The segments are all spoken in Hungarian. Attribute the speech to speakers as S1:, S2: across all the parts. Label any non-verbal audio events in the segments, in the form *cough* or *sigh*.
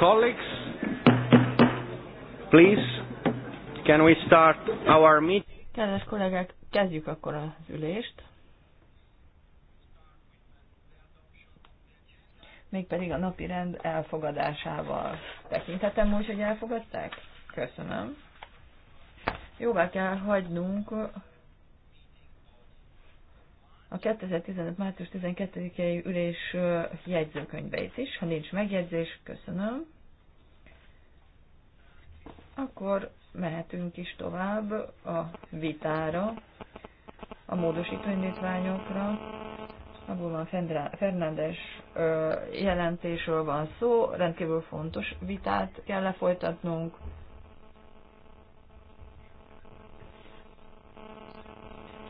S1: colleagues, please, can we start our meeting?
S2: Kedves kollégák, kezdjük akkor az ülést. Mégpedig a napi rend elfogadásával tekintetem most, hogy elfogadták? Köszönöm. Jóvá kell hagynunk a 2015. március 12-i ülés jegyzőkönyveit is. Ha nincs megjegyzés, köszönöm. Akkor mehetünk is tovább a vitára, a módosító indítványokra. Abból van Fernándes jelentésről van szó, rendkívül fontos vitát kell lefolytatnunk.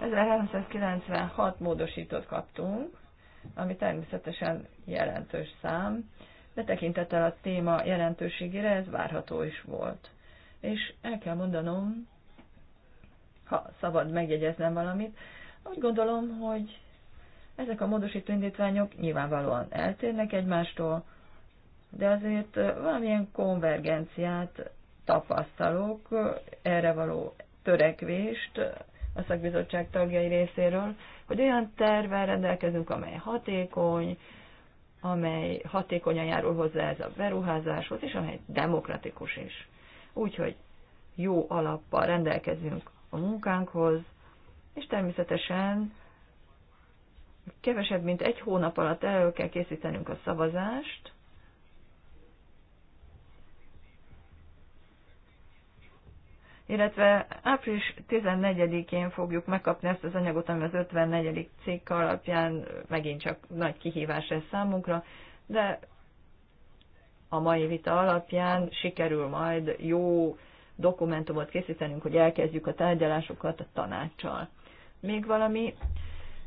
S2: 1396 módosítót kaptunk, ami természetesen jelentős szám, de tekintettel a téma jelentőségére ez várható is volt. És el kell mondanom, ha szabad megjegyeznem valamit, úgy gondolom, hogy ezek a módosító indítványok nyilvánvalóan eltérnek egymástól, de azért valamilyen konvergenciát tapasztalok, erre való törekvést a szakbizottság tagjai részéről, hogy olyan tervvel rendelkezünk, amely hatékony, amely hatékonyan járul hozzá ez a beruházáshoz, és amely demokratikus is. Úgyhogy jó alappal rendelkezünk a munkánkhoz, és természetesen kevesebb, mint egy hónap alatt elő kell készítenünk a szavazást, illetve április 14-én fogjuk megkapni ezt az anyagot, ami az 54. cikk alapján megint csak nagy kihívás ez számunkra, de a mai vita alapján sikerül majd jó dokumentumot készítenünk, hogy elkezdjük a tárgyalásokat a tanácssal. Még valami,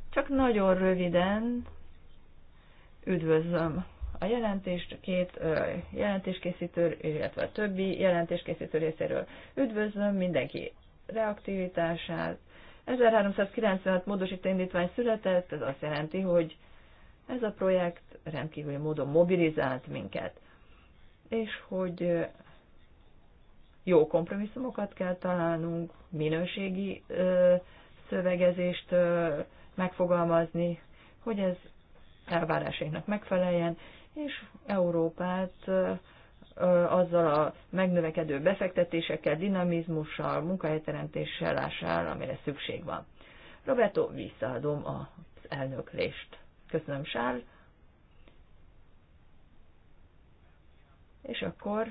S2: csak nagyon röviden üdvözlöm a jelentést két jelentéskészítő, illetve a többi jelentéskészítő részéről üdvözlöm mindenki reaktivitását. 1396 módosító indítvány született, ez azt jelenti, hogy ez a projekt rendkívüli módon mobilizált minket, és hogy jó kompromisszumokat kell találnunk, minőségi ö, szövegezést ö, megfogalmazni, hogy ez elvárásainknak megfeleljen, és Európát azzal a megnövekedő befektetésekkel, dinamizmussal, munkahelyteremtéssel lássál, amire szükség van. Roberto, visszaadom az elnöklést. Köszönöm, Sár. És akkor,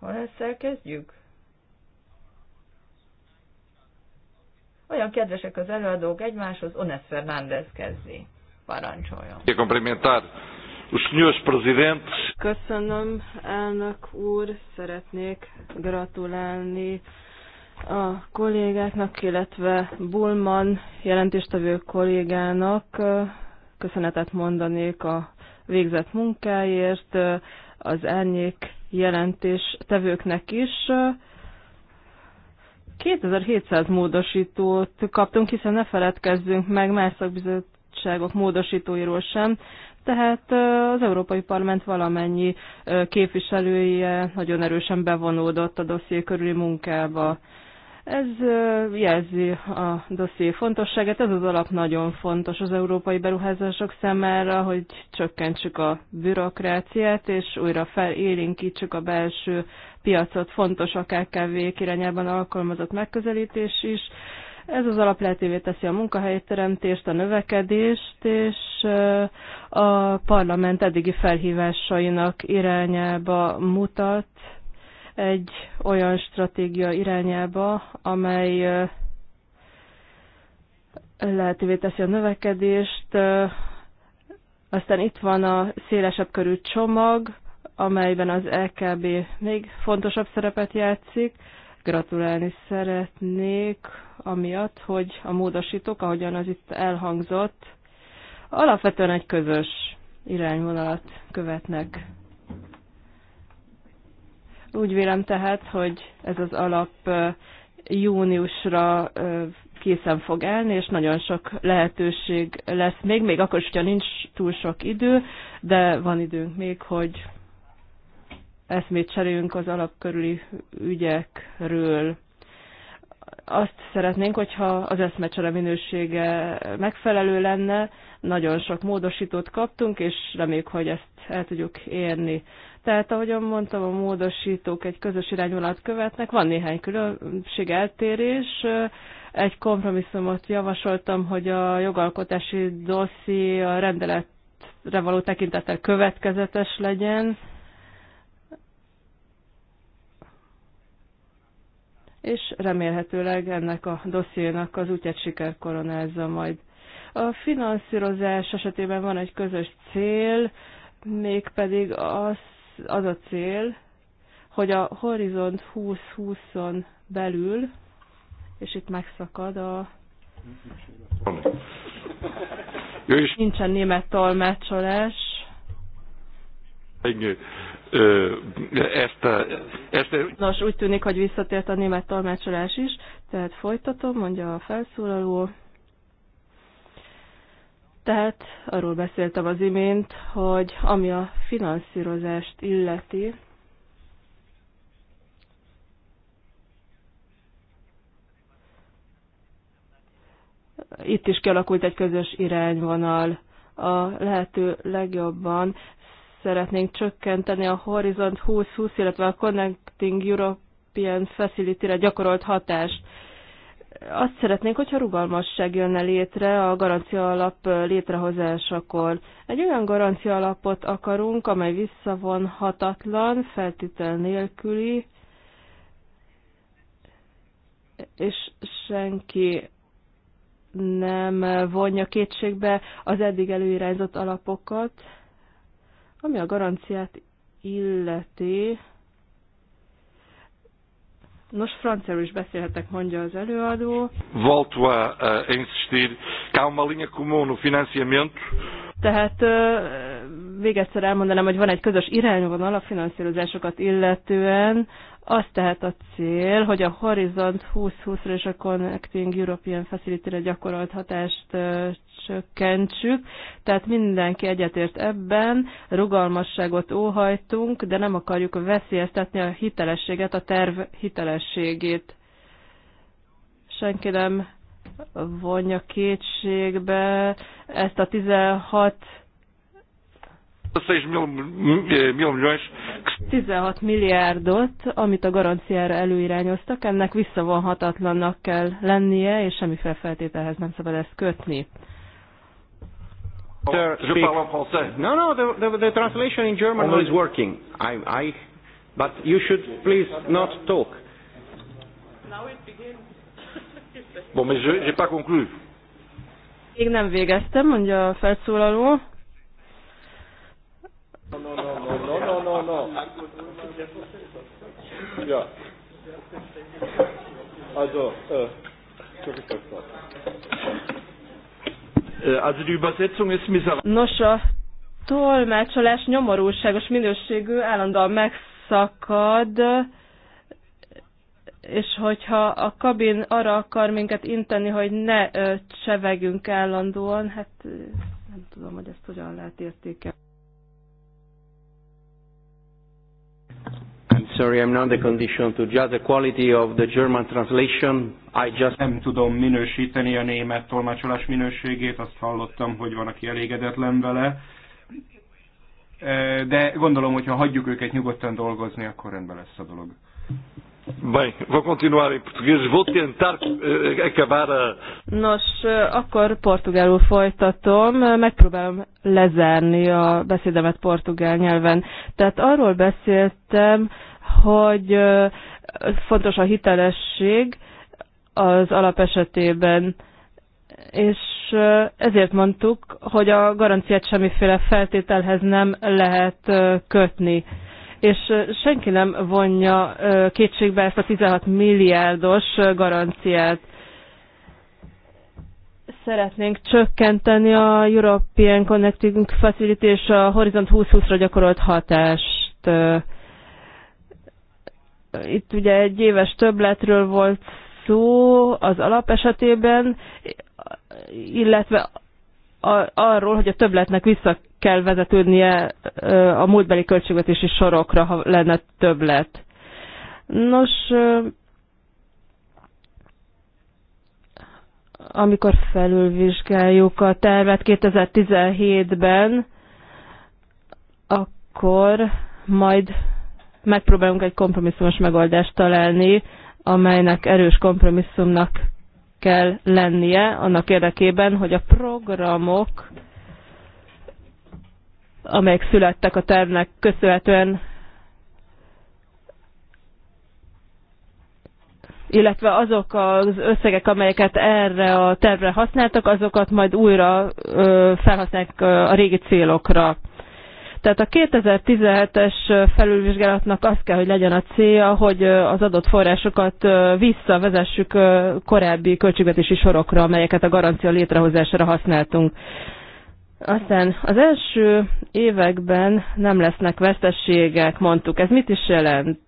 S2: ha ezzel kezdjük? Olyan kedvesek az előadók egymáshoz, Ones Fernández
S3: kezdi. Parancsoljon.
S1: Os senhores presidentes.
S3: Köszönöm, elnök úr, szeretnék gratulálni a kollégáknak, illetve Bulman jelentéstevő kollégának köszönetet mondanék a végzett munkáért, az árnyék jelentés tevőknek is. 2700 módosítót kaptunk, hiszen ne feledkezzünk meg, más szakbizottságok bizottságok módosítóiról sem. Tehát az Európai Parlament valamennyi képviselője nagyon erősen bevonódott a dosszié körüli munkába. Ez jelzi a dosszié fontosságát, ez az alap nagyon fontos az európai beruházások számára, hogy csökkentsük a bürokráciát, és újra felélénkítsük a belső piacot, fontos a KKV-k irányában alkalmazott megközelítés is. Ez az alap lehetővé teszi a munkahelyteremtést, a növekedést, és a parlament eddigi felhívásainak irányába mutat egy olyan stratégia irányába, amely lehetővé teszi a növekedést. Aztán itt van a szélesebb körű csomag, amelyben az LKB még fontosabb szerepet játszik Gratulálni szeretnék, amiatt, hogy a módosítók, ahogyan az itt elhangzott, alapvetően egy közös irányvonalat követnek. Úgy vélem tehát, hogy ez az alap júniusra készen fog elni, és nagyon sok lehetőség lesz még, még akkor is, hogyha nincs túl sok idő, de van időnk még, hogy eszmét cserélünk az alapkörüli ügyekről. Azt szeretnénk, hogyha az eszmecsere minősége megfelelő lenne, nagyon sok módosítót kaptunk, és reméljük, hogy ezt el tudjuk érni. Tehát, ahogyan mondtam, a módosítók egy közös irányvonalat követnek, van néhány különbség, eltérés. Egy kompromisszumot javasoltam, hogy a jogalkotási dosszi a rendeletre való tekintettel következetes legyen, és remélhetőleg ennek a dossziénak az útját siker koronázza majd. A finanszírozás esetében van egy közös cél, mégpedig az, az a cél, hogy a Horizont 2020-on belül, és itt megszakad a... Nincsen német tolmácsolás
S2: ö, ezt, a, ezt a...
S3: Nos, úgy tűnik, hogy visszatért a német tolmácsolás is, tehát folytatom, mondja a felszólaló. Tehát arról beszéltem az imént, hogy ami a finanszírozást illeti, itt is kialakult egy közös irányvonal. A lehető legjobban szeretnénk csökkenteni a Horizont 2020, illetve a Connecting European Facility-re gyakorolt hatást. Azt szeretnénk, hogyha rugalmasság jönne létre a garancia alap létrehozásakor. Egy olyan garancia alapot akarunk, amely visszavonhatatlan, feltétel nélküli, és senki nem vonja kétségbe az eddig előirányzott alapokat. Ami a garanciát illeti, Nos, franciáról is beszélhetek, mondja az előadó.
S1: Volto a, a insistir, cá uma linha comum no financiamento.
S3: Tehát végegyszer elmondanám, hogy van egy közös irányvonal a finanszírozásokat illetően, az tehát a cél, hogy a Horizont 2020-ra és a Connecting European Facility-re gyakorolt hatást csökkentsük, tehát mindenki egyetért ebben, rugalmasságot óhajtunk, de nem akarjuk veszélyeztetni a hitelességet, a terv hitelességét. Senki nem vonja kétségbe ezt a 16 16 eh, milliárdot, amit a garanciára előirányoztak, ennek visszavonhatatlannak kell lennie, és semmi feltételhez nem szabad ezt kötni.
S1: Oh, no, no, the, the, the translation in German oh, is working. I, I, but you should please not talk. Now it begins. *laughs* bon, mais je pas conclu.
S3: Még nem végeztem, mondja a felszólaló. Ja. Also, äh, äh, also die Übersetzung ist miserabel. Nos, a tolmácsolás nyomorúságos minőségű, állandóan megszakad, és hogyha a kabin arra akar minket inteni, hogy ne ö, csevegjünk állandóan, hát nem tudom, hogy ezt hogyan lehet értékelni.
S1: I'm sorry, I'm not in the condition to judge the quality of the German translation. I just... Nem tudom minősíteni a német tolmácsolás minőségét, azt hallottam, hogy van, aki elégedetlen vele. De gondolom, hogyha hagyjuk őket nyugodtan dolgozni, akkor rendben lesz a dolog. Bem, vou continuar em português. Vou tentar uh, acabar a...
S3: Nos, eh, akkor portugálul folytatom. Megpróbálom lezárni a beszédemet portugál nyelven. Tehát arról beszéltem, hogy uh, fontos a hitelesség az alap esetében, és uh, ezért mondtuk, hogy a garanciát semmiféle feltételhez nem lehet uh, kötni. Uh, és senki nem vonja kétségbe ezt a 16 milliárdos garanciát. Szeretnénk csökkenteni a European Connecting Facility és a Horizont 2020-ra gyakorolt hatást. Itt ugye egy éves többletről volt szó az alap esetében, illetve arról, hogy a többletnek vissza kell vezetődnie a múltbeli költségvetési sorokra, ha lenne többlet. Nos, amikor felülvizsgáljuk a tervet 2017-ben, akkor majd megpróbálunk egy kompromisszumos megoldást találni, amelynek erős kompromisszumnak kell lennie annak érdekében, hogy a programok, amelyek születtek a tervnek köszönhetően, illetve azok az összegek, amelyeket erre a tervre használtak, azokat majd újra felhasználják a régi célokra. Tehát a 2017-es felülvizsgálatnak az kell, hogy legyen a célja, hogy az adott forrásokat visszavezessük korábbi költségvetési sorokra, amelyeket a garancia létrehozására használtunk. Aztán az első években nem lesznek veszteségek, mondtuk. Ez mit is jelent?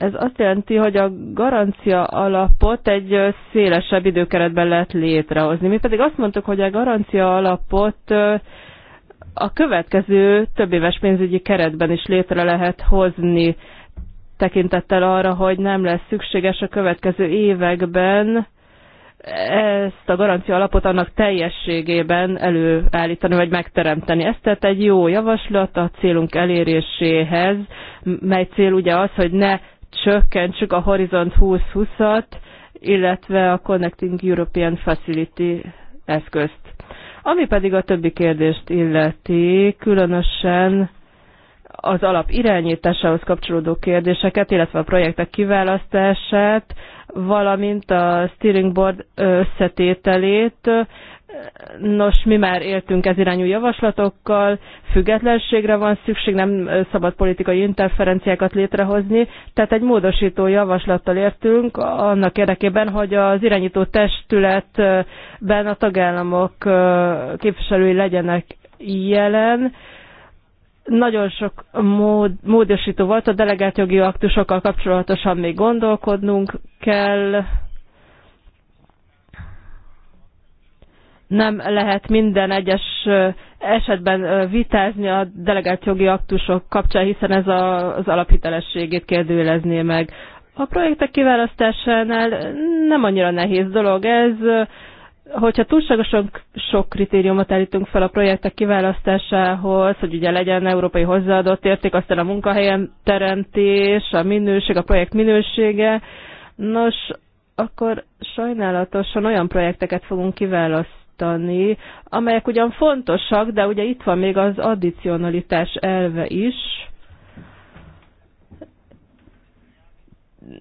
S3: Ez azt jelenti, hogy a garancia alapot egy szélesebb időkeretben lehet létrehozni. Mi pedig azt mondtuk, hogy a garancia alapot a következő több éves pénzügyi keretben is létre lehet hozni, tekintettel arra, hogy nem lesz szükséges a következő években ezt a garancia alapot annak teljességében előállítani vagy megteremteni. Ez tehát egy jó javaslat a célunk eléréséhez, mely cél ugye az, hogy ne csökkentsük a Horizont 2020-at, illetve a Connecting European Facility eszközt. Ami pedig a többi kérdést illeti, különösen az alap irányításához kapcsolódó kérdéseket, illetve a projektek kiválasztását, valamint a steering board összetételét. Nos, mi már éltünk ez irányú javaslatokkal, függetlenségre van szükség, nem szabad politikai interferenciákat létrehozni, tehát egy módosító javaslattal értünk annak érdekében, hogy az irányító testületben a tagállamok képviselői legyenek jelen. Nagyon sok mód, módosító volt, a delegált jogi aktusokkal kapcsolatosan még gondolkodnunk kell, nem lehet minden egyes esetben vitázni a delegált jogi aktusok kapcsán, hiszen ez az alaphitelességét kérdőjelezné meg. A projektek kiválasztásánál nem annyira nehéz dolog ez, hogyha túlságosan sok kritériumot állítunk fel a projektek kiválasztásához, hogy ugye legyen európai hozzáadott érték, aztán a munkahelyen teremtés, a minőség, a projekt minősége, nos, akkor sajnálatosan olyan projekteket fogunk kiválasztani, tanítani, amelyek ugyan fontosak, de ugye itt van még az addicionalitás elve is.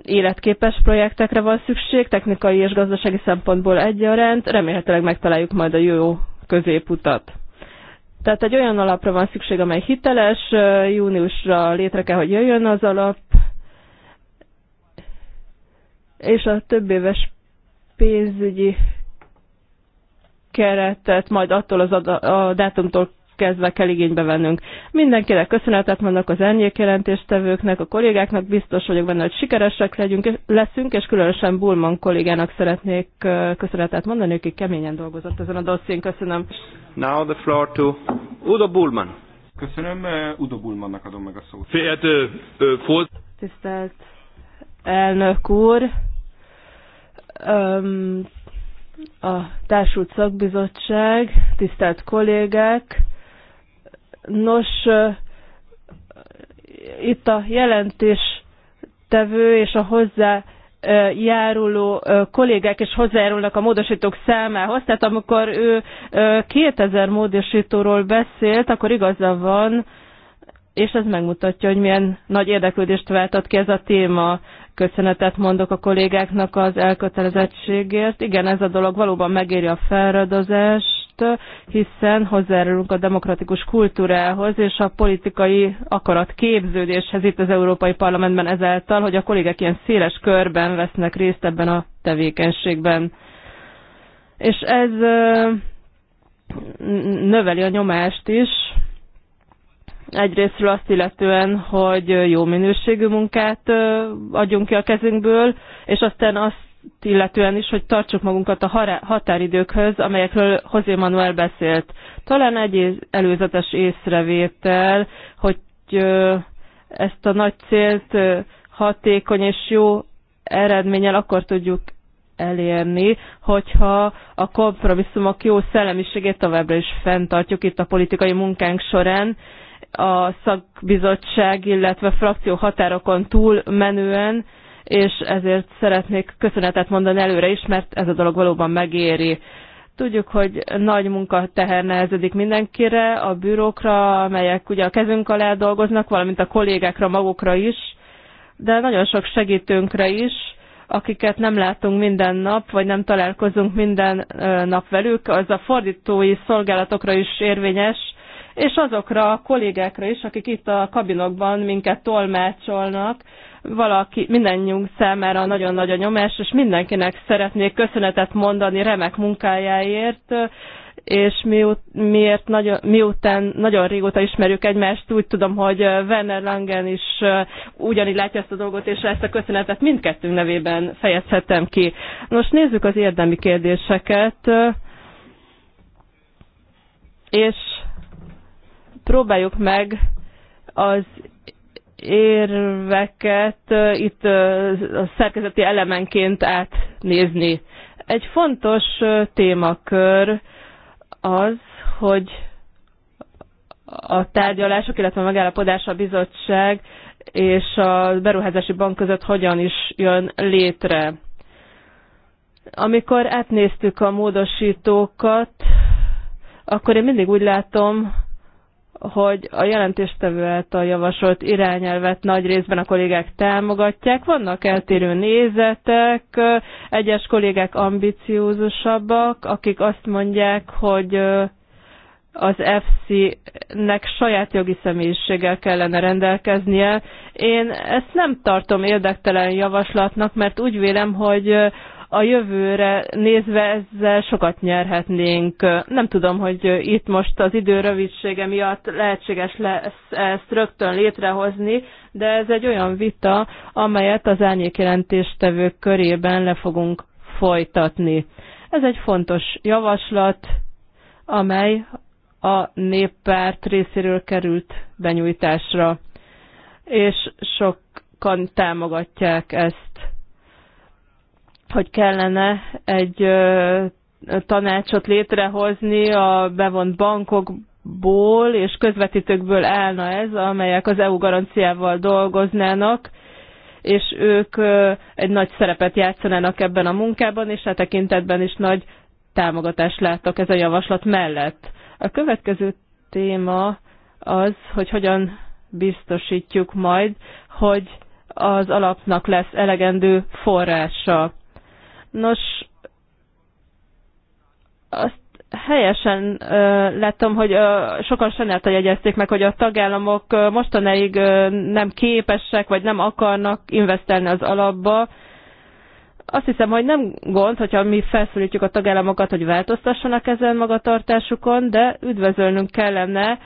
S3: Életképes projektekre van szükség, technikai és gazdasági szempontból egyaránt, remélhetőleg megtaláljuk majd a jó középutat. Tehát egy olyan alapra van szükség, amely hiteles, júniusra létre kell, hogy jöjjön az alap, és a több éves pénzügyi keretet majd attól az a dátumtól kezdve kell igénybe vennünk. Mindenkinek köszönetet mondok az jelentéstevőknek, a kollégáknak, biztos vagyok benne, hogy sikeresek legyünk, leszünk, és különösen Bulman kollégának szeretnék köszönetet mondani, aki keményen dolgozott ezen a dosszén. Köszönöm.
S1: Now the floor to Udo Bulman. Köszönöm, Udo Bulmannak adom meg a szót.
S3: Tisztelt elnök úr, a társult szakbizottság, tisztelt kollégák. Nos, itt a jelentés tevő és a hozzá járuló kollégák és hozzájárulnak a módosítók számához. Tehát amikor ő 2000 módosítóról beszélt, akkor igaza van, és ez megmutatja, hogy milyen nagy érdeklődést váltott ki ez a téma köszönetet mondok a kollégáknak az elkötelezettségért. Igen, ez a dolog valóban megéri a felradozást, hiszen hozzájárulunk a demokratikus kultúrához és a politikai akarat képződéshez itt az Európai Parlamentben ezáltal, hogy a kollégek ilyen széles körben vesznek részt ebben a tevékenységben. És ez növeli a nyomást is, Egyrésztről azt illetően, hogy jó minőségű munkát adjunk ki a kezünkből, és aztán azt illetően is, hogy tartsuk magunkat a határidőkhöz, amelyekről José Manuel beszélt. Talán egy előzetes észrevétel, hogy ezt a nagy célt hatékony és jó eredménnyel akkor tudjuk elérni, hogyha a kompromisszumok jó szellemiségét továbbra is fenntartjuk itt a politikai munkánk során, a szakbizottság, illetve a frakció határokon túl menően, és ezért szeretnék köszönetet mondani előre is, mert ez a dolog valóban megéri. Tudjuk, hogy nagy munka teher nehezedik mindenkire, a bűrókra, amelyek ugye a kezünk alá dolgoznak, valamint a kollégákra, magukra is, de nagyon sok segítőnkre is, akiket nem látunk minden nap, vagy nem találkozunk minden nap velük. Az a fordítói szolgálatokra is érvényes, és azokra a kollégákra is, akik itt a kabinokban minket tolmácsolnak, valaki mindannyiunk számára nagyon nagy a nyomás, és mindenkinek szeretnék köszönetet mondani remek munkájáért, és miut, miért nagyon, miután nagyon régóta ismerjük egymást, úgy tudom, hogy Werner Langen is uh, ugyanígy látja ezt a dolgot, és ezt a köszönetet mindkettőnk nevében fejezhetem ki. Most nézzük az érdemi kérdéseket, uh, és próbáljuk meg az érveket eh, itt eh, a szerkezeti elemenként átnézni. Egy fontos eh, témakör az, hogy a tárgyalások, illetve a megállapodás a bizottság és a beruházási bank között hogyan is jön létre. Amikor átnéztük a módosítókat, akkor én mindig úgy látom, hogy a jelentéstevő által javasolt irányelvet nagy részben a kollégák támogatják. Vannak eltérő nézetek, egyes kollégák ambiciózusabbak, akik azt mondják, hogy az FC-nek saját jogi személyiséggel kellene rendelkeznie. Én ezt nem tartom érdektelen javaslatnak, mert úgy vélem, hogy a jövőre nézve ezzel sokat nyerhetnénk. Nem tudom, hogy itt most az idő rövidsége miatt lehetséges lesz ezt rögtön létrehozni, de ez egy olyan vita, amelyet az árnyékjelentéstevők körében le fogunk folytatni. Ez egy fontos javaslat, amely a néppárt részéről került benyújtásra, és sokan támogatják ezt hogy kellene egy tanácsot létrehozni a bevont bankokból és közvetítőkből állna ez, amelyek az EU garanciával dolgoznának, és ők egy nagy szerepet játszanának ebben a munkában, és a e tekintetben is nagy támogatást láttak ez a javaslat mellett. A következő téma az, hogy hogyan biztosítjuk majd, hogy az alapnak lesz elegendő forrása. Nos, azt helyesen ö, láttam, hogy ö, sokan sajnálta jegyezték meg, hogy a tagállamok ö, mostanáig ö, nem képesek, vagy nem akarnak investálni az alapba. Azt hiszem, hogy nem gond, hogyha mi felszólítjuk a tagállamokat, hogy változtassanak ezen magatartásukon, de üdvözölnünk kellene,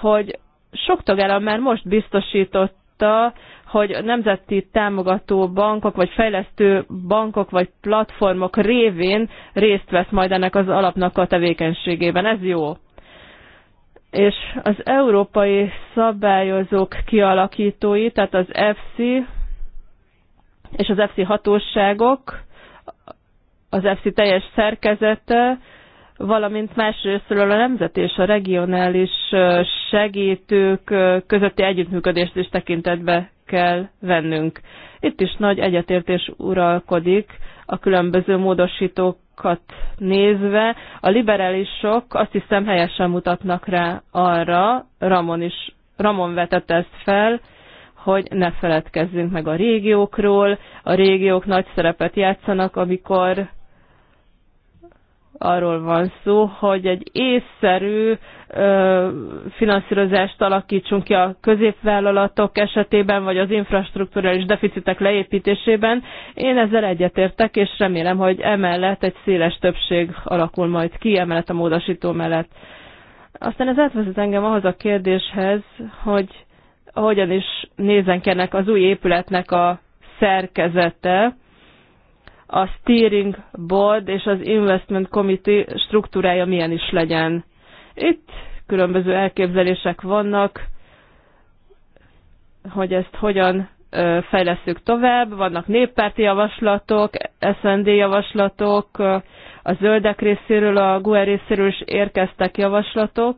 S3: hogy sok tagállam már most biztosította, hogy a nemzeti támogató bankok, vagy fejlesztő bankok, vagy platformok révén részt vesz majd ennek az alapnak a tevékenységében. Ez jó. És az európai szabályozók kialakítói, tehát az FC és az FC hatóságok, az FC teljes szerkezete, valamint másrésztről a nemzet és a regionális segítők közötti együttműködést is tekintetbe kell vennünk. Itt is nagy egyetértés uralkodik a különböző módosítókat nézve. A liberálisok azt hiszem helyesen mutatnak rá arra, Ramon is, Ramon vetett ezt fel, hogy ne feledkezzünk meg a régiókról. A régiók nagy szerepet játszanak, amikor arról van szó, hogy egy észszerű ö, finanszírozást alakítsunk ki a középvállalatok esetében, vagy az infrastruktúrális deficitek leépítésében. Én ezzel egyetértek, és remélem, hogy emellett egy széles többség alakul majd ki, emellett a módosító mellett. Aztán ez átvezet engem ahhoz a kérdéshez, hogy hogyan is nézenkenek az új épületnek a szerkezete, a steering board és az investment committee struktúrája milyen is legyen. Itt különböző elképzelések vannak, hogy ezt hogyan fejlesztjük tovább. Vannak néppárti javaslatok, SND javaslatok, a zöldek részéről, a GUE részéről is érkeztek javaslatok,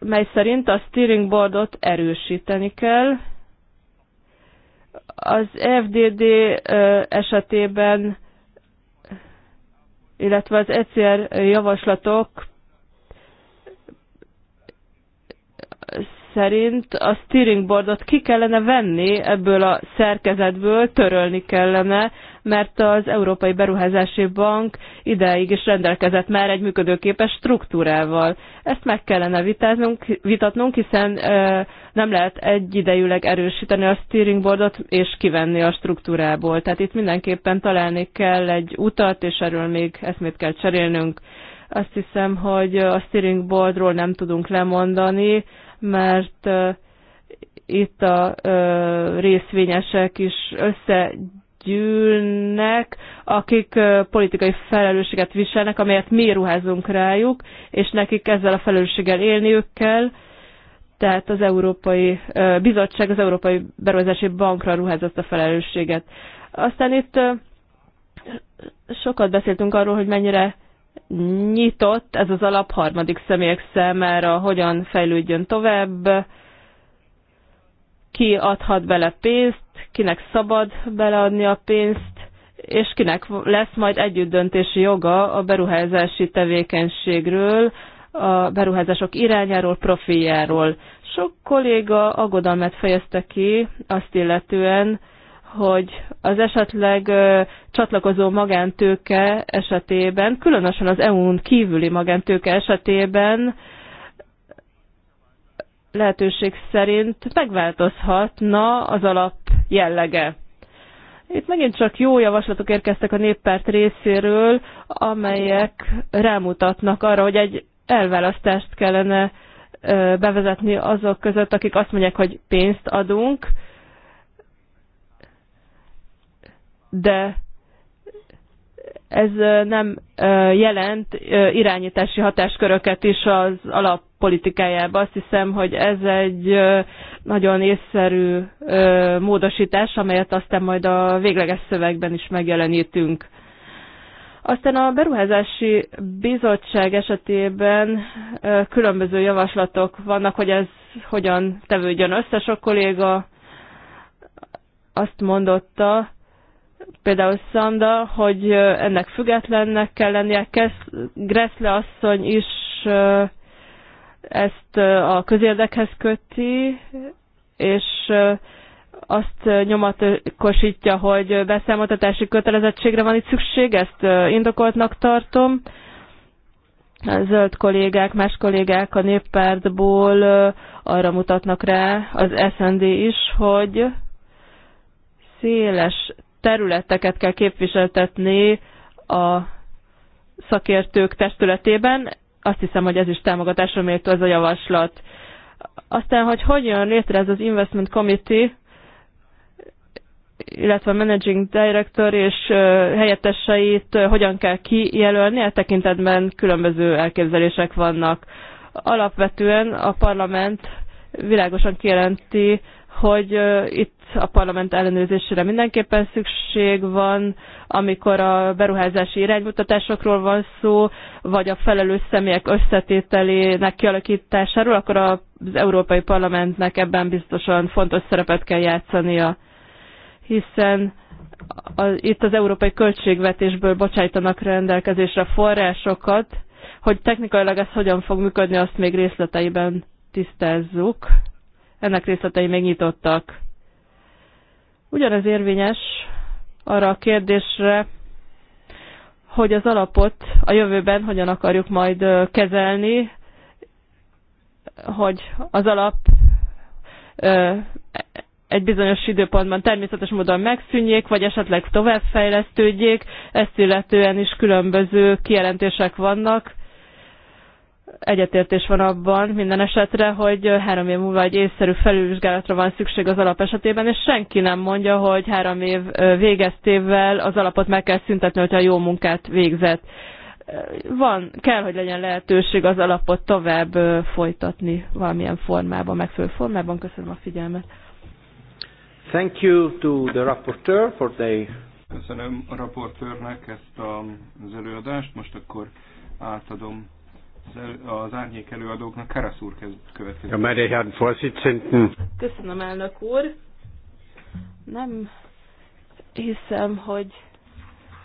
S3: mely szerint a steering boardot erősíteni kell, az FDD esetében, illetve az ECR javaslatok szerint a steering boardot ki kellene venni ebből a szerkezetből, törölni kellene, mert az Európai Beruházási Bank ideig is rendelkezett már egy működőképes struktúrával. Ezt meg kellene vitáznunk, vitatnunk, hiszen ö, nem lehet egyidejűleg erősíteni a steering boardot és kivenni a struktúrából. Tehát itt mindenképpen találni kell egy utat, és erről még eszmét kell cserélnünk. Azt hiszem, hogy a steering boardról nem tudunk lemondani, mert ö, itt a ö, részvényesek is össze gyűlnek, akik politikai felelősséget viselnek, amelyet mi ruházunk rájuk, és nekik ezzel a felelősséggel élniük kell. Tehát az Európai Bizottság, az Európai Beruházási Bankra ruház ezt a felelősséget. Aztán itt sokat beszéltünk arról, hogy mennyire nyitott ez az alap harmadik személyek számára, hogyan fejlődjön tovább, ki adhat bele pénzt, kinek szabad beleadni a pénzt, és kinek lesz majd együttdöntési joga a beruházási tevékenységről, a beruházások irányáról, profiljáról. Sok kolléga aggodalmat fejezte ki azt illetően, hogy az esetleg csatlakozó magántőke esetében, különösen az EU-n kívüli magántőke esetében lehetőség szerint megváltozhatna az alap jellege. Itt megint csak jó javaslatok érkeztek a néppárt részéről, amelyek rámutatnak arra, hogy egy elválasztást kellene bevezetni azok között, akik azt mondják, hogy pénzt adunk, de ez nem jelent irányítási hatásköröket is az alappolitikájába. Azt hiszem, hogy ez egy nagyon észszerű módosítás, amelyet aztán majd a végleges szövegben is megjelenítünk. Aztán a beruházási bizottság esetében különböző javaslatok vannak, hogy ez hogyan tevődjön össze. Sok kolléga azt mondotta, például Szanda, hogy ennek függetlennek kell lennie. Gressle asszony is ezt a közérdekhez köti, és azt nyomatkosítja, hogy beszámoltatási kötelezettségre van itt szükség, ezt indokoltnak tartom. A zöld kollégák, más kollégák a néppártból arra mutatnak rá, az SND is, hogy széles területeket kell képviseltetni a szakértők testületében. Azt hiszem, hogy ez is támogatásra méltó ez a javaslat. Aztán, hogy hogyan létre ez az Investment Committee, illetve a managing director és helyetteseit hogyan kell kijelölni, a e tekintetben különböző elképzelések vannak. Alapvetően a parlament világosan kijelenti, hogy itt a parlament ellenőrzésére mindenképpen szükség van, amikor a beruházási iránymutatásokról van szó, vagy a felelős személyek összetételének kialakításáról, akkor az Európai Parlamentnek ebben biztosan fontos szerepet kell játszania, hiszen a, a, itt az európai költségvetésből bocsájtanak rendelkezésre forrásokat, hogy technikailag ez hogyan fog működni, azt még részleteiben tisztázzuk ennek részletei még nyitottak. Ugyanez érvényes arra a kérdésre, hogy az alapot a jövőben hogyan akarjuk majd kezelni, hogy az alap egy bizonyos időpontban természetes módon megszűnjék, vagy esetleg továbbfejlesztődjék, ezt illetően is különböző kijelentések vannak egyetértés van abban minden esetre, hogy három év múlva egy észszerű felülvizsgálatra van szükség az alap esetében, és senki nem mondja, hogy három év végeztével az alapot meg kell szüntetni, hogyha jó munkát végzett. Van, kell, hogy legyen lehetőség az alapot tovább folytatni valamilyen formában, megfelelő formában. Köszönöm a figyelmet.
S1: Thank you to the rapporteur for the... Köszönöm a raportőrnek ezt az előadást. Most akkor átadom az árnyék előadóknak. Karasz úr következik. Ja, meine Herren Vorsitzenden.
S3: Köszönöm, elnök úr. Nem hiszem, hogy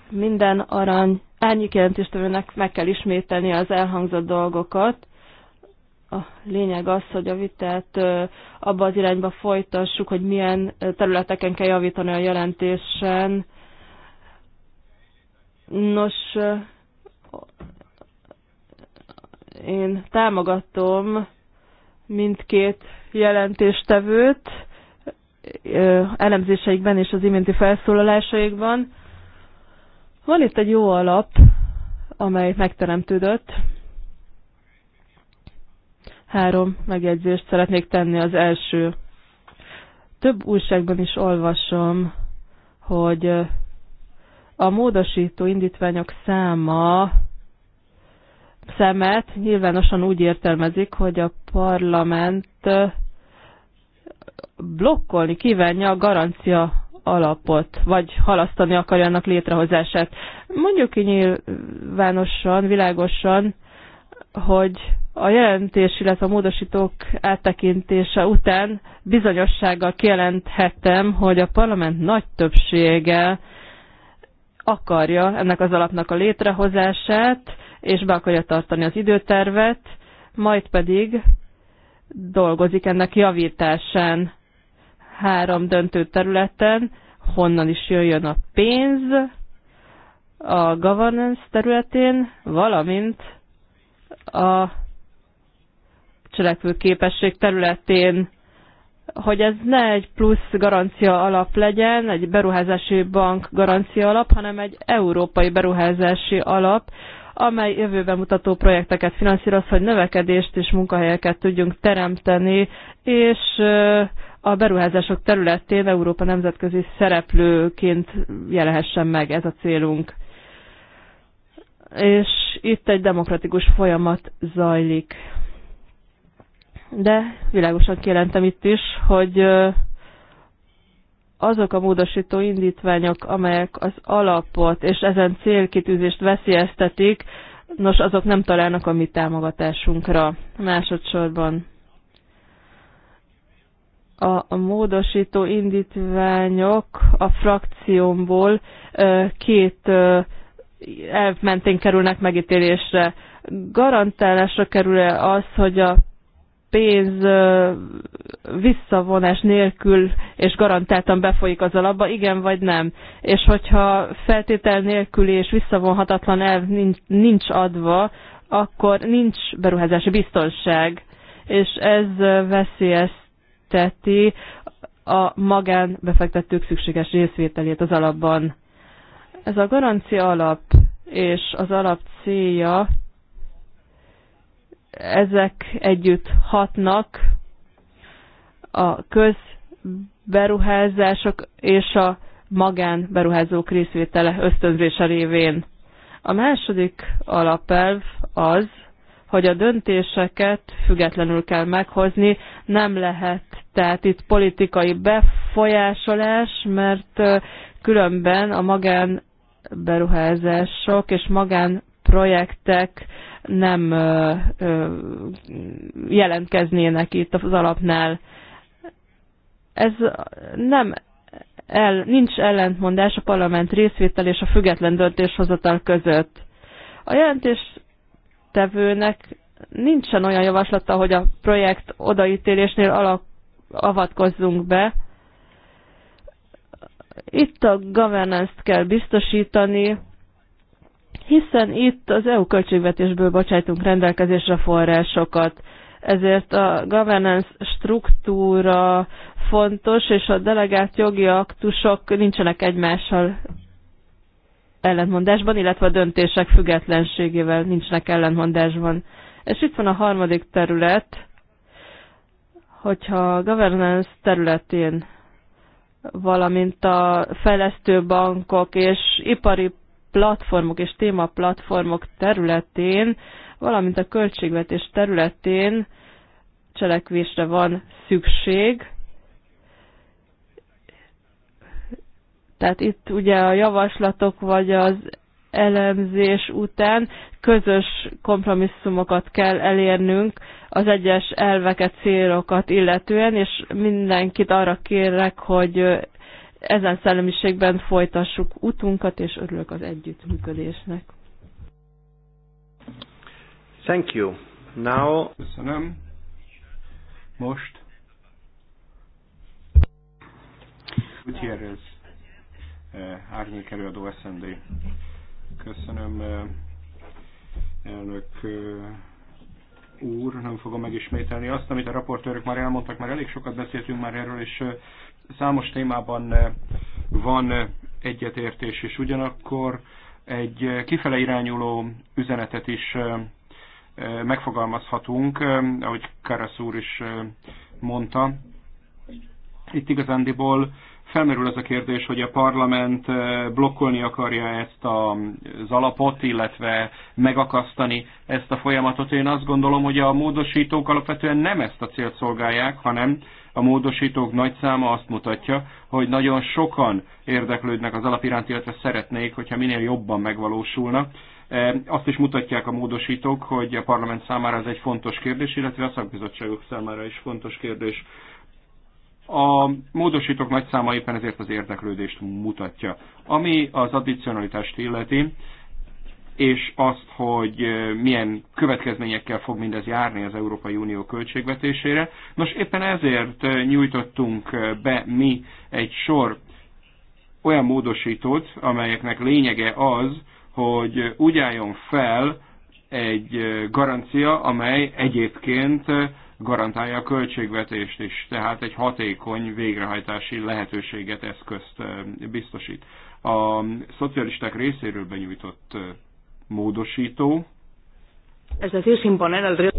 S3: minden arany jelentéstevőnek meg kell ismételni az elhangzott dolgokat. A lényeg az, hogy a vitát abba az irányba folytassuk, hogy milyen területeken kell javítani a jelentésen. Nos, én támogatom mindkét jelentéstevőt elemzéseikben és az iménti felszólalásaikban. Van itt egy jó alap, amely megteremtődött. Három megjegyzést szeretnék tenni. Az első. Több újságban is olvasom, hogy a módosító indítványok száma szemet nyilvánosan úgy értelmezik, hogy a parlament blokkolni kívánja a garancia alapot, vagy halasztani akarja annak létrehozását. Mondjuk ki nyilvánosan, világosan, hogy a jelentés, illetve a módosítók áttekintése után bizonyossággal kijelenthetem, hogy a parlament nagy többsége akarja ennek az alapnak a létrehozását, és be akarja tartani az időtervet, majd pedig dolgozik ennek javításán három döntő területen, honnan is jöjjön a pénz a governance területén, valamint a cselekvőképesség területén hogy ez ne egy plusz garancia alap legyen, egy beruházási bank garancia alap, hanem egy európai beruházási alap, amely jövőben mutató projekteket finanszíroz, hogy növekedést és munkahelyeket tudjunk teremteni, és a beruházások területén Európa nemzetközi szereplőként jelehessen meg ez a célunk. És itt egy demokratikus folyamat zajlik de világosan kijelentem itt is, hogy azok a módosító indítványok, amelyek az alapot és ezen célkitűzést veszélyeztetik, nos, azok nem találnak a mi támogatásunkra. Másodszorban a módosító indítványok a frakciómból két elv mentén kerülnek megítélésre. Garantálásra kerül -e az, hogy a pénz visszavonás nélkül és garantáltan befolyik az alapba, igen vagy nem. És hogyha feltétel nélkül és visszavonhatatlan elv nincs adva, akkor nincs beruházási biztonság, és ez veszélyezteti a magánbefektetők szükséges részvételét az alapban. Ez a garancia alap és az alap célja ezek együtt hatnak a közberuházások és a magánberuházók részvétele ösztönzése révén. A második alapelv az, hogy a döntéseket függetlenül kell meghozni, nem lehet tehát itt politikai befolyásolás, mert különben a magánberuházások és magánprojektek nem jelentkeznének itt az alapnál. Ez nem el, nincs ellentmondás a parlament részvétel és a független döntéshozatal között. A jelentéstevőnek nincsen olyan javaslata, hogy a projekt odaítélésnél alak, avatkozzunk be. Itt a governance-t kell biztosítani, hiszen itt az EU költségvetésből bocsájtunk rendelkezésre forrásokat. Ezért a governance struktúra fontos, és a delegált jogi aktusok nincsenek egymással ellentmondásban, illetve a döntések függetlenségével nincsenek ellentmondásban. És itt van a harmadik terület, hogyha a governance területén, valamint a fejlesztő bankok és ipari platformok és témaplatformok területén, valamint a költségvetés területén cselekvésre van szükség. Tehát itt ugye a javaslatok vagy az elemzés után közös kompromisszumokat kell elérnünk az egyes elveket, célokat illetően, és mindenkit arra kérek, hogy ezen szellemiségben folytassuk utunkat, és örülök az együttműködésnek.
S1: Thank you. Now... Köszönöm. Most. Gutierrez, eh, árnyék előadó SND. Köszönöm, eh, elnök eh, úr, nem fogom megismételni azt, amit a raportőrök már elmondtak, már elég sokat beszéltünk már erről, és számos témában eh, van eh, egyetértés, és ugyanakkor egy eh, kifele irányuló üzenetet is megfogalmazhatunk, ahogy Karasz úr is mondta. Itt igazándiból felmerül az a kérdés, hogy a parlament blokkolni akarja ezt az alapot, illetve megakasztani ezt a folyamatot. Én azt gondolom, hogy a módosítók alapvetően nem ezt a célt szolgálják, hanem a módosítók nagy száma azt mutatja, hogy nagyon sokan érdeklődnek az alap iránt, illetve szeretnék, hogyha minél jobban megvalósulna. E, azt is mutatják a módosítók, hogy a parlament számára ez egy fontos kérdés, illetve a szakbizottságok számára is fontos kérdés. A módosítók nagy száma éppen ezért az érdeklődést mutatja. Ami az addicionalitást illeti, és azt, hogy milyen következményekkel fog mindez járni az Európai Unió költségvetésére. Nos, éppen ezért nyújtottunk be mi egy sor olyan módosítót, amelyeknek lényege az, hogy úgy álljon fel egy garancia, amely egyébként garantálja a költségvetést is, tehát egy hatékony végrehajtási lehetőséget, eszközt biztosít. A szocialisták részéről benyújtott módosító.
S3: Ez decir, sin poner el río.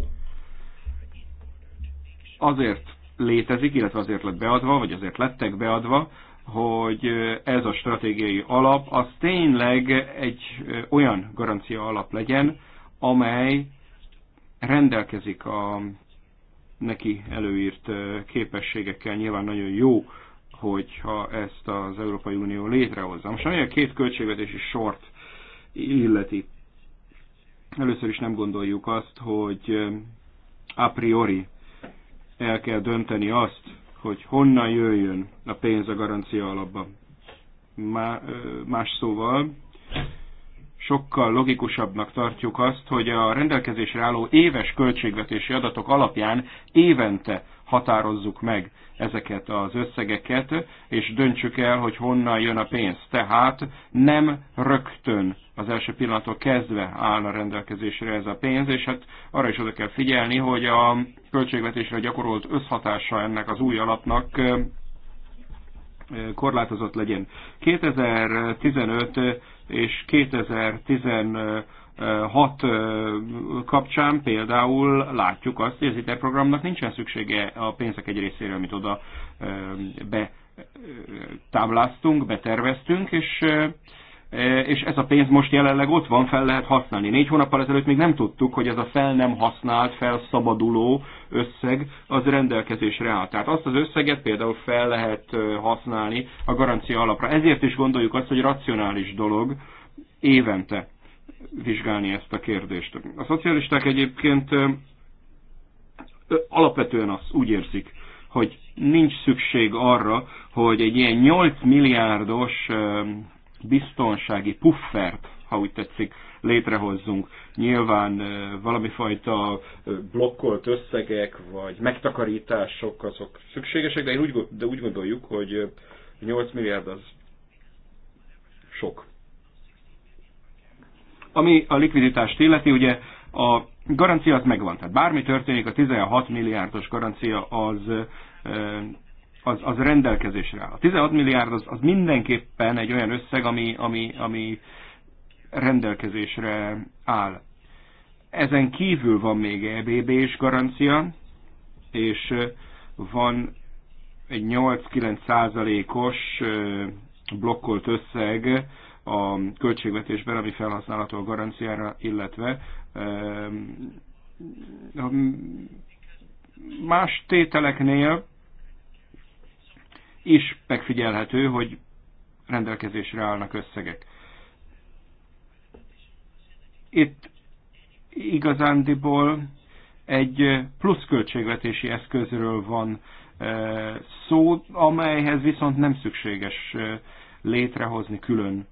S1: Azért létezik, illetve azért lett beadva, vagy azért lettek beadva, hogy ez a stratégiai alap, az tényleg egy olyan garancia alap legyen, amely rendelkezik a neki előírt képességekkel. Nyilván nagyon jó, hogyha ezt az Európai Unió létrehozza. Most ami a két költségvetési sort illeti. Először is nem gondoljuk azt, hogy eh, a priori el kell dönteni azt, hogy honnan jöjjön a pénz a garancia alapba. Eh, más szóval sokkal logikusabbnak tartjuk azt, hogy a rendelkezésre álló éves költségvetési adatok alapján évente határozzuk meg ezeket az összegeket, és döntsük el, hogy honnan jön a pénz. Tehát nem rögtön az első pillanattól kezdve állna rendelkezésre ez a pénz, és hát arra is oda kell figyelni, hogy a költségvetésre gyakorolt összhatása ennek az új alapnak eh, korlátozott legyen. 2015 és 2016 kapcsán például látjuk azt, hogy az ITER programnak nincsen szüksége a pénzek egy részére, amit oda be tábláztunk, beterveztünk, és és ez a pénz most jelenleg ott van, fel lehet használni. Négy hónappal ezelőtt még nem tudtuk, hogy ez a fel nem használt, felszabaduló összeg az rendelkezésre áll. Tehát azt az összeget például fel lehet használni a garancia alapra. Ezért is gondoljuk azt, hogy racionális dolog évente vizsgálni ezt a kérdést. A szocialisták egyébként alapvetően azt úgy érzik, hogy nincs szükség arra, hogy egy ilyen 8 milliárdos biztonsági puffert, ha úgy tetszik, létrehozzunk. Nyilván valami fajta blokkolt összegek, vagy megtakarítások azok szükségesek, de, én úgy, de úgy gondoljuk, hogy 8 milliárd az sok. Ami a likviditást illeti, ugye a garancia az megvan, tehát bármi történik, a 16 milliárdos garancia az az, az rendelkezésre áll. A 16 milliárd az, az mindenképpen egy olyan összeg, ami, ami, ami rendelkezésre áll. Ezen kívül van még EBB-s garancia, és van egy 8-9 százalékos blokkolt összeg a költségvetésben, ami felhasználható a garanciára, illetve más tételeknél is megfigyelhető, hogy rendelkezésre állnak összegek. Itt igazándiból egy plusz költségvetési eszközről van szó, amelyhez viszont nem szükséges létrehozni külön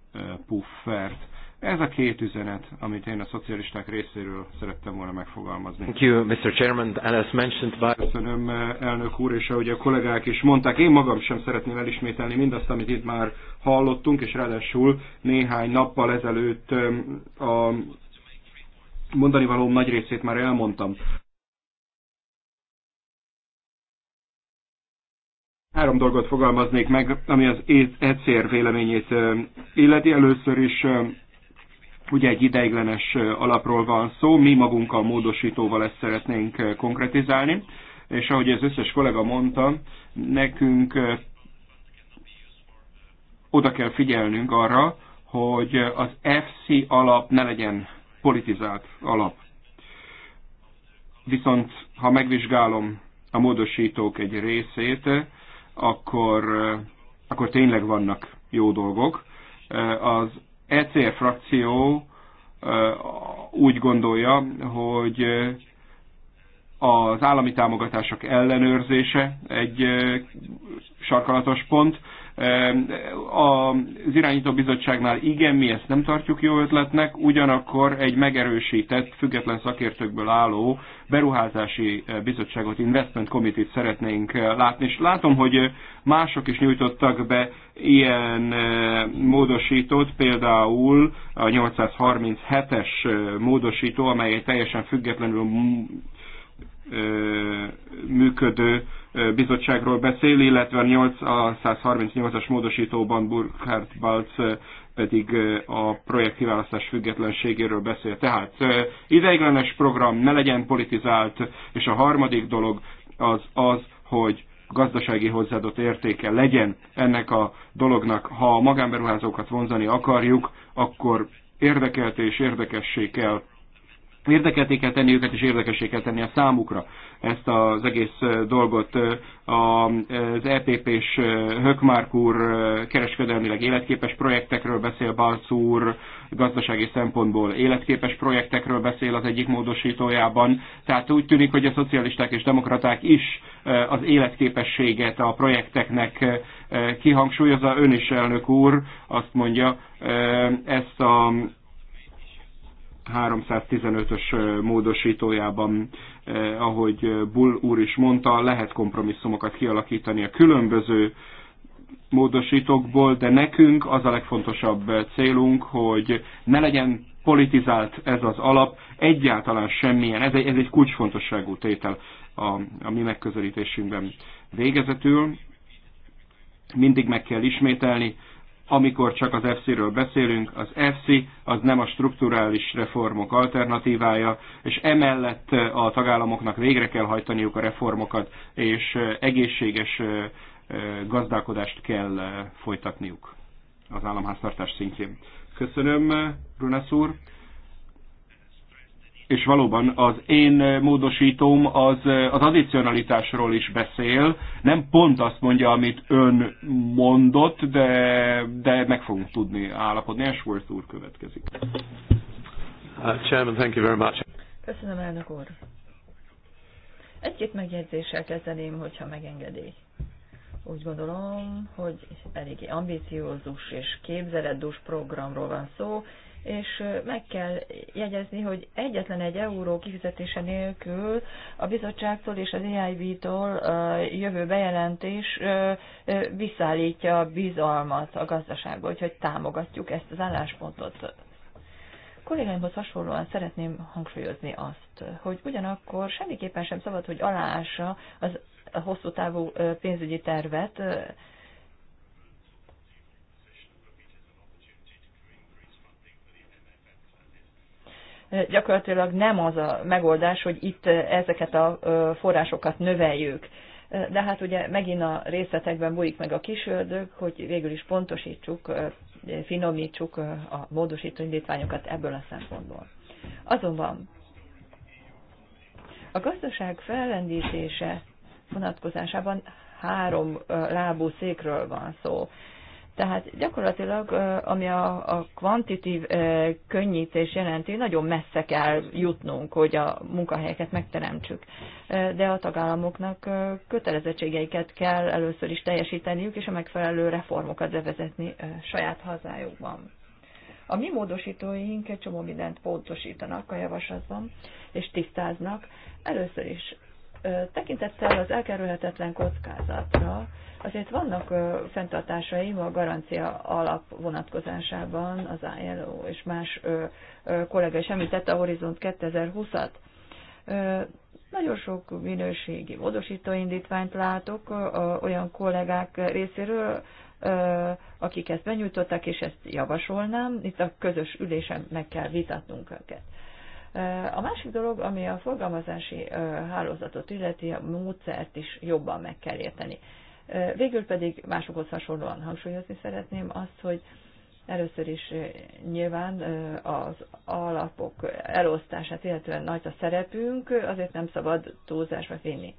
S1: puffert. Ez a két üzenet, amit én a szocialisták részéről szerettem volna megfogalmazni. Thank you, Mr. Chairman, as mentioned by... Köszönöm, elnök úr, és ahogy a kollégák is mondták, én magam sem szeretném elismételni mindazt, amit itt már hallottunk, és ráadásul néhány nappal ezelőtt a mondani valóm nagy részét már elmondtam. Három dolgot fogalmaznék meg, ami az ECR véleményét illeti. Először is ugye egy ideiglenes alapról van szó, mi magunkkal módosítóval ezt szeretnénk konkretizálni, és ahogy az összes kollega mondta, nekünk oda kell figyelnünk arra, hogy az FC alap ne legyen politizált alap. Viszont ha megvizsgálom a módosítók egy részét, akkor, akkor tényleg vannak jó dolgok. Az ECR frakció eh, úgy gondolja, hogy az állami támogatások ellenőrzése egy eh, sarkalatos pont, az irányító bizottságnál igen, mi ezt nem tartjuk jó ötletnek, ugyanakkor egy megerősített, független szakértőkből álló beruházási bizottságot, investment committee szeretnénk látni, és látom, hogy mások is nyújtottak be ilyen módosítót, például a 837-es módosító, amely egy teljesen függetlenül működő bizottságról beszél, illetve a 838-as módosítóban Burkhard Balc pedig a projekt kiválasztás függetlenségéről beszél. Tehát ideiglenes program, ne legyen politizált, és a harmadik dolog az az, hogy gazdasági hozzáadott értéke legyen ennek a dolognak. Ha a magánberuházókat vonzani akarjuk, akkor érdekelt és érdekessé kell érdekelté kell tenni őket, és érdekessé kell tenni a számukra ezt az egész dolgot. Az rtp e és Hökmárk úr kereskedelmileg életképes projektekről beszél, Balc úr gazdasági szempontból életképes projektekről beszél az egyik módosítójában. Tehát úgy tűnik, hogy a szocialisták és demokraták is az életképességet a projekteknek kihangsúlyozza. Ön is, elnök úr, azt mondja, ezt a 315-ös módosítójában, ahogy Bull úr is mondta, lehet kompromisszumokat kialakítani a különböző módosítókból, de nekünk az a legfontosabb célunk, hogy ne legyen politizált ez az alap, egyáltalán semmilyen, ez egy, ez egy kulcsfontosságú tétel a, a mi megközelítésünkben. Végezetül mindig meg kell ismételni, amikor csak az FC-ről beszélünk, az FC az nem a strukturális reformok alternatívája, és emellett eh, a tagállamoknak végre kell hajtaniuk a reformokat, és eh, egészséges eh, gazdálkodást kell folytatniuk az államháztartás szintjén. Köszönöm, Runasz úr és valóban az én módosítóm az, az addicionalitásról is beszél, nem pont azt mondja, amit ön mondott, de, de meg fogunk tudni állapodni. Ashworth úr következik. Uh, chairman, thank you very much.
S2: Köszönöm, elnök úr. Egy-két megjegyzéssel kezdeném, hogyha megengedi. Úgy gondolom, hogy eléggé ambiciózus és képzeletdús programról van szó, és meg kell jegyezni, hogy egyetlen egy euró kifizetése nélkül a bizottságtól és az EIB-tól jövő bejelentés visszaállítja a bizalmat a gazdaságba, úgyhogy támogatjuk ezt az álláspontot. Kollégáimhoz hasonlóan szeretném hangsúlyozni azt, hogy ugyanakkor semmiképpen sem szabad, hogy aláássa az a hosszú távú pénzügyi tervet, gyakorlatilag nem az a megoldás, hogy itt ezeket a forrásokat növeljük. De hát ugye megint a részletekben bújik meg a kisördög, hogy végül is pontosítsuk, finomítsuk a módosító indítványokat ebből a szempontból. Azonban a gazdaság fellendítése vonatkozásában három lábú székről van szó. Tehát gyakorlatilag, ami a, a kvantitív könnyítés jelenti, nagyon messze kell jutnunk, hogy a munkahelyeket megteremtsük. De a tagállamoknak kötelezettségeiket kell először is teljesíteniük, és a megfelelő reformokat bevezetni saját hazájukban. A mi módosítóink egy csomó mindent pontosítanak a javaslatban, és tisztáznak. Először is Tekintettel az elkerülhetetlen kockázatra, azért vannak fenntartásaim a garancia alap vonatkozásában az ILO és más kollega is említette a Horizont 2020-at. Nagyon sok minőségi módosítóindítványt látok olyan kollégák részéről, akik ezt benyújtottak, és ezt javasolnám. Itt a közös ülésen meg kell vitatnunk őket. A másik dolog, ami a forgalmazási hálózatot illeti, a módszert is jobban meg kell érteni. Végül pedig másokhoz hasonlóan hangsúlyozni szeretném azt, hogy először is nyilván az alapok elosztását, illetően nagy a szerepünk, azért nem szabad túlzásba vinni.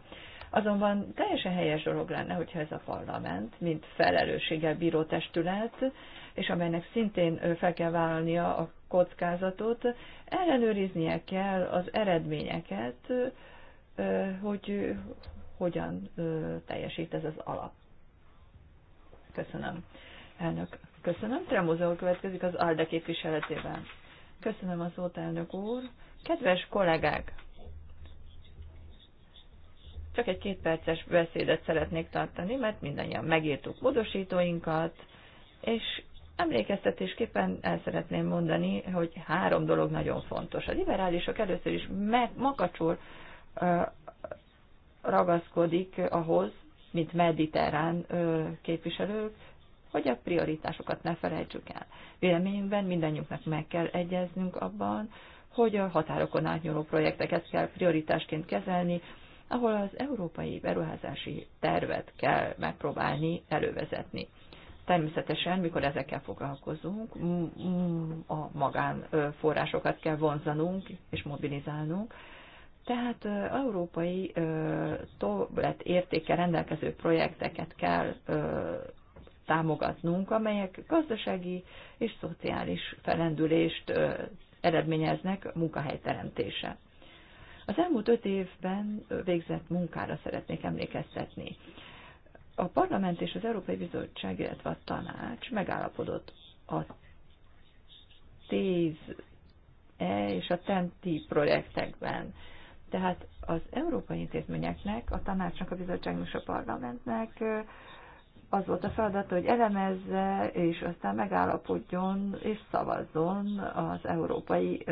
S2: Azonban teljesen helyes dolog lenne, hogyha ez a parlament, mint felelősséggel bíró testület, és amelynek szintén fel kell vállalnia a kockázatot, ellenőriznie kell az eredményeket, hogy hogyan teljesít ez az alap. Köszönöm. Elnök, köszönöm. Tremozó következik az ALDE képviseletében. Köszönöm a szót, elnök úr. Kedves kollégák! Csak egy kétperces beszédet szeretnék tartani, mert mindannyian megírtuk módosítóinkat, és Emlékeztetésképpen el szeretném mondani, hogy három dolog nagyon fontos. A liberálisok először is meg, makacsul ragaszkodik ahhoz, mint mediterrán képviselők, hogy a prioritásokat ne felejtsük el. Véleményünkben mindannyiunknak meg kell egyeznünk abban, hogy a határokon átnyúló projekteket kell prioritásként kezelni, ahol az európai beruházási tervet kell megpróbálni elővezetni természetesen, mikor ezekkel foglalkozunk, a magánforrásokat kell vonzanunk és mobilizálnunk. Tehát európai toblet értékkel rendelkező projekteket kell támogatnunk, amelyek gazdasági és szociális felendülést eredményeznek munkahelyteremtése. Az elmúlt öt évben végzett munkára szeretnék emlékeztetni. A parlament és az Európai Bizottság, illetve a tanács megállapodott a tíz e, e és a TENTI projektekben. Tehát az európai intézményeknek, a tanácsnak, a bizottságnak és a parlamentnek az volt a feladata, hogy elemezze, és aztán megállapodjon és szavazzon az európai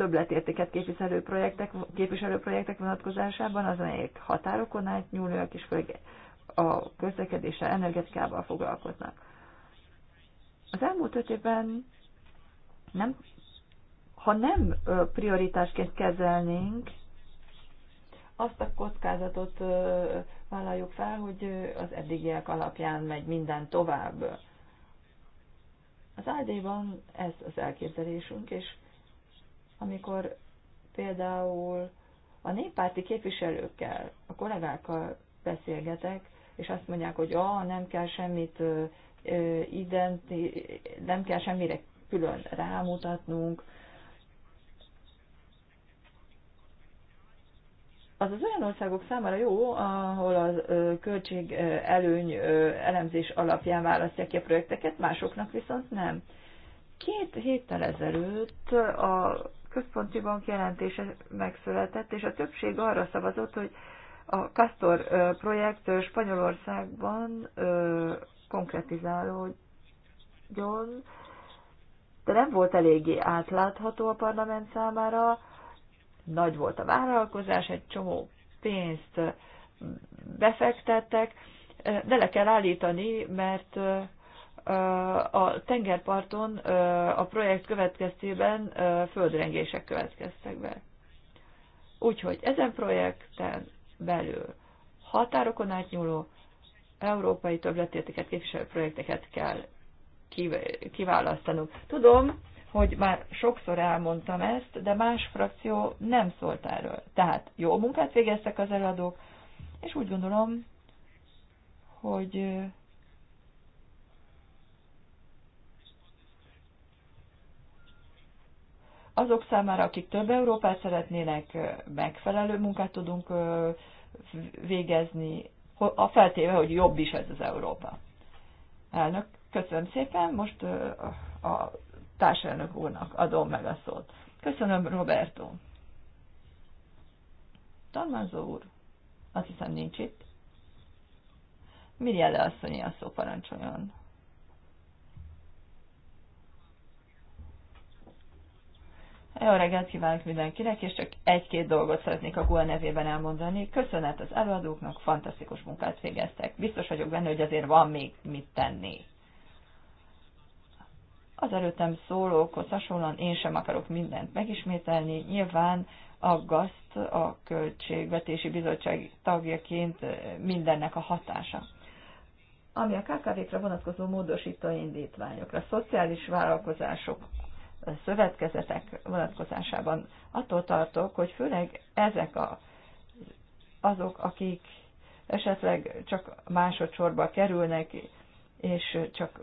S2: többletértéket képviselő projektek, képviselő projektek vonatkozásában, az, amelyek határokon átnyúlnak, és főleg a közlekedéssel, energetikával foglalkoznak. Az elmúlt öt évben nem, ha nem prioritásként kezelnénk, azt a kockázatot vállaljuk fel, hogy az eddigiek alapján megy minden tovább. Az áldéban ez az elképzelésünk, és amikor például a néppárti képviselőkkel, a kollégákkal beszélgetek, és azt mondják, hogy ah, nem kell semmit identi, nem kell semmire külön rámutatnunk. Az az olyan országok számára jó, ahol a költség előny elemzés alapján választják ki a projekteket, másoknak viszont nem. Két héttel ezelőtt a központi bank jelentése megszületett, és a többség arra szavazott, hogy a Castor projekt Spanyolországban konkretizálódjon, de nem volt eléggé átlátható a parlament számára, nagy volt a vállalkozás, egy csomó pénzt befektettek, de le kell állítani, mert a tengerparton a projekt következtében földrengések következtek be. Úgyhogy ezen projekten belül határokon átnyúló európai többletértéket képviselő projekteket kell kiválasztanunk. Tudom, hogy már sokszor elmondtam ezt, de más frakció nem szólt erről. Tehát jó munkát végeztek az eladók, és úgy gondolom, hogy azok számára, akik több Európát szeretnének, megfelelő munkát tudunk végezni, a feltéve, hogy jobb is ez az Európa. Elnök, köszönöm szépen, most a társelnök úrnak adom meg a szót. Köszönöm, Roberto. Tanmazó úr, azt hiszem nincs itt. Mirjele asszonyi a szó parancsoljon. Jó reggelt kívánok mindenkinek, és csak egy-két dolgot szeretnék a Google nevében elmondani. Köszönet az előadóknak, fantasztikus munkát végeztek. Biztos vagyok benne, hogy azért van még mit tenni. Az előttem szólókhoz hasonlóan én sem akarok mindent megismételni. Nyilván aggaszt a Költségvetési Bizottság tagjaként mindennek a hatása. Ami a KKV-kra vonatkozó módosító indítványokra, szociális vállalkozások szövetkezetek vonatkozásában. Attól tartok, hogy főleg ezek a, azok, akik esetleg csak másodszorba kerülnek, és csak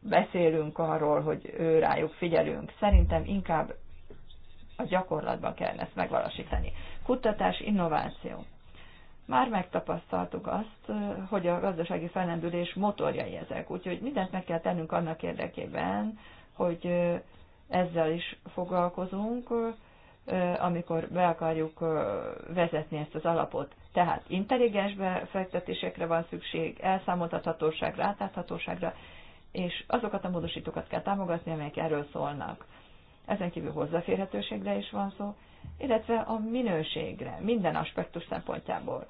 S2: beszélünk arról, hogy ő rájuk figyelünk. Szerintem inkább a gyakorlatban kellene ezt megvalósítani. Kutatás, innováció már megtapasztaltuk azt, hogy a gazdasági fellendülés motorjai ezek. Úgyhogy mindent meg kell tennünk annak érdekében, hogy ezzel is foglalkozunk, amikor be akarjuk vezetni ezt az alapot. Tehát intelligens befektetésekre van szükség, elszámoltathatóság, átláthatóságra, és azokat a módosítókat kell támogatni, amelyek erről szólnak. Ezen kívül hozzáférhetőségre is van szó, illetve a minőségre, minden aspektus szempontjából.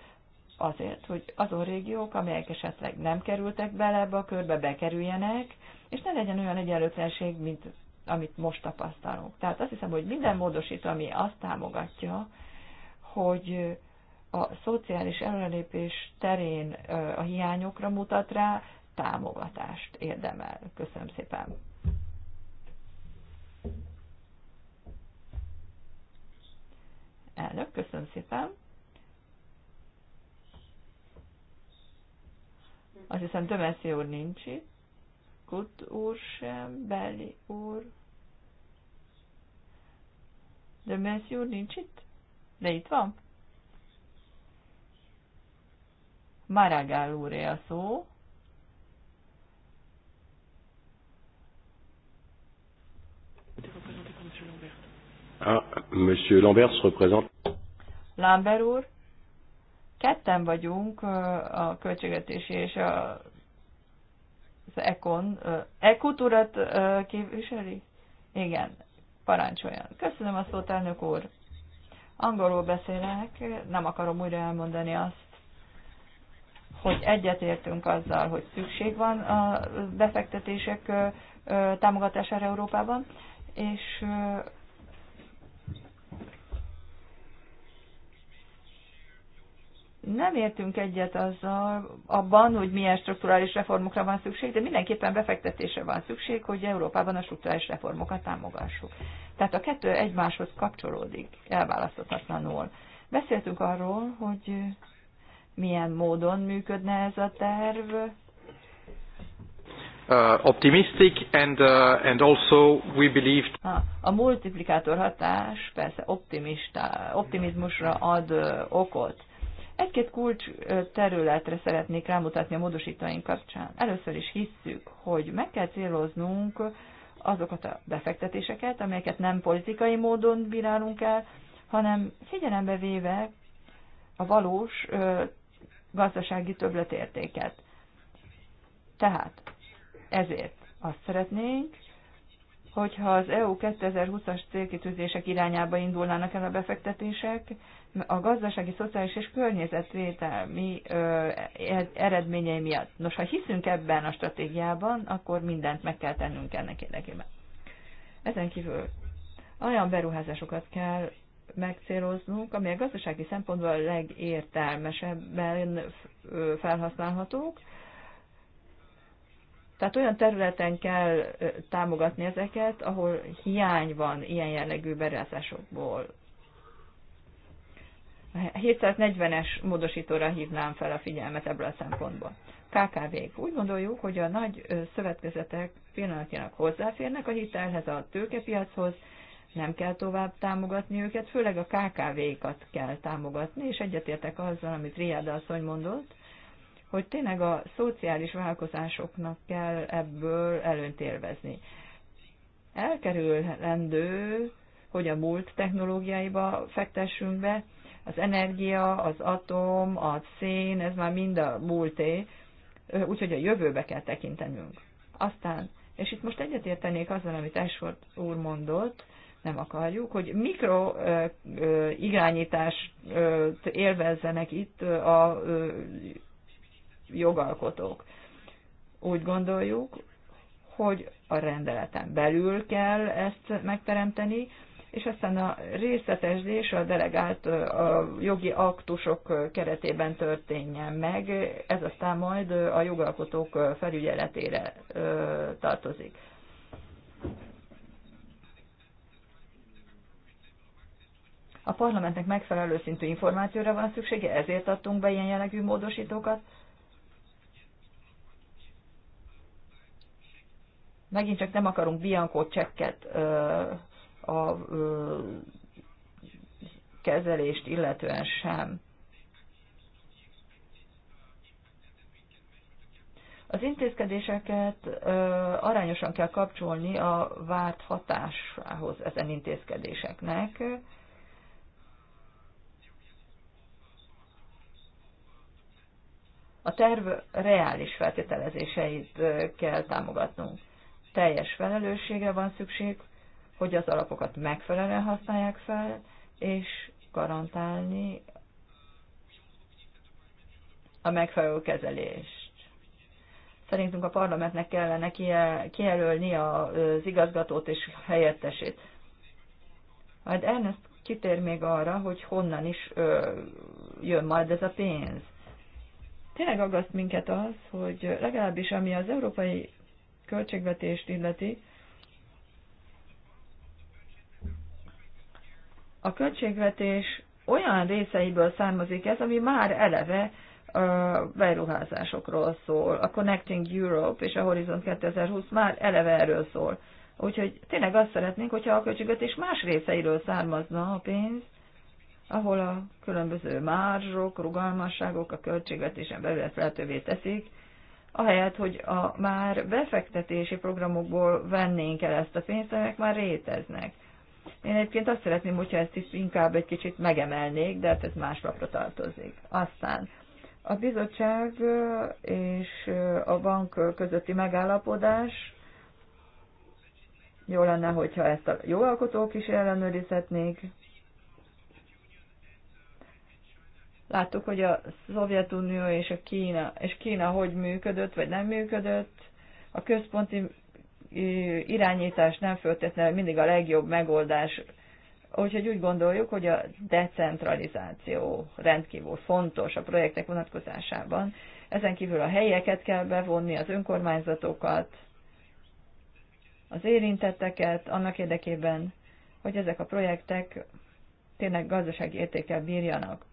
S2: Azért, hogy azon régiók, amelyek esetleg nem kerültek bele ebbe a körbe, bekerüljenek, és ne legyen olyan egyenlőtlenség, mint amit most tapasztalunk. Tehát azt hiszem, hogy minden módosító, ami azt támogatja, hogy a szociális előrelépés terén a hiányokra mutat rá, támogatást érdemel. Köszönöm szépen! Elnök, köszönöm szépen. Azt hiszem Tömeszi úr nincs itt. Kut úr sem, beli úr. Tömeszi úr nincs itt? De itt van? Maragál úré a szó.
S3: Ah, Monsieur Lambert se représente.
S2: Lambert úr, ketten vagyunk a költségvetési és a, az Econ. Ekut urat képviseli? Igen, parancsoljon. Köszönöm a szót, elnök úr. Angolul beszélek, nem akarom újra elmondani azt, hogy egyetértünk azzal, hogy szükség van a befektetések támogatására Európában, és nem értünk egyet azzal, abban, hogy milyen strukturális reformokra van szükség, de mindenképpen befektetésre van szükség, hogy Európában a strukturális reformokat támogassuk. Tehát a kettő egymáshoz kapcsolódik elválaszthatatlanul. Beszéltünk arról, hogy milyen módon működne ez a terv.
S1: Uh, optimistic and, uh, and also we believed... A,
S2: a multiplikátor hatás persze optimista, optimizmusra ad uh, okot egy-két kulcs területre szeretnék rámutatni a módosítóink kapcsán. Először is hisszük, hogy meg kell céloznunk azokat a befektetéseket, amelyeket nem politikai módon bírálunk el, hanem figyelembe véve a valós gazdasági többletértéket. Tehát ezért azt szeretnénk, hogyha az EU 2020-as célkitűzések irányába indulnának el a befektetések, a gazdasági, szociális és környezetvételmi ö, e, eredményei miatt. Nos, ha hiszünk ebben a stratégiában, akkor mindent meg kell tennünk ennek érdekében. Ezen kívül olyan beruházásokat kell megcéloznunk, ami a gazdasági szempontból legértelmesebben felhasználhatók, tehát olyan területen kell támogatni ezeket, ahol hiány van ilyen jellegű beruházásokból. A 740-es módosítóra hívnám fel a figyelmet ebből a szempontból. KKV-k. Úgy gondoljuk, hogy a nagy szövetkezetek pillanatjának hozzáférnek a hitelhez, a tőkepiachoz, nem kell tovább támogatni őket, főleg a KKV-kat kell támogatni, és egyetértek azzal, amit Riáda asszony mondott, hogy tényleg a szociális vállalkozásoknak kell ebből előnyt élvezni. Elkerülendő, hogy a múlt technológiáiba fektessünk be, az energia, az atom, a szén, ez már mind a múlté, úgyhogy a jövőbe kell tekintenünk. Aztán, és itt most egyetértenék azzal, amit Ashford úr mondott, nem akarjuk, hogy mikro irányítást élvezzenek itt a jogalkotók. Úgy gondoljuk, hogy a rendeleten belül kell ezt megteremteni, és aztán a részletesdés a delegált a jogi aktusok keretében történjen meg, ez aztán majd a jogalkotók felügyeletére tartozik. A parlamentnek megfelelő szintű információra van szüksége, ezért adtunk be ilyen jellegű módosítókat, Megint csak nem akarunk Bianco csekket a kezelést illetően sem. Az intézkedéseket ö, arányosan kell kapcsolni a várt hatásához ezen intézkedéseknek. A terv reális feltételezéseit kell támogatnunk teljes felelősségre van szükség, hogy az alapokat megfelelően használják fel, és garantálni a megfelelő kezelést. Szerintünk a parlamentnek kellene kijelölni az igazgatót és helyettesét. Majd Ernest kitér még arra, hogy honnan is ö, jön majd ez a pénz. Tényleg aggaszt minket az, hogy legalábbis ami az Európai költségvetést illeti, a költségvetés olyan részeiből származik ez, ami már eleve beruházásokról szól. A Connecting Europe és a Horizon 2020 már eleve erről szól. Úgyhogy tényleg azt szeretnénk, hogyha a költségvetés más részeiről származna a pénz, ahol a különböző márzsok, rugalmasságok a költségvetésen belül lehetővé teszik, ahelyett, hogy a már befektetési programokból vennénk el ezt a pénzt, amelyek már réteznek. Én egyébként azt szeretném, hogyha ezt is inkább egy kicsit megemelnék, de hát ez más lapra tartozik. Aztán a bizottság és a bank közötti megállapodás jó lenne, hogyha ezt a jó alkotók is ellenőrizhetnék, Láttuk, hogy a Szovjetunió és a Kína, és Kína hogy működött, vagy nem működött. A központi irányítás nem föltetne mindig a legjobb megoldás. Úgyhogy úgy gondoljuk, hogy a decentralizáció rendkívül fontos a projektek vonatkozásában. Ezen kívül a helyeket kell bevonni, az önkormányzatokat, az érintetteket, annak érdekében, hogy ezek a projektek tényleg gazdasági értékkel bírjanak.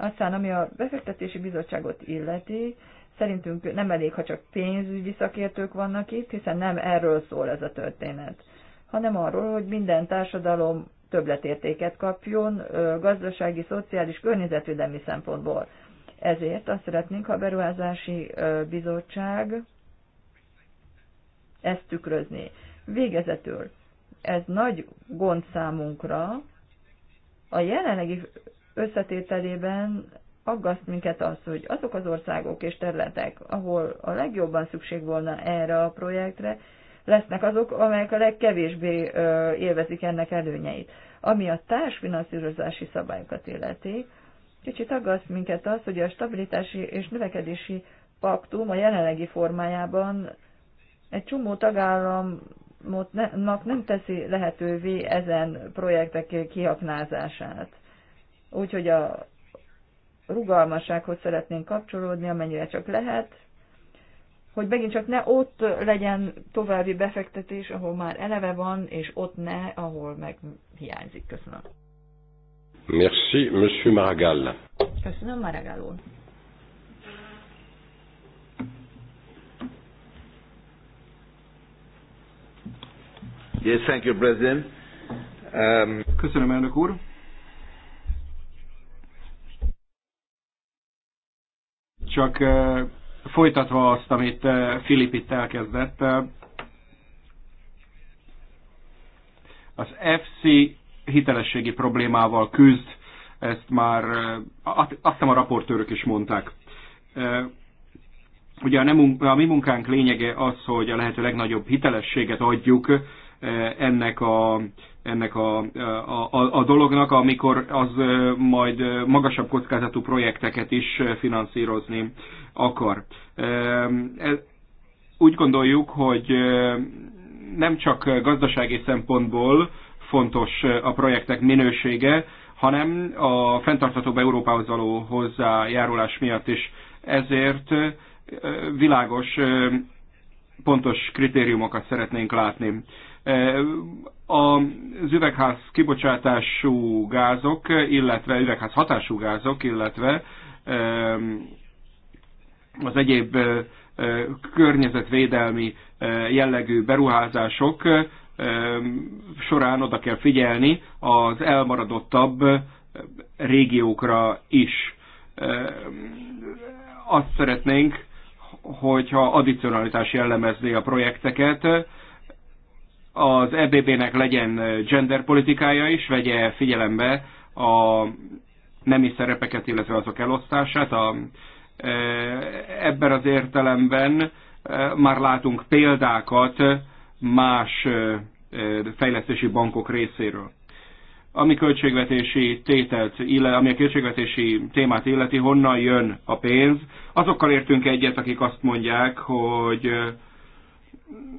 S2: Aztán, ami a befektetési bizottságot illeti, szerintünk nem elég, ha csak pénzügyi szakértők vannak itt, hiszen nem erről szól ez a történet, hanem arról, hogy minden társadalom többletértéket kapjon gazdasági, szociális, környezetvédelmi szempontból. Ezért azt szeretnénk, ha a beruházási bizottság ezt tükrözni. Végezetül, ez nagy gond számunkra, a jelenlegi összetételében aggaszt minket az, hogy azok az országok és területek, ahol a legjobban szükség volna erre a projektre, lesznek azok, amelyek a legkevésbé élvezik ennek előnyeit. Ami a társfinanszírozási szabályokat illeti, kicsit aggaszt minket az, hogy a stabilitási és növekedési paktum a jelenlegi formájában egy csomó tagállamnak nem teszi lehetővé ezen projektek kiaknázását. Úgyhogy a rugalmasághoz szeretnénk kapcsolódni, amennyire csak lehet, hogy megint csak ne ott legyen további befektetés, ahol már eleve van, és ott ne, ahol meg hiányzik. Köszönöm.
S3: Merci, Monsieur Maragall.
S2: Köszönöm, Maragall úr.
S1: Yes, thank you, President. Um... Köszönöm, elnök úr. Csak folytatva azt, amit Filip itt elkezdett, az FC hitelességi problémával küzd, ezt már azt a raportőrök is mondták. Ugye a, nem, a mi munkánk lényege az, hogy a lehető legnagyobb hitelességet adjuk ennek a ennek a, a, a, a dolognak, amikor az majd magasabb kockázatú projekteket is finanszírozni akar. Úgy gondoljuk, hogy nem csak gazdasági szempontból fontos a projektek minősége, hanem a fenntarthatóbb Európához való hozzájárulás miatt is. Ezért világos, pontos kritériumokat szeretnénk látni. E, az üvegház kibocsátású gázok, illetve üvegház hatású gázok, illetve e, az egyéb e, környezetvédelmi jellegű beruházások során oda kell figyelni az elmaradottabb régiókra is. Azt szeretnénk, hogyha addicionalitás jellemezné a projekteket, az EBB-nek legyen genderpolitikája is, vegye figyelembe a nemi szerepeket, illetve azok elosztását. A, ebben az értelemben már látunk példákat más fejlesztési bankok részéről. Ami költségvetési tételt, ami a költségvetési témát illeti, honnan jön a pénz. Azokkal értünk egyet, akik azt mondják, hogy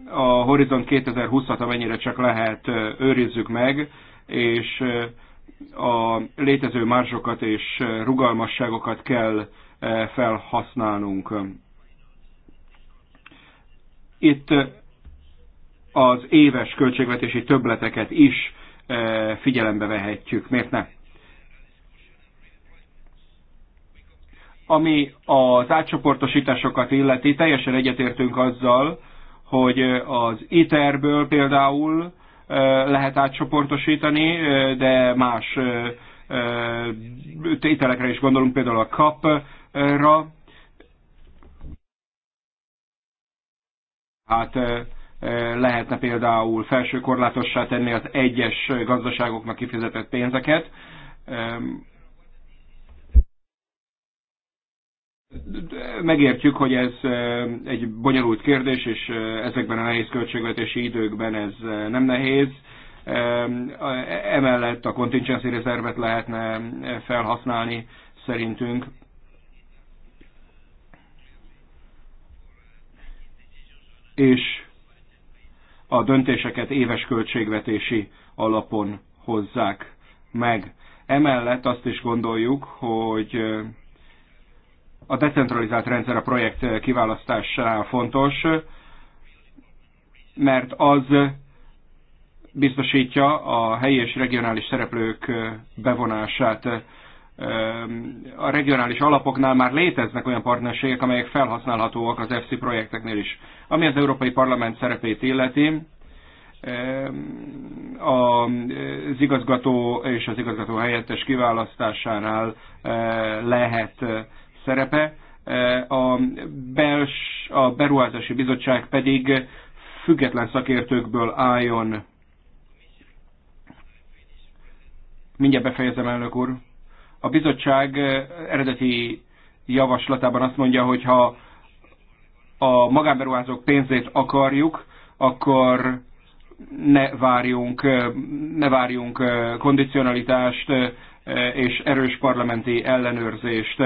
S1: a Horizon 2020-at amennyire csak lehet őrizzük meg, és a létező márzsokat és rugalmasságokat kell felhasználnunk. Itt az éves költségvetési töbleteket is figyelembe vehetjük. Miért ne? Ami az átcsoportosításokat illeti, teljesen egyetértünk azzal, hogy az éterből például lehet átcsoportosítani, de más tételekre is gondolunk, például a kapra. Hát lehetne például felső korlátossá tenni az egyes gazdaságoknak kifizetett pénzeket. Megértjük, hogy ez egy bonyolult kérdés, és ezekben a nehéz költségvetési időkben ez nem nehéz. Emellett a contingency rezervet lehetne felhasználni szerintünk. És a döntéseket éves költségvetési alapon hozzák meg. Emellett azt is gondoljuk, hogy a decentralizált rendszer a projekt kiválasztásánál fontos, mert az biztosítja a helyi és regionális szereplők bevonását. A regionális alapoknál már léteznek olyan partnerségek, amelyek felhasználhatóak az FC projekteknél is. Ami az Európai Parlament szerepét illeti, az igazgató és az igazgató helyettes kiválasztásánál lehet szerepe, e, a, bels, a beruházási bizottság pedig független szakértőkből álljon. Mindjárt befejezem, elnök úr. A bizottság e, eredeti javaslatában azt mondja, hogy ha a magánberuházók pénzét akarjuk, akkor ne várjunk, e, ne várjunk kondicionalitást és erős parlamenti ellenőrzést.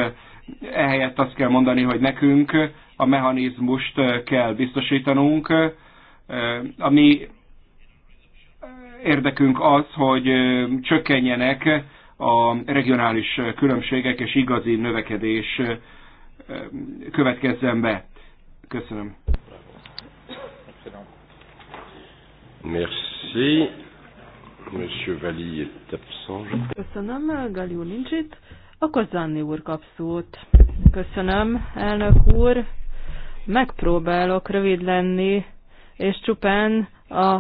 S1: Ehelyett azt kell mondani, hogy nekünk a mechanizmust eh, kell biztosítanunk, eh, A mi érdekünk az, hogy eh, csökkenjenek a regionális különbségek és igazi növekedés következzen be. Köszönöm. Merci. Monsieur Valli est absent.
S3: Köszönöm, Galiu nincs akkor Zanni úr kap szót. Köszönöm, elnök úr. Megpróbálok rövid lenni, és csupán a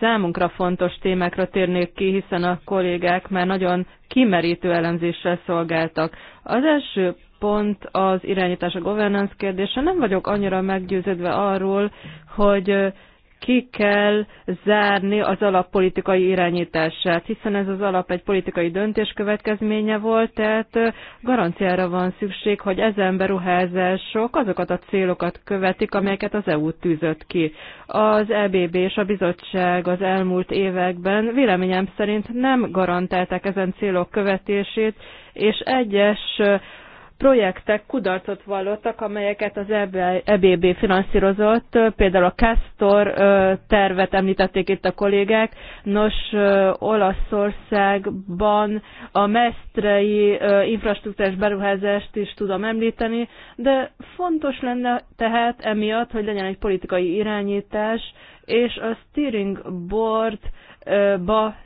S3: számunkra fontos témákra térnék ki, hiszen a kollégák már nagyon kimerítő elemzéssel szolgáltak. Az első pont az irányítás a governance kérdése. Nem vagyok annyira meggyőződve arról, hogy ki kell zárni az alappolitikai irányítását, hiszen ez az alap egy politikai döntés következménye volt, tehát garanciára van szükség, hogy ezen beruházások azokat a célokat követik, amelyeket az EU tűzött ki. Az EBB és a bizottság az elmúlt években véleményem szerint nem garantálták ezen célok követését, és egyes projektek kudarcot vallottak, amelyeket az EBB e finanszírozott, például a Castor tervet említették itt a kollégák. Nos, Olaszországban a mesztrei infrastruktúrás beruházást is tudom említeni, de fontos lenne tehát emiatt, hogy legyen egy politikai irányítás, és a steering board ba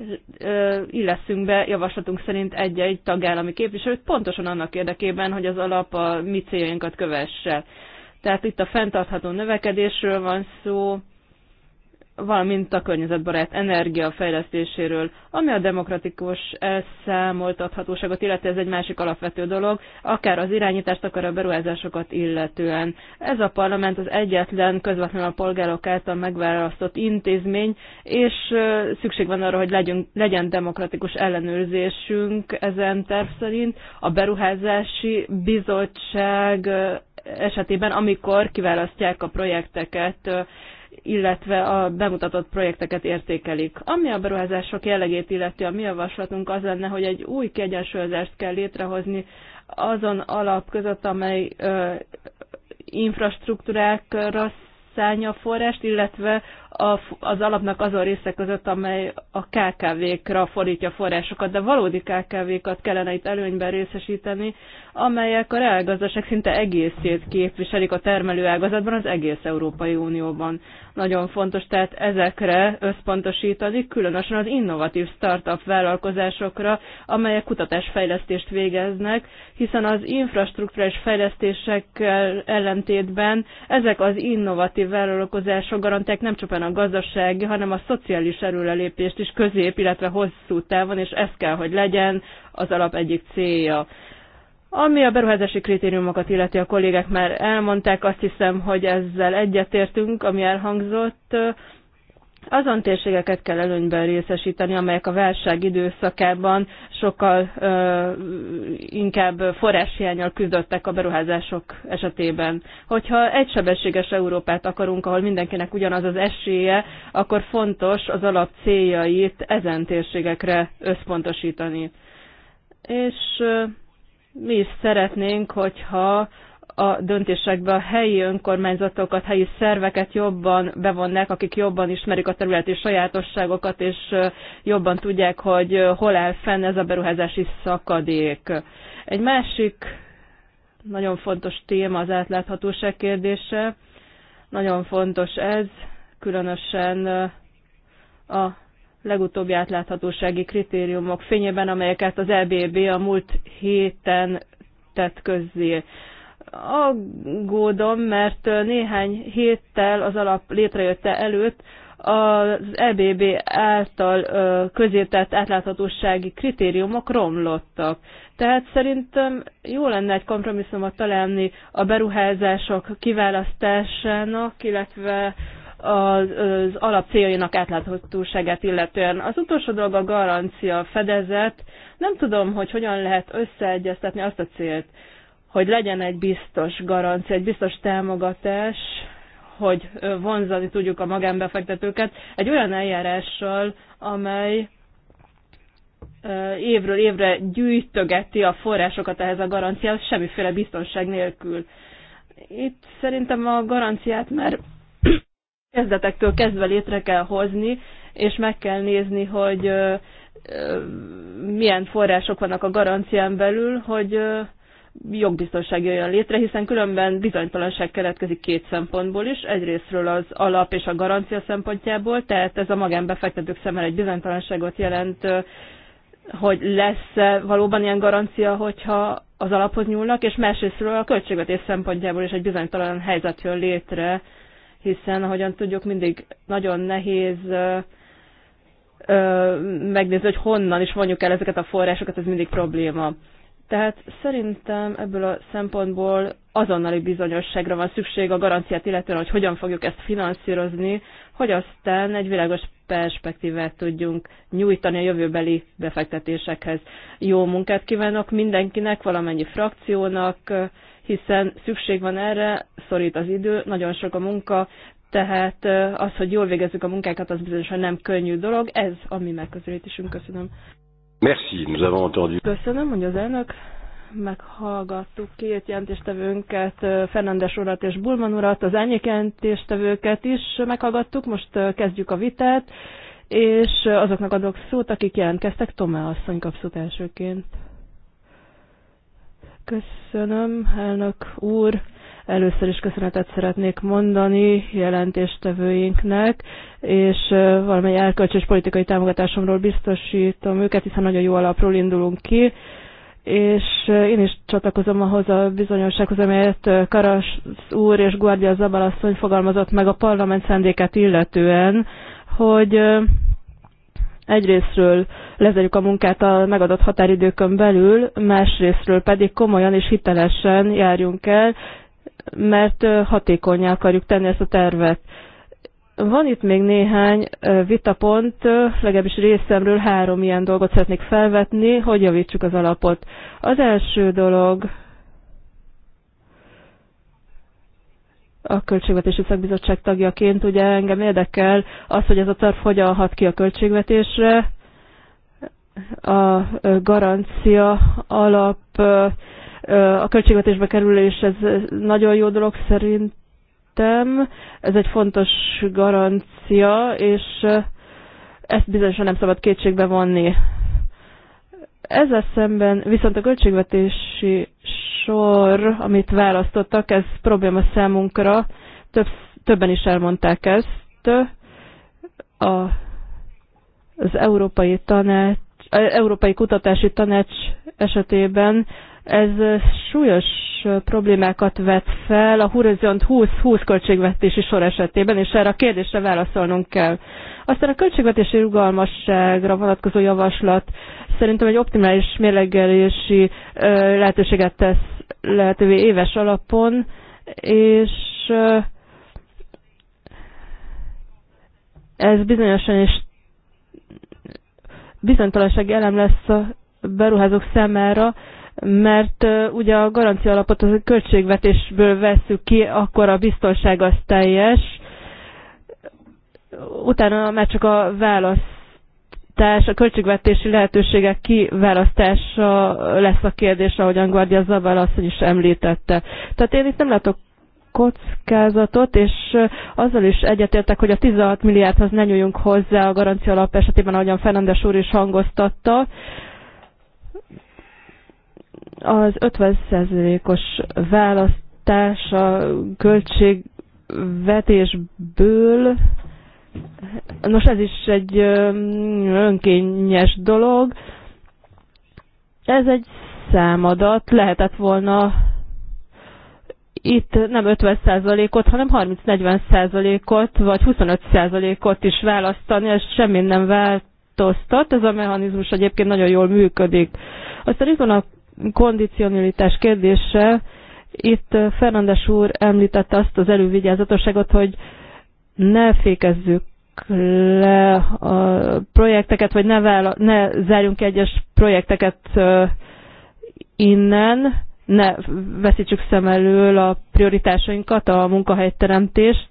S3: illeszünk be javaslatunk szerint egy-egy tagállami képviselőt, pontosan annak érdekében, hogy az alap a mi céljainkat kövesse. Tehát itt a fenntartható növekedésről van szó, valamint a környezetbarát energia fejlesztéséről, ami a demokratikus elszámoltathatóságot illeti, ez egy másik alapvető dolog, akár az irányítást, akár a beruházásokat illetően. Ez a parlament az egyetlen közvetlenül a polgárok által megválasztott intézmény, és szükség van arra, hogy legyünk, legyen demokratikus ellenőrzésünk ezen terv szerint. A beruházási bizottság esetében, amikor kiválasztják a projekteket, illetve a bemutatott projekteket értékelik. Ami a beruházások jellegét illeti, a mi javaslatunk az lenne, hogy egy új kiegyensúlyozást kell létrehozni azon alap között, amely ö, infrastruktúrákra szállja a forrást, illetve az alapnak azon része között, amely a KKV-kra fordítja forrásokat, de valódi KKV-kat kellene itt előnyben részesíteni, amelyek a reálgazdaság szinte egészét képviselik a termelőágazatban az egész Európai Unióban. Nagyon fontos tehát ezekre összpontosítani, különösen az innovatív startup vállalkozásokra, amelyek kutatásfejlesztést végeznek, hiszen az infrastruktúrás fejlesztésekkel ellentétben ezek az innovatív vállalkozások garantálják nem csupán a a gazdasági, hanem a szociális erőlelépést is közép, illetve hosszú távon, és ez kell, hogy legyen az alap egyik célja. Ami a beruházási kritériumokat illeti, a kollégek már elmondták, azt hiszem, hogy ezzel egyetértünk, ami elhangzott azon térségeket kell előnyben részesíteni, amelyek a válság időszakában sokkal ö, inkább forráshiányal küzdöttek a beruházások esetében. Hogyha egysebességes Európát akarunk, ahol mindenkinek ugyanaz az esélye, akkor fontos az alap céljait ezen térségekre összpontosítani. És ö, mi is szeretnénk, hogyha a döntésekbe a helyi önkormányzatokat, helyi szerveket jobban bevonnák, akik jobban ismerik a területi sajátosságokat, és jobban tudják, hogy hol áll fenn ez a beruházási szakadék. Egy másik nagyon fontos téma az átláthatóság kérdése. Nagyon fontos ez, különösen a legutóbbi átláthatósági kritériumok fényében, amelyeket az EBB a múlt héten tett közzé aggódom, mert néhány héttel az alap létrejötte előtt az EBB által közértett átláthatósági kritériumok romlottak. Tehát szerintem jó lenne egy kompromisszumot találni a beruházások kiválasztásának, illetve az, az céljainak átláthatóságát illetően. Az utolsó dolog a garancia fedezet. Nem tudom, hogy hogyan lehet összeegyeztetni azt a célt, hogy legyen egy biztos garancia, egy biztos támogatás, hogy vonzani tudjuk a magánbefektetőket egy olyan eljárással, amely évről évre gyűjtögeti a forrásokat ehhez a garanciához, semmiféle biztonság nélkül. Itt szerintem a garanciát már *clears throat* kezdetektől kezdve létre kell hozni, és meg kell nézni, hogy milyen források vannak a garancián belül, hogy jogbiztonság jöjjön létre, hiszen különben bizonytalanság keletkezik két szempontból is. Egyrésztről az alap és a garancia szempontjából, tehát ez a magánbefektetők szemmel egy bizonytalanságot jelent, hogy lesz -e valóban ilyen garancia, hogyha az alaphoz nyúlnak, és másrésztről a költségvetés szempontjából is egy bizonytalan helyzet jön létre, hiszen ahogyan tudjuk, mindig nagyon nehéz megnézni, hogy honnan is vonjuk el ezeket a forrásokat, ez mindig probléma. Tehát szerintem ebből a szempontból azonnali bizonyosságra van szükség a garanciát, illetően, hogy hogyan fogjuk ezt finanszírozni, hogy aztán egy világos perspektívát tudjunk nyújtani a jövőbeli befektetésekhez. Jó munkát kívánok mindenkinek, valamennyi frakciónak, hiszen szükség van erre, szorít az idő, nagyon sok a munka, tehát az, hogy jól végezzük a munkákat, az bizonyosan nem könnyű dolog. Ez a mi megközelítésünk. Köszönöm. Merci, nous avons entendu. Köszönöm, hogy az elnök meghallgattuk két jelentéstevőnket, Fernandes urat és Bulman urat, az ennyi jelentéstevőket is meghallgattuk, most kezdjük a vitát, és azoknak adok szót, akik jelentkeztek, Tomá asszony szót elsőként. Köszönöm, elnök úr. Először is köszönetet szeretnék mondani jelentéstevőinknek, és valamely elkölcsi és politikai támogatásomról biztosítom őket, hiszen nagyon jó alapról indulunk ki és én is csatlakozom ahhoz a bizonyossághoz, amelyet Karas úr és Guardia Zabal asszony fogalmazott meg a parlament szendéket illetően, hogy egyrésztről lezerjük a munkát a megadott határidőkön belül, másrésztről pedig komolyan és hitelesen járjunk el, mert hatékonyá akarjuk tenni ezt a tervet. Van itt még néhány vitapont, legalábbis részemről három ilyen dolgot szeretnék felvetni, hogy javítsuk az alapot. Az első dolog a Költségvetési Szakbizottság tagjaként, ugye engem érdekel az, hogy ez a terv hogyan hat ki a költségvetésre, a garancia alap a költségvetésbe kerülés, ez nagyon jó dolog szerintem. Ez egy fontos garancia, és ezt bizonyosan nem szabad kétségbe vonni. Ezzel szemben viszont a költségvetési sor, amit választottak, ez probléma számunkra. Több, többen is elmondták ezt. A, az Európai Tanács, Európai Kutatási Tanács esetében ez súlyos problémákat vet fel a Horizont 20-20 költségvetési sor esetében, és erre a kérdésre válaszolnunk kell. Aztán a költségvetési rugalmasságra vonatkozó javaslat szerintem egy optimális mérlegelési lehetőséget tesz lehetővé éves alapon, és ez bizonyosan is bizonytalanság elem lesz a beruházók számára, mert ugye a garancia alapot a költségvetésből veszük ki, akkor a biztonság az teljes, utána már csak a választás, a költségvetési lehetőségek kiválasztása lesz a kérdés, ahogyan Guardia Zabal asszony is említette. Tehát én itt nem látok kockázatot, és azzal is egyetértek, hogy a 16 milliárdhoz ne nyúljunk hozzá a garancia alap esetében, ahogyan Fernandes úr is hangoztatta, az 50%-os választás a költségvetésből, nos ez is egy önkényes dolog, ez egy számadat, lehetett volna itt nem 50%-ot, hanem 30-40%-ot, vagy 25%-ot is választani, ez semmi nem változtat, ez a mechanizmus egyébként nagyon jól működik. Aztán itt van a kondicionalitás kérdése. Itt eh, Fernandes úr említette azt az elővigyázatosságot, hogy ne fékezzük le a projekteket, vagy ne, vála, ne zárjunk egyes projekteket eh, innen, ne veszítsük szem elől a prioritásainkat, a munkahelyteremtést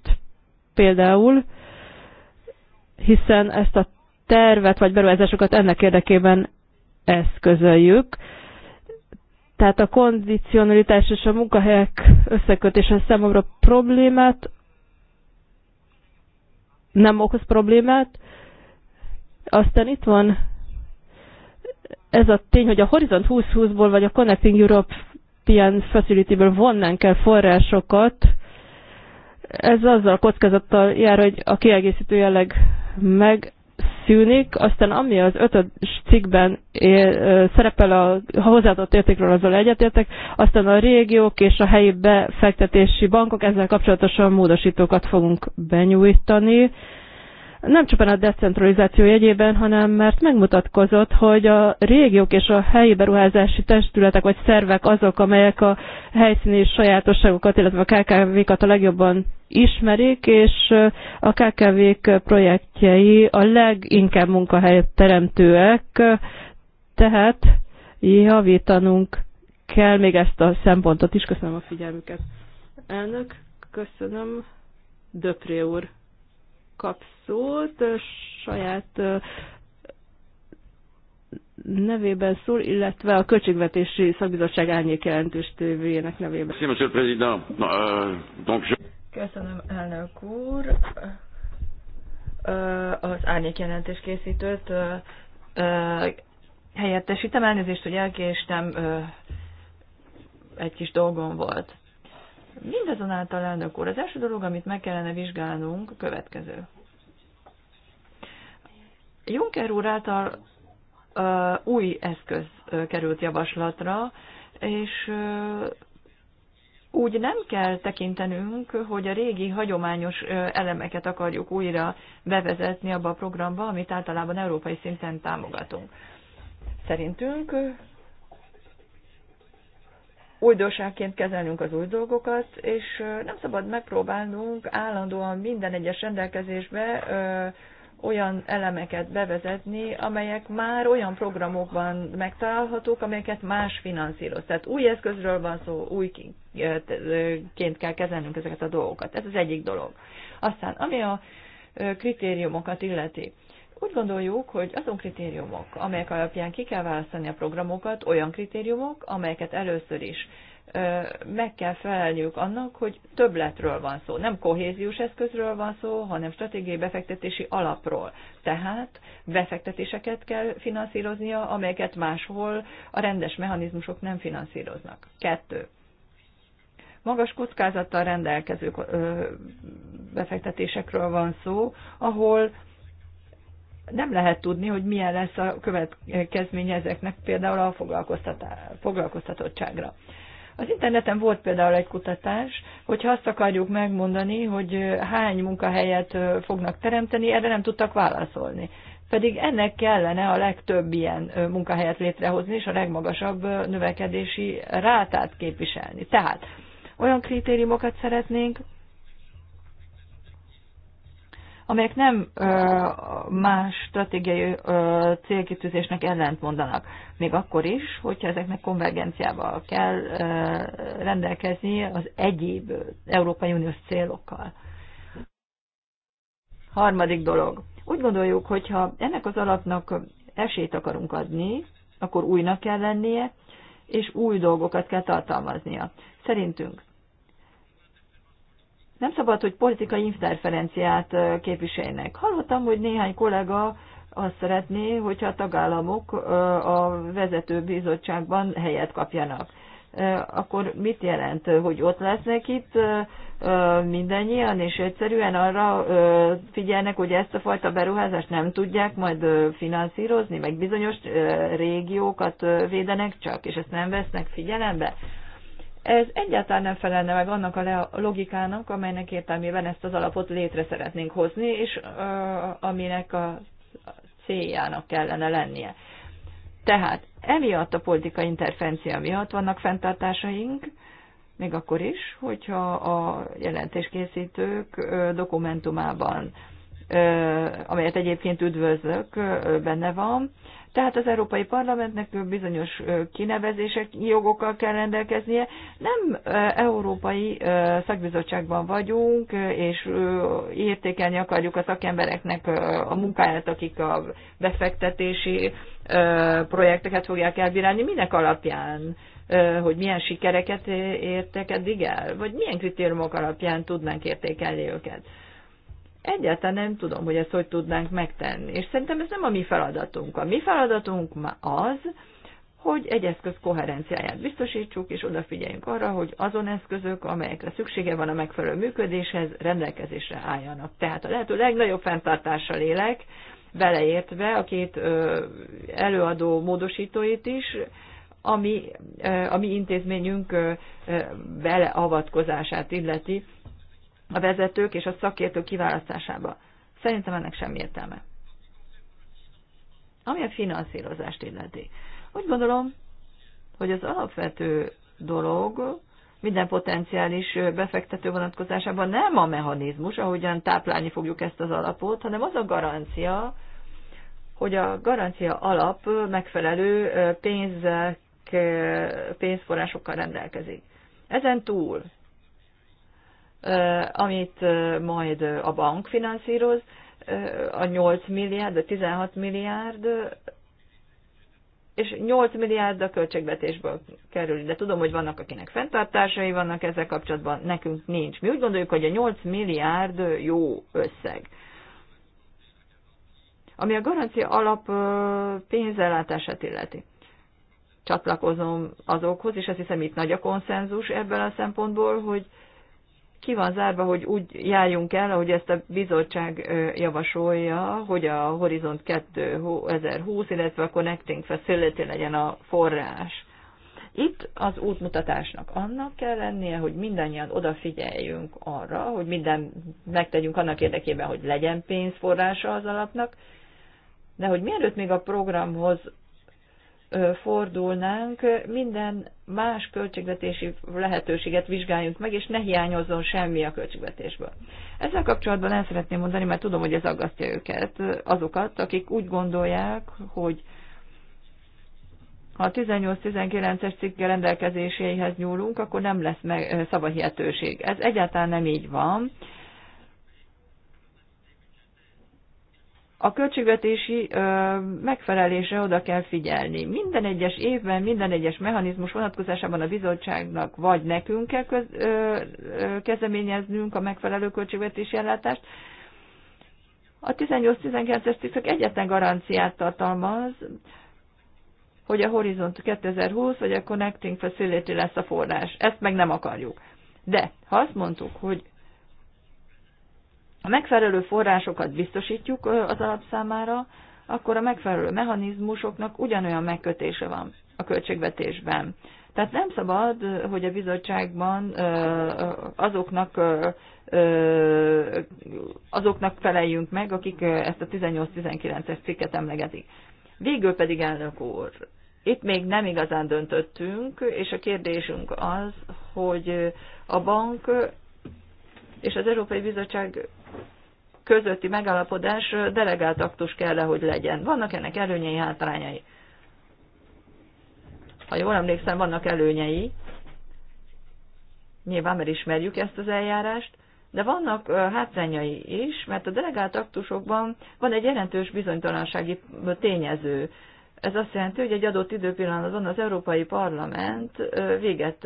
S3: például, hiszen ezt a tervet vagy beruházásokat ennek érdekében eszközöljük. Tehát a kondicionalitás és a munkahelyek összekötése számomra problémát nem okoz problémát. Aztán itt van ez a tény, hogy a Horizont 2020-ból vagy a Connecting Europe European Facility-ből vonnánk el forrásokat, ez azzal kockázattal jár, hogy a kiegészítő jelleg meg megszűnik, aztán ami az ötös cikkben él, szerepel a hozzáadott értékről, azzal egyetértek, aztán a régiók és a helyi befektetési bankok, ezzel kapcsolatosan módosítókat fogunk benyújtani nem csupán a decentralizáció jegyében, hanem mert megmutatkozott, hogy a régiók és a helyi beruházási testületek vagy szervek azok, amelyek a helyszíni sajátosságokat, illetve a KKV-kat a legjobban ismerik, és a KKV-k projektjei a leginkább munkahelyet teremtőek, tehát javítanunk kell még ezt a szempontot is. Köszönöm a figyelmüket. Elnök, köszönöm. Döpré úr kap szót, saját nevében szól, illetve a Költségvetési Szakbizottság árnyék jelentős tévéjének nevében. Euh, Köszönöm,
S2: elnök úr. Az árnyék jelentés készítőt helyettesítem. Elnézést, hogy elkéstem, egy kis dolgom volt. Mindazonáltal, elnök úr, az első dolog, amit meg kellene vizsgálnunk, a következő. Juncker úr által uh, új eszköz uh, került javaslatra, és uh, úgy nem kell tekintenünk, hogy a régi hagyományos elemeket akarjuk újra bevezetni abba a programba, amit általában európai szinten támogatunk. Szerintünk újdonságként kezelnünk az új dolgokat, és nem szabad megpróbálnunk állandóan minden egyes rendelkezésbe olyan elemeket bevezetni, amelyek már olyan programokban megtalálhatók, amelyeket más finanszíroz. Tehát új eszközről van szó, újként kell kezelnünk ezeket a dolgokat. Ez az egyik dolog. Aztán, ami a kritériumokat illeti. Úgy gondoljuk, hogy azon kritériumok, amelyek alapján ki kell választani a programokat, olyan kritériumok, amelyeket először is meg kell felelniük annak, hogy többletről van szó. Nem kohéziós eszközről van szó, hanem stratégiai befektetési alapról. Tehát befektetéseket kell finanszíroznia, amelyeket máshol a rendes mechanizmusok nem finanszíroznak. Kettő. Magas kockázattal rendelkező befektetésekről van szó, ahol nem lehet tudni, hogy milyen lesz a következménye ezeknek például a foglalkoztatottságra. Az interneten volt például egy kutatás, hogyha azt akarjuk megmondani, hogy hány munkahelyet fognak teremteni, erre nem tudtak válaszolni. Pedig ennek kellene a legtöbb ilyen munkahelyet létrehozni, és a legmagasabb növekedési rátát képviselni. Tehát olyan kritériumokat szeretnénk, amelyek nem ö, más stratégiai ö, célkitűzésnek ellent mondanak. Még akkor is, hogyha ezeknek konvergenciával kell ö, rendelkezni az egyéb Európai Uniós célokkal. Harmadik dolog. Úgy gondoljuk, hogyha ennek az alapnak esélyt akarunk adni, akkor újnak kell lennie, és új dolgokat kell tartalmaznia. Szerintünk nem szabad, hogy politikai interferenciát képviseljenek. Hallottam, hogy néhány kollega azt szeretné, hogyha a tagállamok a vezető bizottságban helyet kapjanak. Akkor mit jelent, hogy ott lesznek itt mindannyian, és egyszerűen arra figyelnek, hogy ezt a fajta beruházást nem tudják majd finanszírozni, meg bizonyos régiókat védenek csak, és ezt nem vesznek figyelembe? Ez egyáltalán nem felelne meg annak a logikának, amelynek értelmében ezt az alapot létre szeretnénk hozni, és aminek a céljának kellene lennie. Tehát emiatt a politikai interferencia miatt vannak fenntartásaink, még akkor is, hogyha a jelentéskészítők dokumentumában, amelyet egyébként üdvözlök, benne van, tehát az Európai Parlamentnek bizonyos kinevezések jogokkal kell rendelkeznie. Nem európai szakbizottságban vagyunk, és értékelni akarjuk a szakembereknek a munkáját, akik a befektetési projekteket fogják elbírálni. Minek alapján? hogy milyen sikereket értek eddig el, vagy milyen kritériumok alapján tudnánk értékelni őket. Egyáltalán nem tudom, hogy ezt hogy tudnánk megtenni. És szerintem ez nem a mi feladatunk. A mi feladatunk ma az, hogy egy eszköz koherenciáját biztosítsuk, és odafigyeljünk arra, hogy azon eszközök, amelyekre szüksége van a megfelelő működéshez, rendelkezésre álljanak. Tehát a lehető legnagyobb fenntartással élek, beleértve a két előadó módosítóit is, ami a mi intézményünk beleavatkozását illeti a vezetők és a szakértők kiválasztásába. Szerintem ennek semmi értelme. Ami a finanszírozást illeti. Úgy gondolom, hogy az alapvető dolog minden potenciális befektető vonatkozásában nem a mechanizmus, ahogyan táplálni fogjuk ezt az alapot, hanem az a garancia, hogy a garancia alap megfelelő pénzek, pénzforrásokkal rendelkezik. Ezen túl amit majd a bank finanszíroz, a 8 milliárd, a 16 milliárd, és 8 milliárd a költségvetésből kerül. De tudom, hogy vannak, akinek fenntartásai vannak ezzel kapcsolatban, nekünk nincs. Mi úgy gondoljuk, hogy a 8 milliárd jó összeg. Ami a garancia alap pénzellátását illeti. Csatlakozom azokhoz, és azt hiszem itt nagy a konszenzus ebből a szempontból, hogy ki van zárva, hogy úgy járjunk el, ahogy ezt a bizottság javasolja, hogy a Horizont 2020, illetve a Connecting Facility legyen a forrás. Itt az útmutatásnak annak kell lennie, hogy mindannyian odafigyeljünk arra, hogy minden megtegyünk annak érdekében, hogy legyen pénzforrása az alapnak, de hogy mielőtt még a programhoz fordulnánk, minden más költségvetési lehetőséget vizsgáljunk meg, és ne hiányozzon semmi a költségvetésből. Ezzel kapcsolatban el szeretném mondani, mert tudom, hogy ez aggasztja őket, azokat, akik úgy gondolják, hogy ha 18-19-es cikke rendelkezéséhez nyúlunk, akkor nem lesz meg szabahihetőség. Ez egyáltalán nem így van. a költségvetési ö, megfelelésre oda kell figyelni. Minden egyes évben, minden egyes mechanizmus vonatkozásában a bizottságnak vagy nekünk kell köz, ö, ö, kezdeményeznünk a megfelelő költségvetési ellátást. A 18-19-es cikk egyetlen garanciát tartalmaz, hogy a Horizont 2020 vagy a Connecting Facility lesz a forrás. Ezt meg nem akarjuk. De ha azt mondtuk, hogy ha megfelelő forrásokat biztosítjuk az alapszámára, akkor a megfelelő mechanizmusoknak ugyanolyan megkötése van a költségvetésben. Tehát nem szabad, hogy a bizottságban azoknak, azoknak feleljünk meg, akik ezt a 18-19-es cikket emlegetik. Végül pedig, elnök úr, itt még nem igazán döntöttünk, és a kérdésünk az, hogy a bank és az Európai Bizottság közötti megállapodás delegált aktus kell hogy legyen. Vannak ennek előnyei, hátrányai. Ha jól emlékszem, vannak előnyei. Nyilván, mert ismerjük ezt az eljárást, de vannak hátrányai is, mert a delegált aktusokban van egy jelentős bizonytalansági tényező. Ez azt jelenti, hogy egy adott időpillanatban az Európai Parlament véget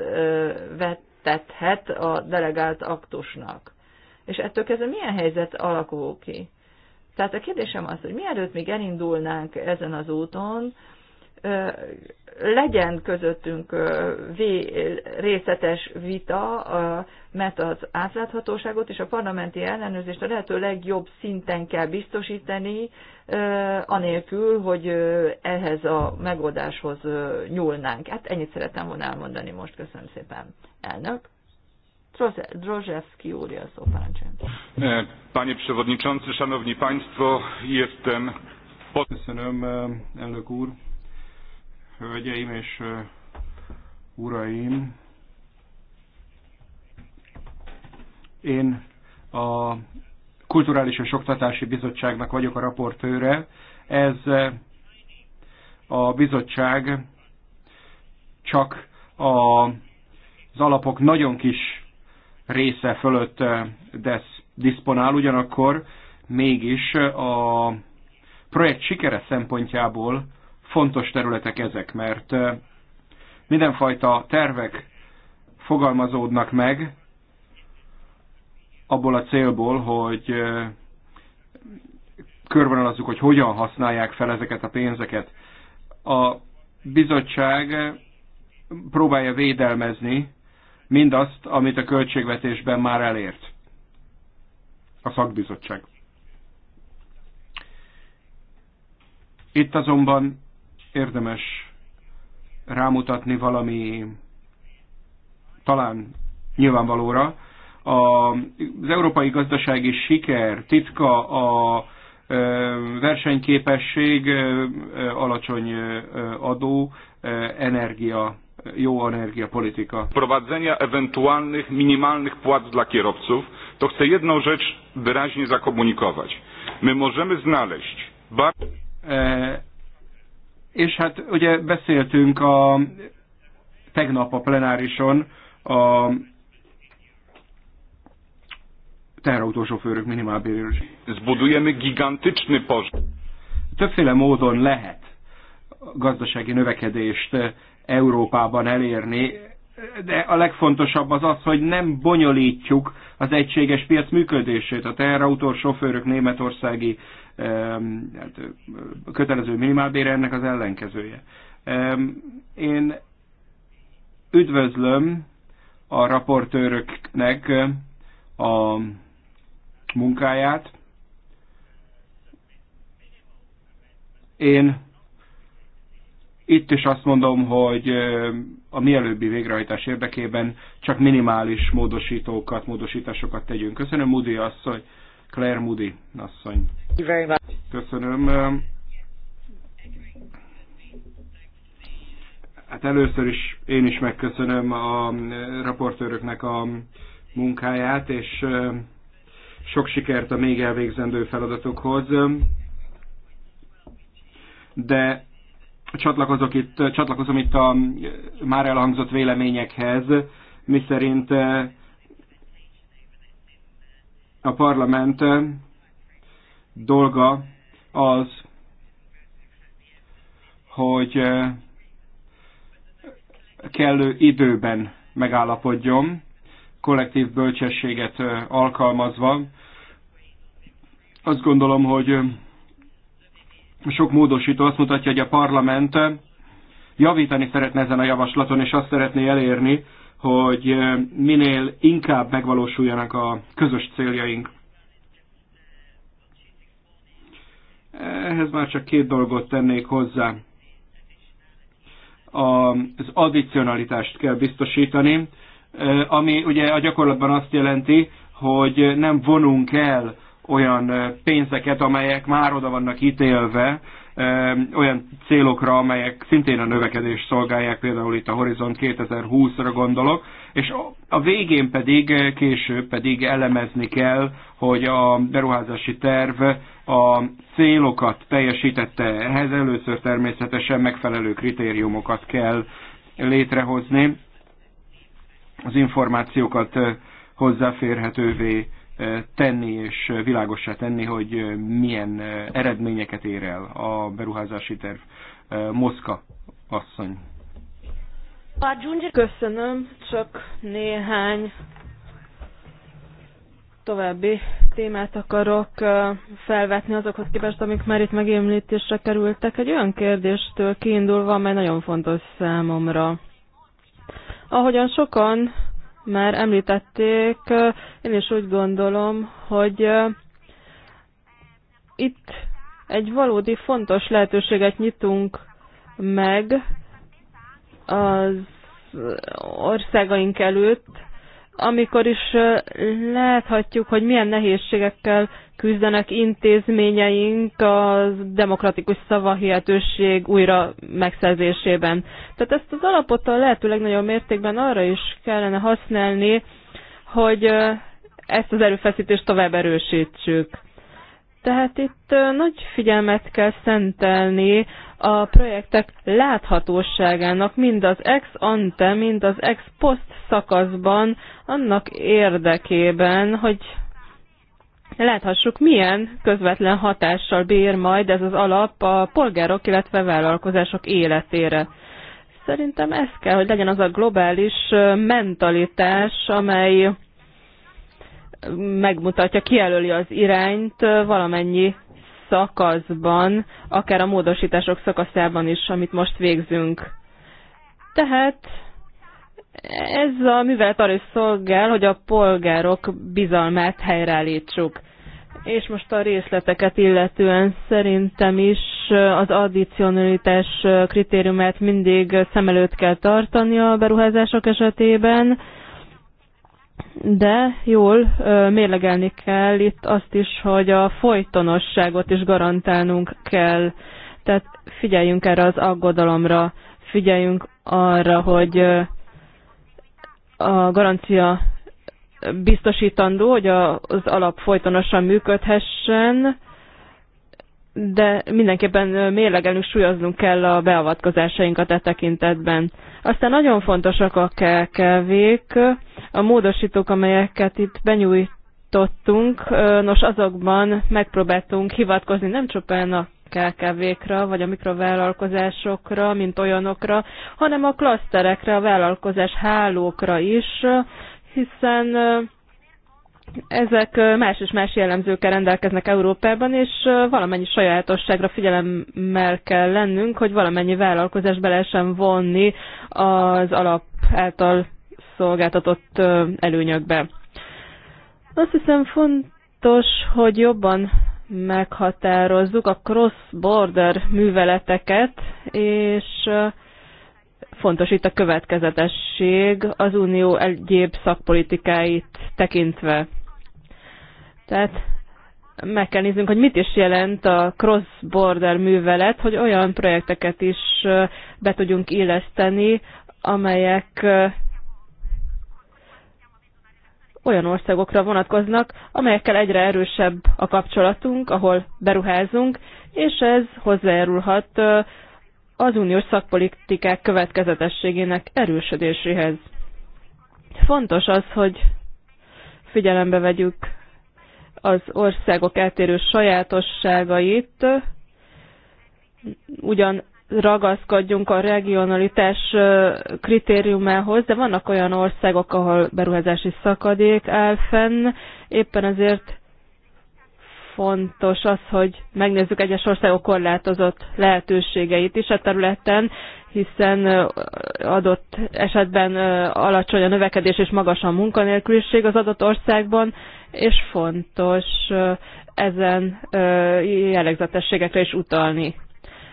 S2: vettethet a delegált aktusnak. És ettől kezdve milyen helyzet alakul ki? Tehát a kérdésem az, hogy mielőtt még elindulnánk ezen az úton, legyen közöttünk részletes vita, mert az átláthatóságot és a parlamenti ellenőrzést a lehető legjobb szinten kell biztosítani, anélkül, hogy ehhez a megoldáshoz nyúlnánk. Hát ennyit szerettem volna elmondani most. Köszönöm szépen, elnök úr,
S1: e, Panie Przewodniczący, Szanowni Państwo, jestem... E, elnök úr, hölgyeim és e, uraim. Én a Kulturális és Oktatási Bizottságnak vagyok a raportőre. Ez a bizottság csak a, az alapok nagyon kis része fölött eh, desz, diszponál, ugyanakkor mégis eh, a projekt sikere szempontjából fontos területek ezek, mert eh, mindenfajta tervek fogalmazódnak meg abból a célból, hogy körvonalazzuk, hogy hogyan használják fel ezeket a pénzeket. A bizottság próbálja védelmezni mindazt, amit a költségvetésben már elért a szakbizottság. Itt azonban érdemes rámutatni valami talán nyilvánvalóra. az európai gazdasági siker titka a versenyképesség, alacsony adó, energia jó energiapolitika. Prowadzenia ewentualnych minimalnych płac dla kierowców, to chcę jedną rzecz wyraźnie zakomunikować. My możemy znaleźć... bardzo... E, és hát ugye beszéltünk a tegnap a plenárison a teherautósofőrök minimálbéréről. Zbudujemy gigantyczny pożar. Többféle módon lehet gazdasági növekedést Európában elérni, de a legfontosabb az az, hogy nem bonyolítjuk az egységes piac működését. A teherautós sofőrök németországi hát, kötelező minimálbére ennek az ellenkezője. Én üdvözlöm a raportőröknek a munkáját. Én itt is azt mondom, hogy a mielőbbi végrehajtás érdekében csak minimális módosítókat, módosításokat tegyünk. Köszönöm, Moody asszony, Claire Moody asszony. Köszönöm. Hát először is én is megköszönöm a raportőröknek a munkáját, és sok sikert a még elvégzendő feladatokhoz. De csatlakozok itt, csatlakozom itt a már elhangzott véleményekhez, miszerint eh, a parlament eh, dolga az, hogy eh, kellő időben megállapodjon, kollektív bölcsességet alkalmazva. Azt gondolom, hogy sok módosító azt mutatja, hogy a parlament javítani szeretne ezen a javaslaton, és azt szeretné elérni, hogy minél inkább megvalósuljanak a közös céljaink. Ehhez már csak két dolgot tennék hozzá. Az addicionalitást kell biztosítani, ami ugye a gyakorlatban azt jelenti, hogy nem vonunk el olyan pénzeket, amelyek már oda vannak ítélve, olyan célokra, amelyek szintén a növekedés szolgálják, például itt a Horizont 2020-ra gondolok, és a végén pedig, később pedig elemezni kell, hogy a beruházási terv a célokat teljesítette, ehhez először természetesen megfelelő kritériumokat kell létrehozni, az információkat hozzáférhetővé tenni és világossá tenni, hogy milyen eredményeket ér el a beruházási terv. Moszka asszony.
S3: Köszönöm, csak néhány további témát akarok felvetni azokhoz képest, amik már itt megémlítésre kerültek. Egy olyan kérdéstől kiindulva, amely nagyon fontos számomra. Ahogyan sokan már említették. Én is úgy gondolom, hogy itt egy valódi fontos lehetőséget nyitunk meg az országaink előtt, amikor is láthatjuk, hogy milyen nehézségekkel küzdenek intézményeink a demokratikus szavahihetőség újra megszerzésében. Tehát ezt az alapot a lehető legnagyobb mértékben arra is kellene használni, hogy ezt az erőfeszítést tovább erősítsük. Tehát itt nagy figyelmet kell szentelni a projektek láthatóságának, mind az ex ante, mind az ex post szakaszban, annak érdekében, hogy láthassuk, milyen közvetlen hatással bír majd ez az alap a polgárok, illetve vállalkozások életére. Szerintem ez kell, hogy legyen az a globális mentalitás, amely megmutatja, kijelöli az irányt valamennyi szakaszban, akár a módosítások szakaszában is, amit most végzünk. Tehát ez a művelet arra is szolgál, hogy a polgárok bizalmát helyreállítsuk. És most a részleteket illetően szerintem is az addicionalitás kritériumát mindig szem előtt kell tartani a beruházások esetében de jól mérlegelni kell itt azt is, hogy a folytonosságot is garantálnunk kell. Tehát figyeljünk erre az aggodalomra, figyeljünk arra, hogy a garancia biztosítandó, hogy az alap folytonosan működhessen, de mindenképpen mérlegelünk súlyoznunk kell a beavatkozásainkat e tekintetben. Aztán nagyon fontosak a kkv a módosítók, amelyeket itt benyújtottunk, nos azokban megpróbáltunk hivatkozni nem csupán a kkv vagy a mikrovállalkozásokra, mint olyanokra, hanem a klaszterekre, a vállalkozás hálókra is, hiszen ezek más és más jellemzőkkel rendelkeznek Európában, és valamennyi sajátosságra figyelemmel kell lennünk, hogy valamennyi vállalkozás be lehessen vonni az alap által szolgáltatott előnyökbe. Azt hiszem fontos, hogy jobban meghatározzuk a cross-border műveleteket, és fontos itt a következetesség az unió egyéb szakpolitikáit tekintve. Tehát meg kell néznünk, hogy mit is jelent a cross-border művelet, hogy olyan projekteket is be tudjunk illeszteni, amelyek olyan országokra vonatkoznak, amelyekkel egyre erősebb a kapcsolatunk, ahol beruházunk, és ez hozzájárulhat az uniós szakpolitikák következetességének erősödéséhez. Fontos az, hogy figyelembe vegyük az országok eltérő sajátosságait, ugyan ragaszkodjunk a regionalitás kritériumához, de vannak olyan országok, ahol beruházási szakadék áll fenn, éppen ezért fontos az, hogy megnézzük egyes országok korlátozott lehetőségeit is a területen, hiszen adott esetben alacsony a növekedés és magas a munkanélküliség az adott országban, és fontos ezen jellegzetességekre is utalni.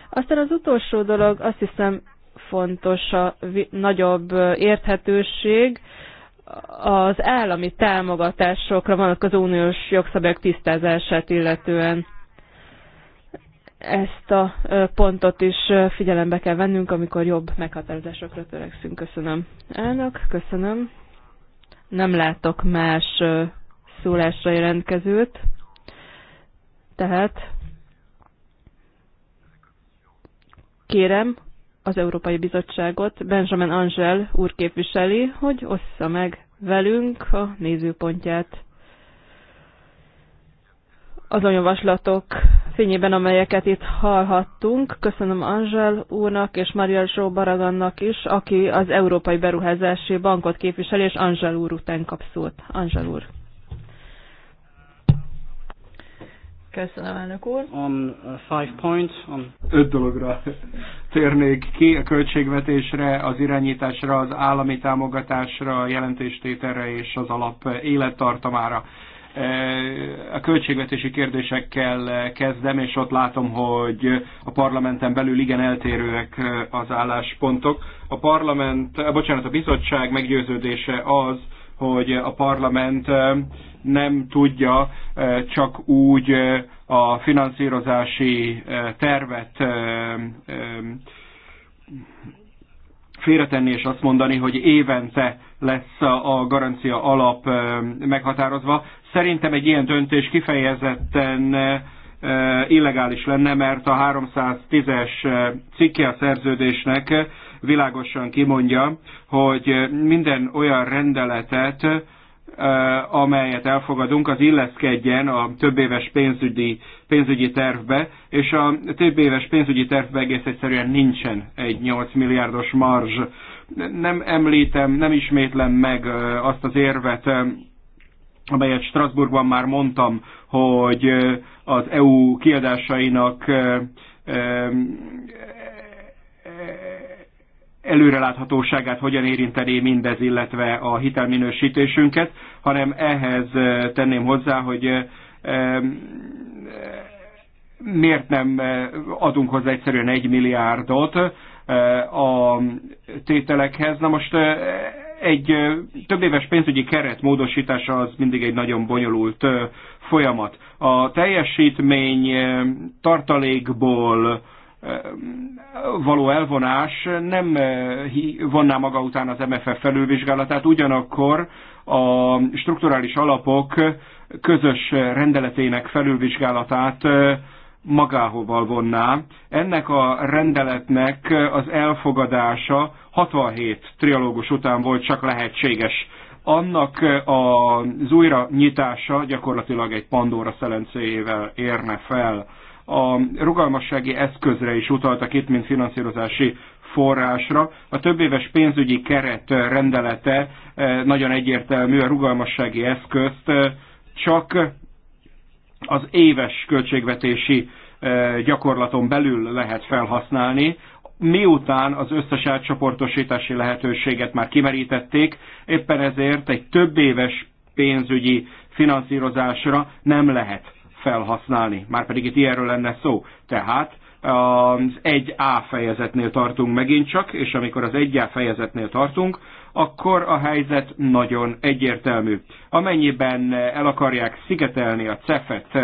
S3: Aztán az utolsó dolog, azt hiszem fontos a nagyobb érthetőség, az állami támogatásokra vonatkozó uniós jogszabályok tisztázását illetően ezt a pontot is figyelembe kell vennünk, amikor jobb meghatározásokra törekszünk. Köszönöm. Elnök, köszönöm. Nem látok más szólásra jelentkezőt. Tehát kérem az Európai Bizottságot, Benjamin Angel úr képviseli, hogy ossza meg velünk a nézőpontját azon javaslatok fényében, amelyeket itt hallhattunk. Köszönöm Angel úrnak és Maria Zsó Baragannak is, aki az Európai Beruházási Bankot képviseli, és Angel úr után kap szót. Angel úr.
S1: Köszönöm, elnök úr. On um, uh, five points, on... Öt dologra térnék ki, a költségvetésre, az irányításra, az állami támogatásra, a jelentéstételre és az alap élettartamára. E, a költségvetési kérdésekkel kezdem, és ott látom, hogy a parlamenten belül igen eltérőek az álláspontok. A parlament, bocsánat, a bizottság meggyőződése az, hogy a parlament nem tudja csak úgy a finanszírozási tervet félretenni és azt mondani, hogy évente lesz a garancia alap meghatározva. Szerintem egy ilyen döntés kifejezetten illegális lenne, mert a 310-es cikke a szerződésnek világosan kimondja, hogy minden olyan rendeletet, amelyet elfogadunk, az illeszkedjen a több éves pénzügyi, pénzügyi tervbe, és a több éves pénzügyi tervbe egész egyszerűen nincsen egy 8 milliárdos marzs. Nem említem, nem ismétlem meg azt az érvet, amelyet Strasbourgban már mondtam, hogy az EU kiadásainak előreláthatóságát hogyan érinteni mindez, illetve a hitelminősítésünket, hanem ehhez tenném hozzá, hogy miért nem adunk hozzá egyszerűen egy milliárdot a tételekhez. Na most egy több éves pénzügyi keret módosítása az mindig egy nagyon bonyolult folyamat. A teljesítmény tartalékból való elvonás nem eh, vonná maga után az MFF felülvizsgálatát, ugyanakkor a strukturális alapok közös rendeletének felülvizsgálatát eh, magáhoval vonná. Ennek a rendeletnek az elfogadása 67 trialógus után volt csak lehetséges. Annak eh, az újra nyitása gyakorlatilag egy Pandora szelencéjével érne fel a rugalmassági eszközre is utaltak itt, mint finanszírozási forrásra. A többéves pénzügyi keret rendelete eh, nagyon egyértelmű, a rugalmassági eszközt eh, csak az éves költségvetési eh, gyakorlaton belül lehet felhasználni, miután az összes átcsoportosítási lehetőséget már kimerítették, éppen ezért egy több éves pénzügyi finanszírozásra nem lehet felhasználni. Márpedig itt ilyenről lenne szó. Tehát az 1A fejezetnél tartunk megint csak, és amikor az 1A fejezetnél tartunk, akkor a helyzet nagyon egyértelmű. Amennyiben el akarják szigetelni a CEFET,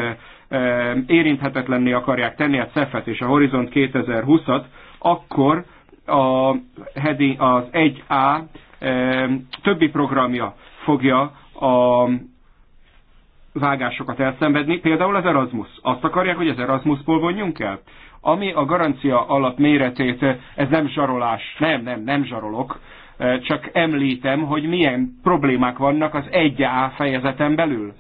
S1: érinthetetlenné akarják tenni a CEFET és a Horizont 2020-at, akkor a, az 1A többi programja fogja a vágásokat elszenvedni, például az Erasmus. Azt akarják, hogy az Erasmusból vonjunk el? Ami a garancia alap méretét, ez nem zsarolás, nem, nem, nem zsarolok, eh, csak említem, hogy milyen problémák vannak az 1A fejezeten belül.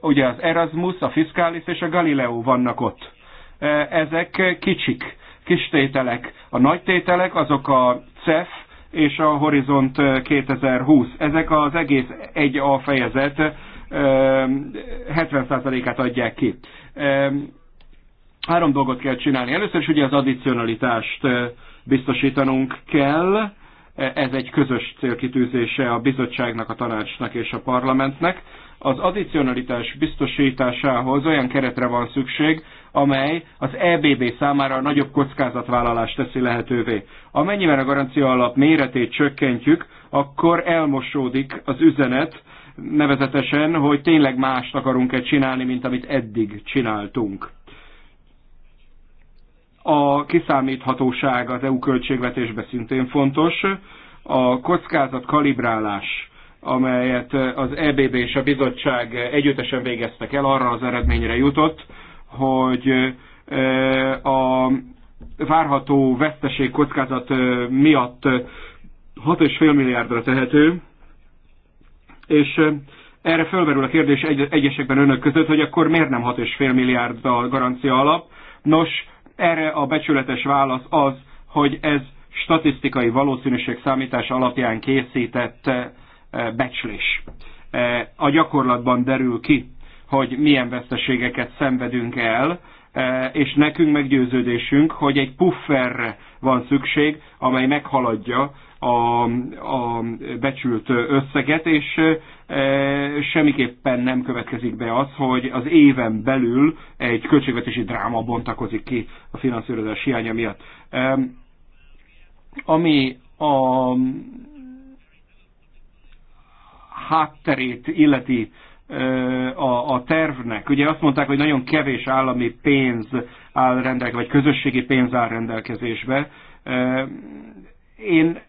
S1: Ugye az Erasmus, a Fiscalis és a Galileo vannak ott. Eh, ezek kicsik, kis tételek. A nagy tételek azok a CEF, és a Horizont 2020. Eh, ezek az egész 1A fejezet 70%-át ehm, adják ki. Ehm, három dolgot kell csinálni. Először is ugye az addicionalitást eh, biztosítanunk kell, eh, ez egy közös célkitűzése a bizottságnak, a tanácsnak és a parlamentnek. Az addicionalitás biztosításához olyan keretre van szükség, amely az EBB számára a nagyobb kockázatvállalást teszi lehetővé. Amennyiben a garancia alap méretét csökkentjük, akkor elmosódik az üzenet, nevezetesen, hogy tényleg mást akarunk-e csinálni, mint amit eddig csináltunk. A kiszámíthatóság az EU költségvetésben szintén fontos. A kockázat kalibrálás amelyet az EBB és a bizottság együttesen végeztek el, arra az eredményre jutott, hogy eh, a várható veszteség kockázat eh, miatt 6,5 milliárdra tehető, és erre fölmerül a kérdés egy, egyesekben önök között, hogy akkor miért nem 6,5 milliárd a garancia alap. Nos, erre a becsületes válasz az, hogy ez statisztikai valószínűség számítás alapján készített becslés. A gyakorlatban derül ki, hogy milyen veszteségeket szenvedünk el, és nekünk meggyőződésünk, hogy egy pufferre van szükség, amely meghaladja a, a becsült összeget, és e, semmiképpen nem következik be az, hogy az éven belül egy költségvetési dráma bontakozik ki a finanszírozás hiánya miatt. E, ami a hátterét illeti e, a, a tervnek. Ugye azt mondták, hogy nagyon kevés állami pénz áll rendelkezésbe, vagy közösségi pénz áll rendelkezésbe. Én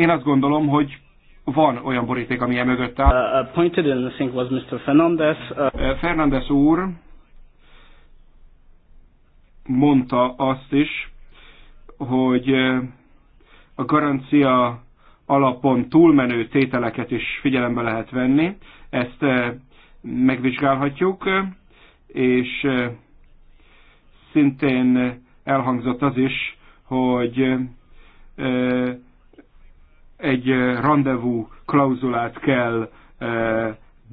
S1: én azt gondolom, hogy van olyan boríték, ami e mögött áll. Uh, uh I think was Mr. Fernandez. Uh, uh, Fernandez úr mondta azt is, hogy a garancia alapon túlmenő tételeket is figyelembe lehet venni. Ezt megvizsgálhatjuk, és szintén elhangzott az is, hogy egy rendezvú klauzulát kell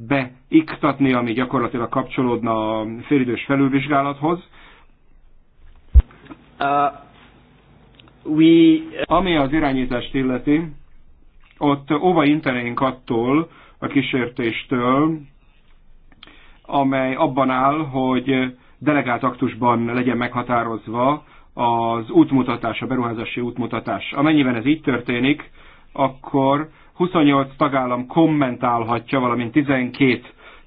S1: beiktatni, ami gyakorlatilag kapcsolódna a félidős felülvizsgálathoz. Uh, we... Ami az irányítást illeti, ott óva intenénk attól, a kísértéstől, amely abban áll, hogy delegált aktusban legyen meghatározva az útmutatás, a beruházási útmutatás. Amennyiben ez így történik, akkor 28 tagállam kommentálhatja, valamint 12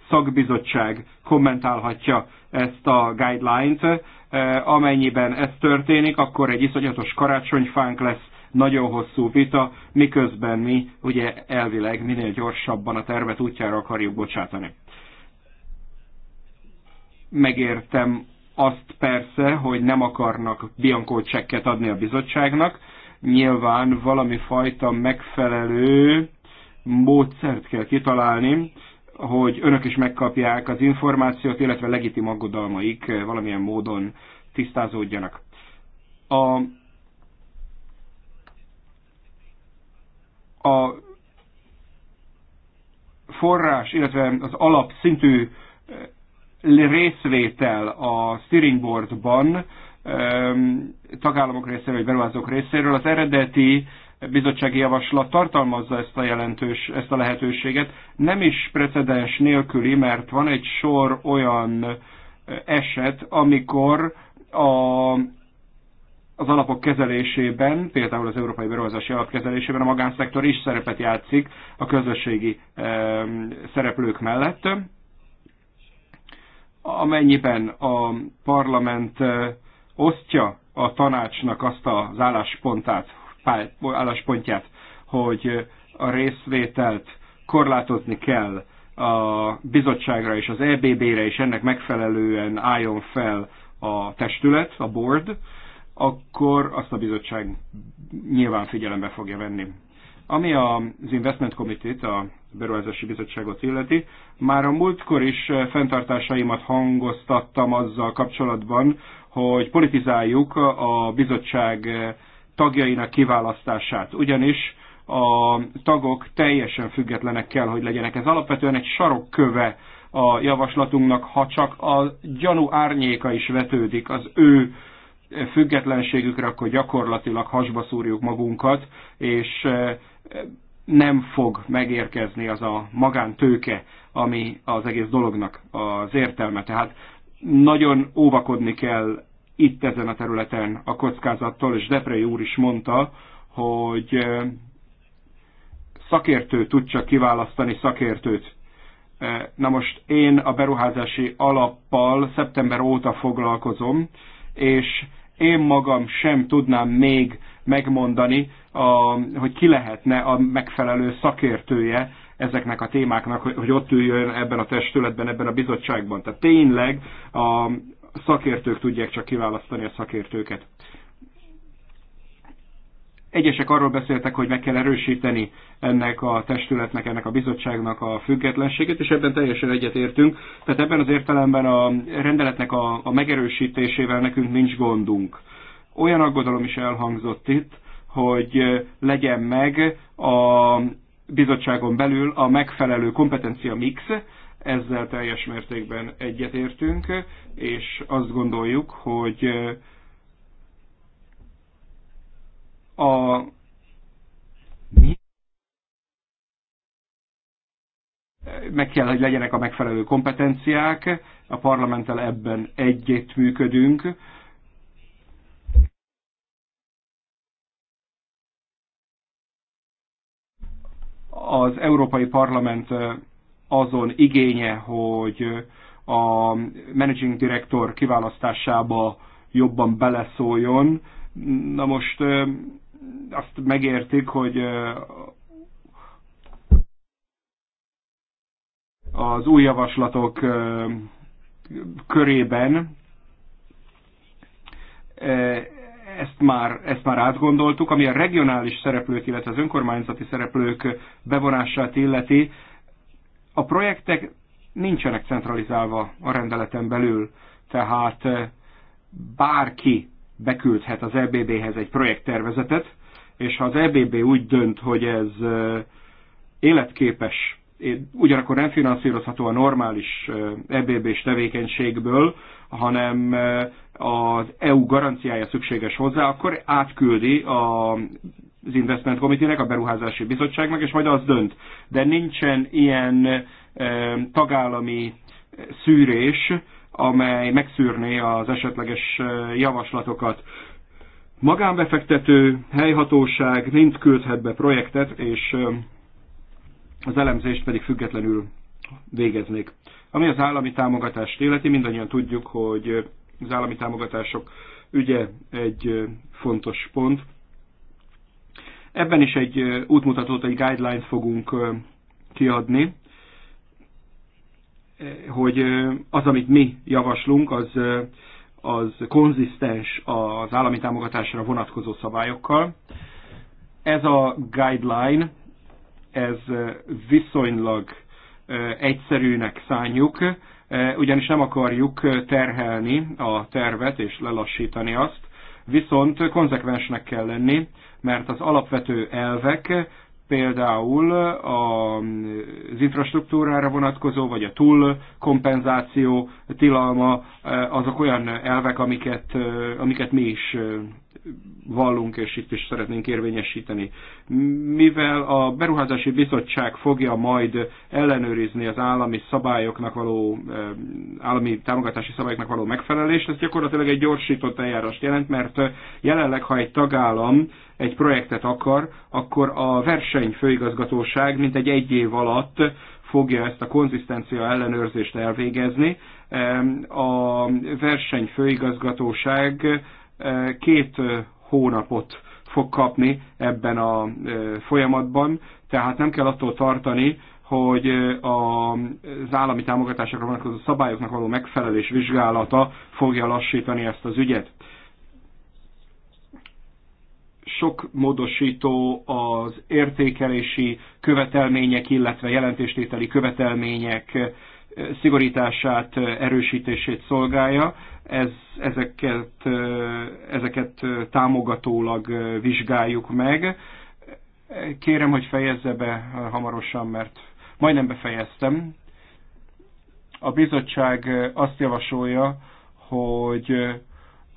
S1: szakbizottság kommentálhatja ezt a guideline-t. E, amennyiben ez történik, akkor egy iszonyatos karácsonyfánk lesz, nagyon hosszú vita, miközben mi ugye elvileg minél gyorsabban a tervet útjára akarjuk bocsátani. Megértem azt persze, hogy nem akarnak biankó csekket adni a bizottságnak, nyilván valami fajta megfelelő módszert kell kitalálni, hogy önök is megkapják az információt, illetve legitim aggodalmaik valamilyen módon tisztázódjanak. A, a forrás, illetve az alapszintű részvétel a steering boardban tagállamok részéről, vagy beruházók részéről. Az eredeti bizottsági javaslat tartalmazza ezt a, jelentős, ezt a lehetőséget. Nem is precedens nélküli, mert van egy sor olyan eset, amikor a, az alapok kezelésében, például az Európai Beruházási Alap kezelésében a magánszektor is szerepet játszik a közösségi e, szereplők mellett, amennyiben a parlament e, osztja a tanácsnak azt az álláspontát, álláspontját, hogy a részvételt korlátozni kell a bizottságra és az EBB-re, és ennek megfelelően álljon fel a testület, a board, akkor azt a bizottság nyilván figyelembe fogja venni. Ami az Investment Committee-t, a Beruházási Bizottságot illeti, már a múltkor is fenntartásaimat hangoztattam azzal kapcsolatban, hogy politizáljuk a bizottság tagjainak kiválasztását, ugyanis a tagok teljesen függetlenek kell, hogy legyenek. Ez alapvetően egy sarokköve a javaslatunknak, ha csak a gyanú árnyéka is vetődik az ő függetlenségükre, akkor gyakorlatilag hasba szúrjuk magunkat, és e, nem fog megérkezni az a magántőke, ami az egész dolognak az értelme. Tehát nagyon óvakodni kell itt ezen a területen a kockázattól, és Deprei úr is mondta, hogy szakértő tud csak kiválasztani szakértőt. Na most én a beruházási alappal szeptember óta foglalkozom, és én magam sem tudnám még megmondani, a, hogy ki lehetne a megfelelő szakértője ezeknek a témáknak, hogy ott üljön ebben a testületben, ebben a bizottságban. Tehát tényleg a szakértők tudják csak kiválasztani a szakértőket. Egyesek arról beszéltek, hogy meg kell erősíteni ennek a testületnek, ennek a bizottságnak a függetlenségét, és ebben teljesen egyetértünk. Tehát ebben az értelemben a rendeletnek a, a megerősítésével nekünk nincs gondunk. Olyan aggodalom is elhangzott itt, hogy legyen meg a bizottságon belül a megfelelő kompetencia mix, ezzel teljes mértékben egyetértünk, és azt gondoljuk, hogy eh, a meg kell, hogy legyenek a megfelelő kompetenciák, a parlamenttel ebben együttműködünk, működünk, az Európai Parlament azon igénye, hogy a managing director kiválasztásába jobban beleszóljon. Na most azt megértik, hogy az új javaslatok körében ezt már, ezt már átgondoltuk, ami a regionális szereplők, illetve az önkormányzati szereplők bevonását illeti. A projektek nincsenek centralizálva a rendeleten belül, tehát eh, bárki beküldhet az EBB-hez egy projekttervezetet, és ha az EBB úgy dönt, hogy ez eh, életképes, eh, ugyanakkor nem finanszírozható a normális EBB-s e tevékenységből, hanem az EU garanciája szükséges hozzá, akkor átküldi a az Investment Committee-nek, a Beruházási Bizottságnak, és majd az dönt. De nincsen ilyen e, tagállami szűrés, amely megszűrné az esetleges javaslatokat. Magánbefektető, helyhatóság mind küldhet be projektet, és az elemzést pedig függetlenül végeznék. Ami az állami támogatást illeti, mindannyian tudjuk, hogy az állami támogatások ügye egy fontos pont. Ebben is egy útmutatót, egy guidelines fogunk kiadni, hogy az, amit mi javaslunk, az, az konzisztens az állami támogatásra vonatkozó szabályokkal. Ez a guideline, ez viszonylag egyszerűnek szánjuk, E, ugyanis nem akarjuk terhelni a tervet és lelassítani azt, viszont konzekvensnek kell lenni, mert az alapvető elvek például az infrastruktúrára vonatkozó, vagy a túl kompenzáció tilalma, e, azok olyan elvek, amiket, e, amiket mi is vallunk, és itt is szeretnénk érvényesíteni. Mivel a Beruházási Bizottság fogja majd ellenőrizni az állami szabályoknak való, eh, állami támogatási szabályoknak való megfelelést, ez gyakorlatilag egy gyorsított eljárást jelent, mert eh, jelenleg, ha egy tagállam egy projektet akar, akkor a versenyfőigazgatóság mint egy egy év alatt fogja ezt a konzisztencia ellenőrzést elvégezni. Eh, a versenyfőigazgatóság két hónapot fog kapni ebben a folyamatban, tehát nem kell attól tartani, hogy az állami támogatásokra vonatkozó szabályoknak való megfelelés vizsgálata fogja lassítani ezt az ügyet. Sok módosító az értékelési követelmények, illetve jelentéstételi követelmények szigorítását, erősítését szolgálja ez, ezeket, ezeket támogatólag vizsgáljuk meg. Kérem, hogy fejezze be hamarosan, mert majdnem befejeztem. A bizottság azt javasolja, hogy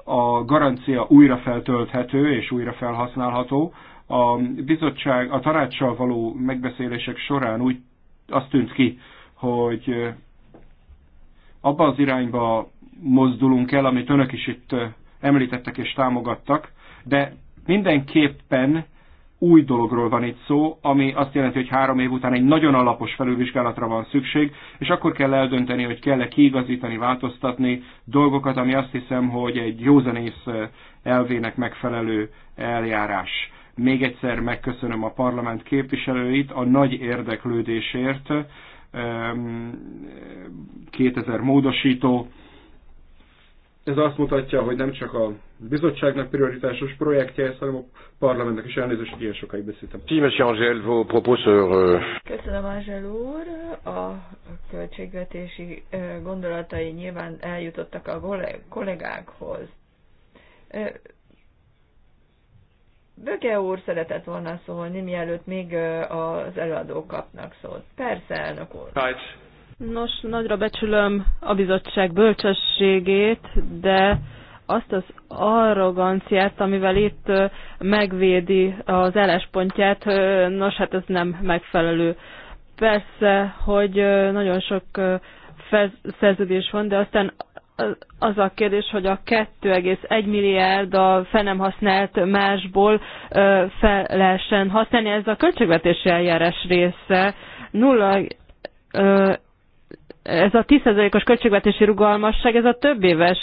S1: a garancia újra feltölthető és újra felhasználható. A bizottság a tanácssal való megbeszélések során úgy azt tűnt ki, hogy abba az irányba mozdulunk el, amit önök is itt említettek és támogattak, de mindenképpen új dologról van itt szó, ami azt jelenti, hogy három év után egy nagyon alapos felülvizsgálatra van szükség, és akkor kell eldönteni, hogy kell-e kiigazítani, változtatni dolgokat, ami azt hiszem, hogy egy józanész elvének megfelelő eljárás. Még egyszer megköszönöm a parlament képviselőit a nagy érdeklődésért. 2000 módosító ez azt mutatja, hogy nem csak a bizottságnak prioritásos projektje hanem a parlamentnek is elnézést, hogy ilyen sokáig beszéltem. Euh,
S2: Köszönöm, Angel úr. A költségvetési gondolatai nyilván eljutottak a kollégákhoz. Böge úr szeretett volna szólni, mielőtt még az előadók kapnak szót. Persze, elnök úr.
S3: Right. Nos, nagyra becsülöm a bizottság bölcsességét, de azt az arroganciát, amivel itt megvédi az álláspontját, nos, hát ez nem megfelelő. Persze, hogy nagyon sok szerződés van, de aztán az a kérdés, hogy a 2,1 milliárd a fel nem használt másból fel lehessen használni. Ez a költségvetési eljárás része 0 ez a 10%-os költségvetési rugalmasság, ez a több éves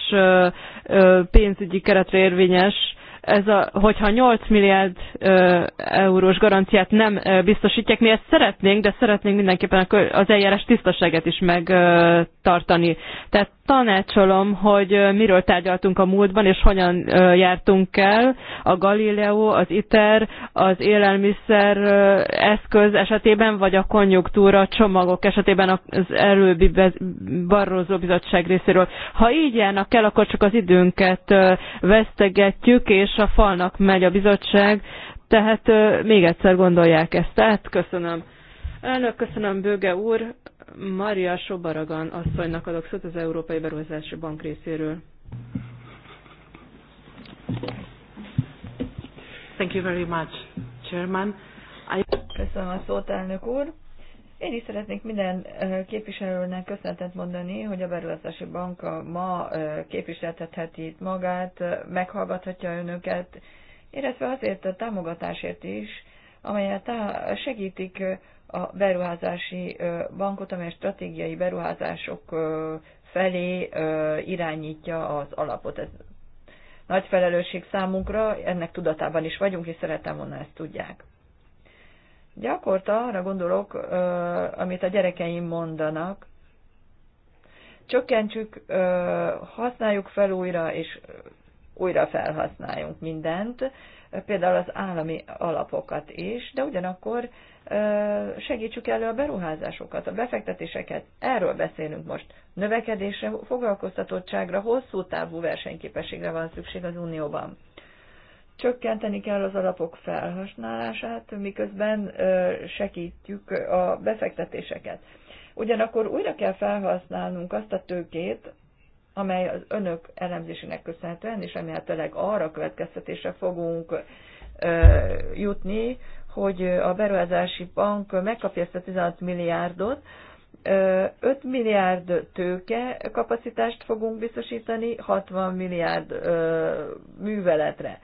S3: pénzügyi keretre érvényes, ez a, hogyha 8 milliárd ö, eurós garanciát nem ö, biztosítják, mi ezt szeretnénk, de szeretnénk mindenképpen az eljárás tisztaságát is megtartani. Tehát tanácsolom, hogy ö, miről tárgyaltunk a múltban, és hogyan ö, jártunk el a Galileo, az ITER, az élelmiszer ö, eszköz esetében, vagy a konjunktúra csomagok esetében az előbbi Barrózó Bizottság részéről. Ha így járnak el, akkor csak az időnket ö, vesztegetjük, és és a falnak megy a bizottság, tehát még egyszer gondolják ezt Tehát Köszönöm. Elnök, köszönöm Bőge úr. Maria Sobaragan asszonynak adok szót az Európai Beruházási Bank részéről. Thank you very much, Chairman.
S2: I... Köszönöm a szót, elnök úr. Én is szeretnék minden képviselőnek köszönetet mondani, hogy a Beruházási Banka ma képviseltetheti itt magát, meghallgathatja önöket, illetve azért a támogatásért is, amelyet segítik a beruházási bankot, amely stratégiai beruházások felé irányítja az alapot. Ez nagy felelősség számunkra, ennek tudatában is vagyunk, és szeretem volna ezt tudják. Gyakorta arra gondolok, amit a gyerekeim mondanak, csökkentsük, használjuk fel újra, és újra felhasználjunk mindent, például az állami alapokat is, de ugyanakkor segítsük elő a beruházásokat, a befektetéseket. Erről beszélünk most. Növekedésre, foglalkoztatottságra, hosszú távú versenyképességre van szükség az Unióban csökkenteni kell az alapok felhasználását, miközben segítjük a befektetéseket. Ugyanakkor újra kell felhasználnunk azt a tőkét, amely az önök elemzésének köszönhetően, és remélhetőleg arra következtetésre fogunk jutni, hogy a beruházási bank megkapja ezt a 16 milliárdot, 5 milliárd tőke kapacitást fogunk biztosítani, 60 milliárd műveletre.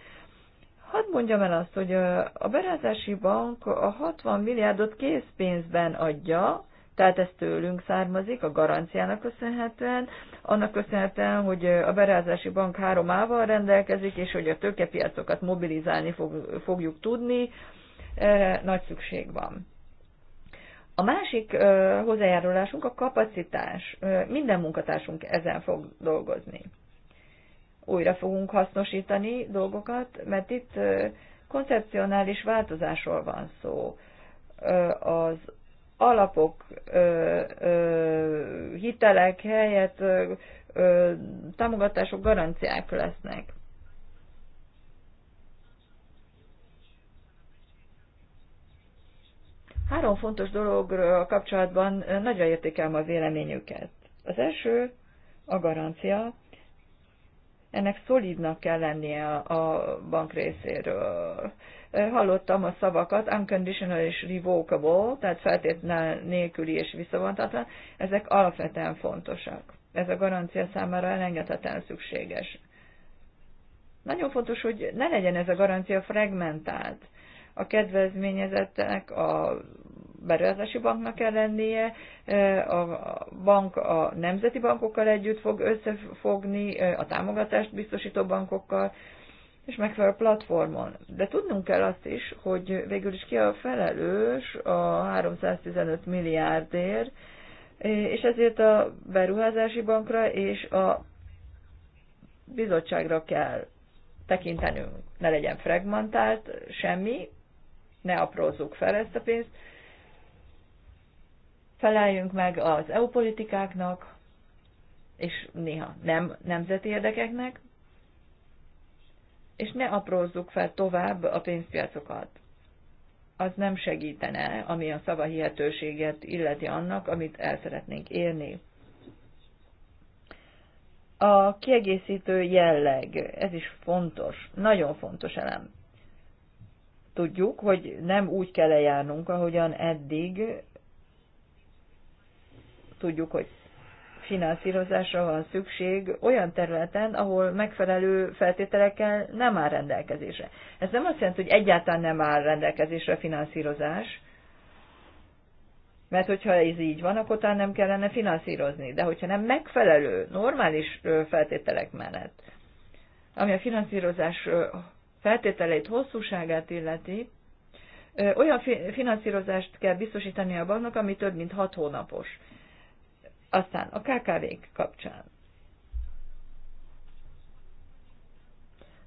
S2: Hadd mondjam el azt, hogy a berázási bank a 60 milliárdot készpénzben adja, tehát ez tőlünk származik, a garanciának köszönhetően, annak köszönhetően, hogy a berázási bank három ával rendelkezik, és hogy a tőkepiacokat mobilizálni fog, fogjuk tudni, erre nagy szükség van. A másik hozzájárulásunk a kapacitás. Minden munkatársunk ezen fog dolgozni újra fogunk hasznosítani dolgokat, mert itt koncepcionális változásról van szó. Az alapok, hitelek helyett támogatások, garanciák lesznek. Három fontos dologról kapcsolatban nagyra értékelem a véleményüket. Az első a garancia, ennek szolidnak kell lennie a bank részéről. Hallottam a szavakat, unconditional és revocable, tehát feltétlen nélküli és visszavontatlan, ezek alapvetően fontosak. Ez a garancia számára elengedhetetlen szükséges. Nagyon fontos, hogy ne legyen ez a garancia fragmentált. A kedvezményezettek, a beruházási banknak kell lennie, a bank a nemzeti bankokkal együtt fog összefogni, a támogatást biztosító bankokkal, és megfelelő platformon. De tudnunk kell azt is, hogy végül is ki a felelős a 315 milliárdért, és ezért a beruházási bankra és a bizottságra kell tekintenünk. Ne legyen fragmentált semmi, ne aprózzuk fel ezt a pénzt, feleljünk meg az EU politikáknak, és néha nem nemzeti érdekeknek, és ne aprózzuk fel tovább a pénzpiacokat. Az nem segítene, ami a hihetőséget illeti annak, amit el szeretnénk érni. A kiegészítő jelleg, ez is fontos, nagyon fontos elem. Tudjuk, hogy nem úgy kell eljárnunk, ahogyan eddig tudjuk, hogy finanszírozásra van szükség olyan területen, ahol megfelelő feltételekkel nem áll rendelkezésre. Ez nem azt jelenti, hogy egyáltalán nem áll rendelkezésre finanszírozás, mert hogyha ez így van, akkor talán nem kellene finanszírozni, de hogyha nem megfelelő, normális feltételek mellett, ami a finanszírozás feltételeit, hosszúságát illeti, olyan finanszírozást kell biztosítani a banknak, ami több mint hat hónapos. Aztán a KKV-k kapcsán.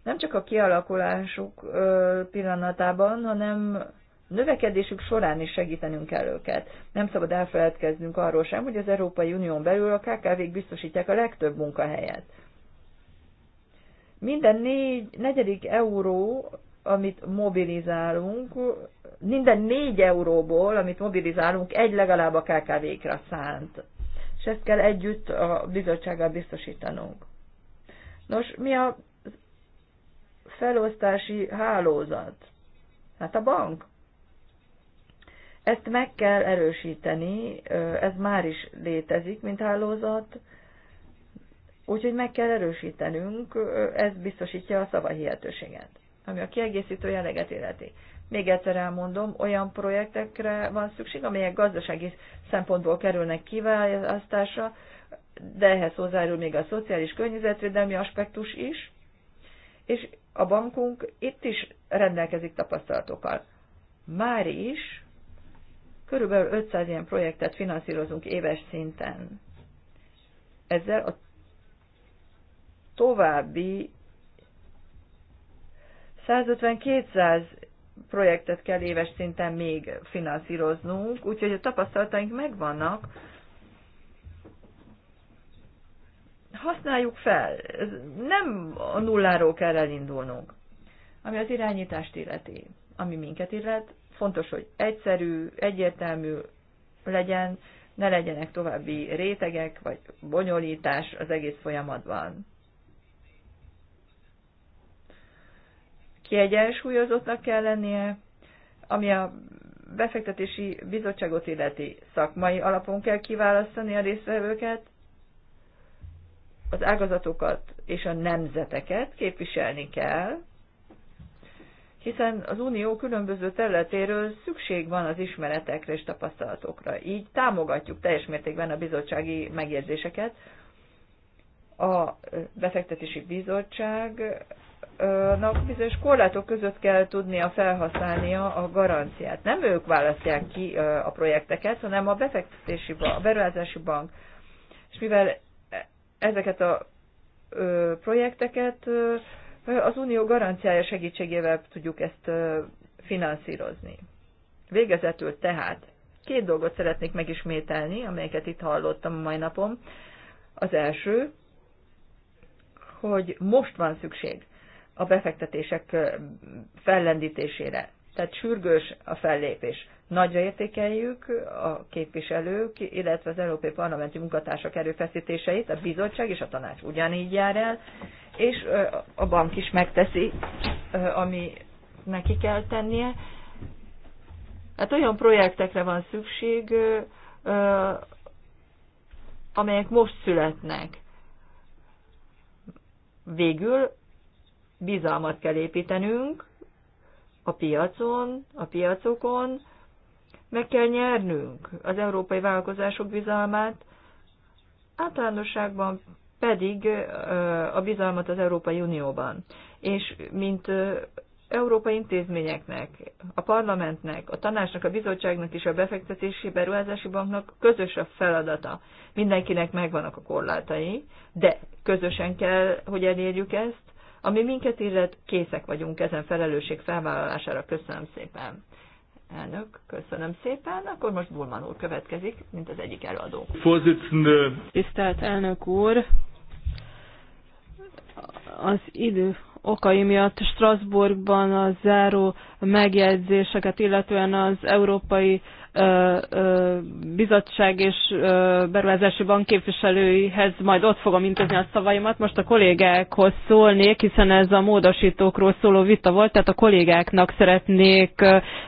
S2: Nem csak a kialakulásuk pillanatában, hanem növekedésük során is segítenünk kell őket. Nem szabad elfeledkeznünk arról sem, hogy az Európai Unión belül a KKV-k biztosítják a legtöbb munkahelyet. Minden négy, negyedik euró, amit mobilizálunk, minden négy euróból, amit mobilizálunk, egy legalább a KKV-kra szánt és ezt kell együtt a bizottsággal biztosítanunk. Nos, mi a felosztási hálózat? Hát a bank. Ezt meg kell erősíteni, ez már is létezik, mint hálózat, úgyhogy meg kell erősítenünk, ez biztosítja a szavahihetőséget, ami a kiegészítő jelleget illeti még egyszer elmondom, olyan projektekre van szükség, amelyek gazdasági szempontból kerülnek kiválasztásra, de ehhez hozzájárul még a szociális környezetvédelmi aspektus is, és a bankunk itt is rendelkezik tapasztalatokkal. Már is körülbelül 500 ilyen projektet finanszírozunk éves szinten. Ezzel a további 150-200 projektet kell éves szinten még finanszíroznunk, úgyhogy a tapasztalataink megvannak. Használjuk fel, nem a nulláról kell elindulnunk. Ami az irányítást illeti, ami minket illet, fontos, hogy egyszerű, egyértelmű legyen, ne legyenek további rétegek vagy bonyolítás az egész folyamatban. kiegyensúlyozottnak kell lennie, ami a befektetési bizottságot illeti szakmai alapon kell kiválasztani a résztvevőket, az ágazatokat és a nemzeteket képviselni kell, hiszen az Unió különböző területéről szükség van az ismeretekre és tapasztalatokra. Így támogatjuk teljes mértékben a bizottsági megjegyzéseket. A befektetési bizottság tagállamoknak bizonyos korlátok között kell tudnia felhasználnia a garanciát. Nem ők választják ki a projekteket, hanem a befektetési bank, a beruházási bank. És mivel ezeket a projekteket az unió garanciája segítségével tudjuk ezt finanszírozni. Végezetül tehát két dolgot szeretnék megismételni, amelyeket itt hallottam a mai napon. Az első, hogy most van szükség a befektetések fellendítésére. Tehát sürgős a fellépés. Nagyra értékeljük a képviselők, illetve az Európai Parlamenti munkatársak erőfeszítéseit, a bizottság és a tanács ugyanígy jár el, és a bank is megteszi, ami neki kell tennie. Hát olyan projektekre van szükség, amelyek most születnek. Végül bizalmat kell építenünk a piacon, a piacokon, meg kell nyernünk az európai vállalkozások bizalmát, általánosságban pedig a bizalmat az Európai Unióban. És mint európai intézményeknek, a parlamentnek, a tanácsnak, a bizottságnak és a befektetési beruházási banknak közös a feladata. Mindenkinek megvannak a korlátai, de közösen kell, hogy elérjük ezt, ami minket illet, készek vagyunk ezen felelősség felvállalására. Köszönöm szépen. Elnök, köszönöm szépen. Akkor most Bulman úr következik, mint az egyik előadó.
S3: Tisztelt elnök úr, az idő okai miatt Strasbourgban a záró megjegyzéseket, illetően az európai bizottság és beruházási bank képviselőihez majd ott fogom intézni a szavaimat. Most a kollégákhoz szólnék, hiszen ez a módosítókról szóló vita volt, tehát a kollégáknak szeretnék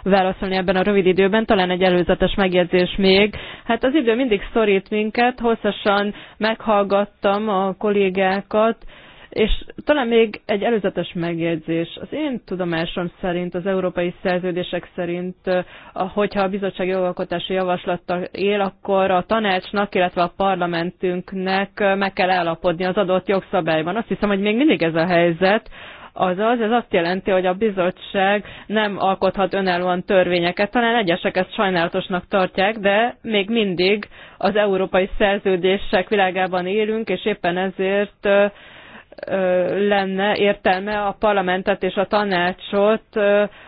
S3: válaszolni ebben a rövid időben, talán egy előzetes megjegyzés még. Hát az idő mindig szorít minket, hosszasan meghallgattam a kollégákat, és talán még egy előzetes megjegyzés. Az én tudomásom szerint, az európai szerződések szerint, eh, hogyha a bizottság jogalkotási javaslata él, akkor a tanácsnak, illetve a parlamentünknek eh, meg kell állapodni az adott jogszabályban. Azt hiszem, hogy még mindig ez a helyzet, Azaz, ez azt jelenti, hogy a bizottság nem alkothat önállóan törvényeket, talán egyesek ezt sajnálatosnak tartják, de még mindig az európai szerződések világában élünk, és éppen ezért eh, lenne értelme a parlamentet és a tanácsot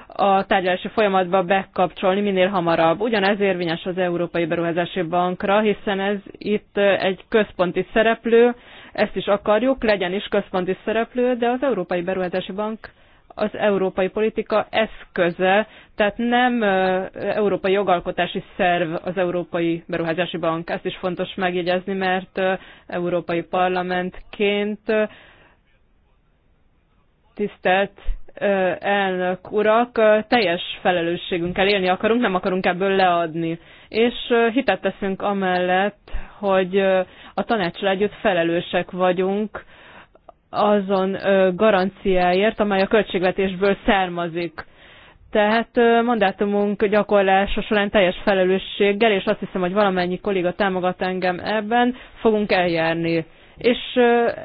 S3: a tárgyalási folyamatba bekapcsolni minél hamarabb. Ugyanez érvényes az Európai Beruházási Bankra, hiszen ez itt egy központi szereplő, ezt is akarjuk, legyen is központi szereplő, de az Európai Beruházási Bank az európai politika eszköze, tehát nem európai jogalkotási szerv az Európai Beruházási Bank. Ezt is fontos megjegyezni, mert európai parlamentként tisztelt elnök urak, teljes felelősségünkkel élni akarunk, nem akarunk ebből leadni. És hitet teszünk amellett, hogy a tanácsra együtt felelősek vagyunk azon garanciáért, amely a költségvetésből származik. Tehát mandátumunk gyakorlása során teljes felelősséggel, és azt hiszem, hogy valamennyi kolléga támogat engem ebben, fogunk eljárni és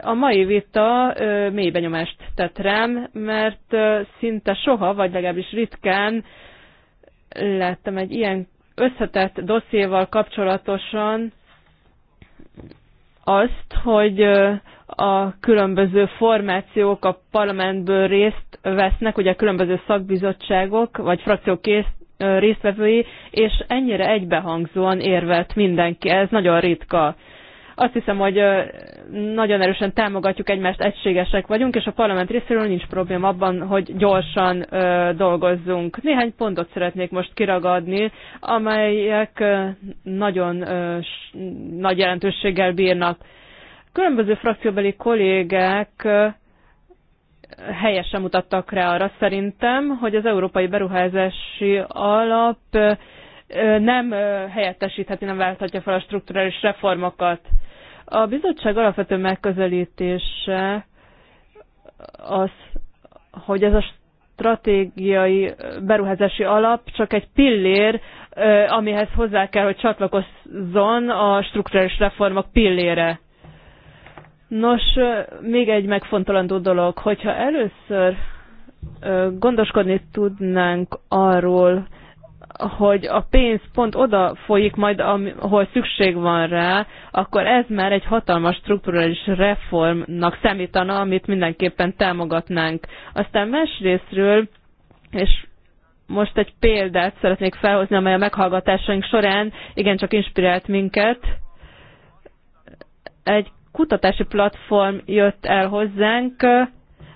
S3: a mai vita mély benyomást tett rám, mert szinte soha, vagy legalábbis ritkán láttam egy ilyen összetett dosszéval kapcsolatosan azt, hogy a különböző formációk a parlamentből részt vesznek, ugye különböző szakbizottságok vagy frakciók kész, résztvevői, és ennyire egybehangzóan érvelt mindenki. Ez nagyon ritka. Azt hiszem, hogy nagyon erősen támogatjuk egymást, egységesek vagyunk, és a parlament részéről nincs probléma abban, hogy gyorsan dolgozzunk. Néhány pontot szeretnék most kiragadni, amelyek nagyon nagy jelentőséggel bírnak. Különböző frakcióbeli kollégek helyesen mutattak rá arra szerintem, hogy az Európai Beruházási Alap nem helyettesítheti, nem válthatja fel a strukturális reformokat. A bizottság alapvető megközelítése az, hogy ez a stratégiai beruházási alap csak egy pillér, amihez hozzá kell, hogy csatlakozzon a strukturális reformok pillére. Nos, még egy megfontolandó dolog, hogyha először gondoskodni tudnánk arról, hogy a pénz pont oda folyik majd, ahol szükség van rá, akkor ez már egy hatalmas strukturális reformnak számítana, amit mindenképpen támogatnánk. Aztán másrésztről, és most egy példát szeretnék felhozni, amely a meghallgatásaink során igencsak inspirált minket. Egy kutatási platform jött el hozzánk,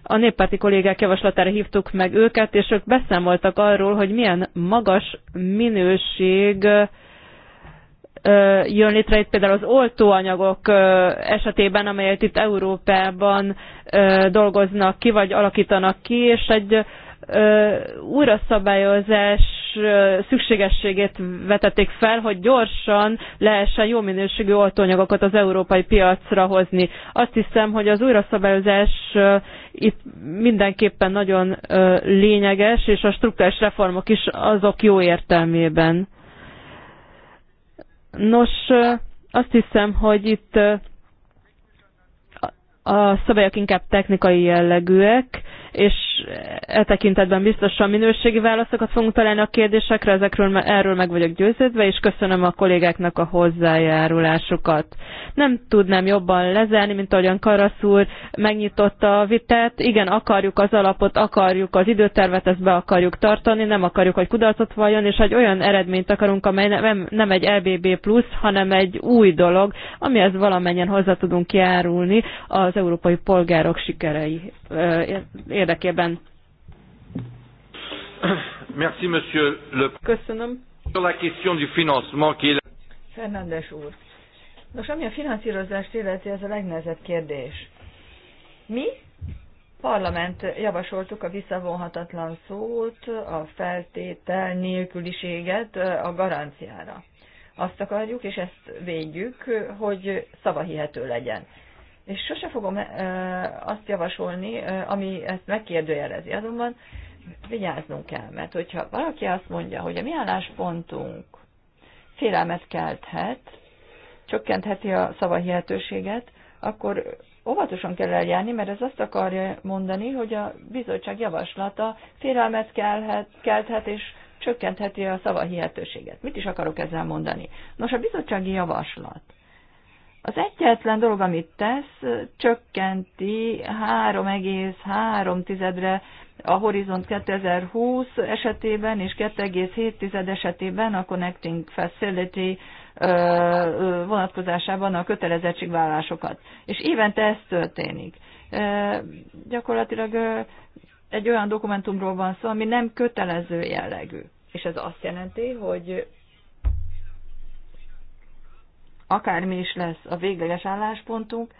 S3: a néppárti kollégák javaslatára hívtuk meg őket, és ők beszámoltak arról, hogy milyen magas minőség jön létre itt például az oltóanyagok esetében, amelyet itt Európában dolgoznak ki, vagy alakítanak ki, és egy újraszabályozás szükségességét vetették fel, hogy gyorsan lehessen jó minőségű oltóanyagokat az európai piacra hozni. Azt hiszem, hogy az újraszabályozás itt mindenképpen nagyon lényeges, és a struktúrás reformok is azok jó értelmében. Nos, azt hiszem, hogy itt a szabályok inkább technikai jellegűek, és e tekintetben biztosan minőségi válaszokat fogunk találni a kérdésekre, ezekről erről meg vagyok győződve, és köszönöm a kollégáknak a hozzájárulásukat. Nem tudnám jobban lezárni, mint ahogyan Karasz úr megnyitotta a vitát. Igen, akarjuk az alapot, akarjuk az időtervet, ezt be akarjuk tartani, nem akarjuk, hogy kudarcot valljon, és egy olyan eredményt akarunk, amely nem, nem egy LBB plusz, hanem egy új dolog, amihez valamennyien hozzá tudunk járulni az európai polgárok sikerei Eh, érdekében.
S1: Merci, monsieur le... Köszönöm. Sur la question du financement qui
S2: Fernandes úr. Nos, ami a finanszírozást illeti, ez a legnehezebb kérdés. Mi parlament javasoltuk a visszavonhatatlan szót, a feltétel nélküliséget eh, a garanciára. Azt akarjuk, és ezt védjük, hogy szavahihető legyen és sose fogom azt javasolni, ami ezt megkérdőjelezi. Azonban vigyáznunk kell, mert hogyha valaki azt mondja, hogy a mi álláspontunk félelmet kelthet, csökkentheti a szavahihetőséget, akkor óvatosan kell eljárni, mert ez azt akarja mondani, hogy a bizottság javaslata félelmet kelhet, kelthet és csökkentheti a szavahihetőséget. Mit is akarok ezzel mondani? Nos, a bizottsági javaslat az egyetlen dolog, amit tesz, csökkenti 3,3-re a Horizont 2020 esetében és 2,7 esetében a Connecting Facility vonatkozásában a kötelezettségvállásokat. És évente ez történik. Gyakorlatilag egy olyan dokumentumról van szó, ami nem kötelező jellegű. És ez azt jelenti, hogy akármi is lesz a végleges álláspontunk,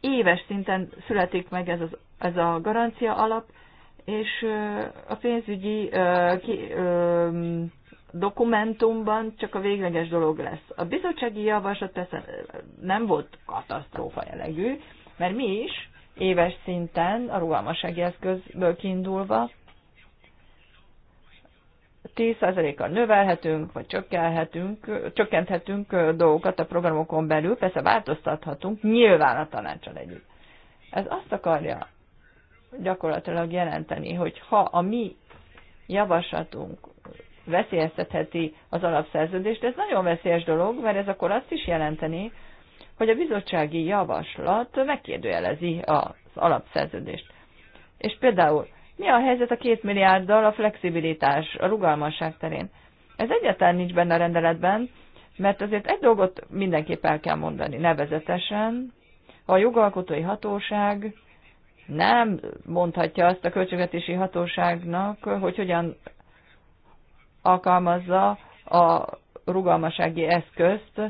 S2: éves szinten születik meg ez, az, ez a garancia alap, és a pénzügyi ki, dokumentumban csak a végleges dolog lesz. A bizottsági javaslat persze nem volt katasztrófa jellegű, mert mi is éves szinten a rugalmassági eszközből kiindulva 10 a növelhetünk, vagy csökkenthetünk dolgokat a programokon belül, persze változtathatunk, nyilván a tanácsal együtt. Ez azt akarja gyakorlatilag jelenteni, hogy ha a mi javaslatunk veszélyeztetheti az alapszerződést, ez nagyon veszélyes dolog, mert ez akkor azt is jelenteni, hogy a bizottsági javaslat megkérdőjelezi az alapszerződést. És például mi a helyzet a két milliárddal a flexibilitás, a rugalmasság terén? Ez egyáltalán nincs benne a rendeletben, mert azért egy dolgot mindenképp el kell mondani, nevezetesen, ha a jogalkotói hatóság nem mondhatja azt a költségvetési hatóságnak, hogy hogyan alkalmazza a rugalmasági eszközt,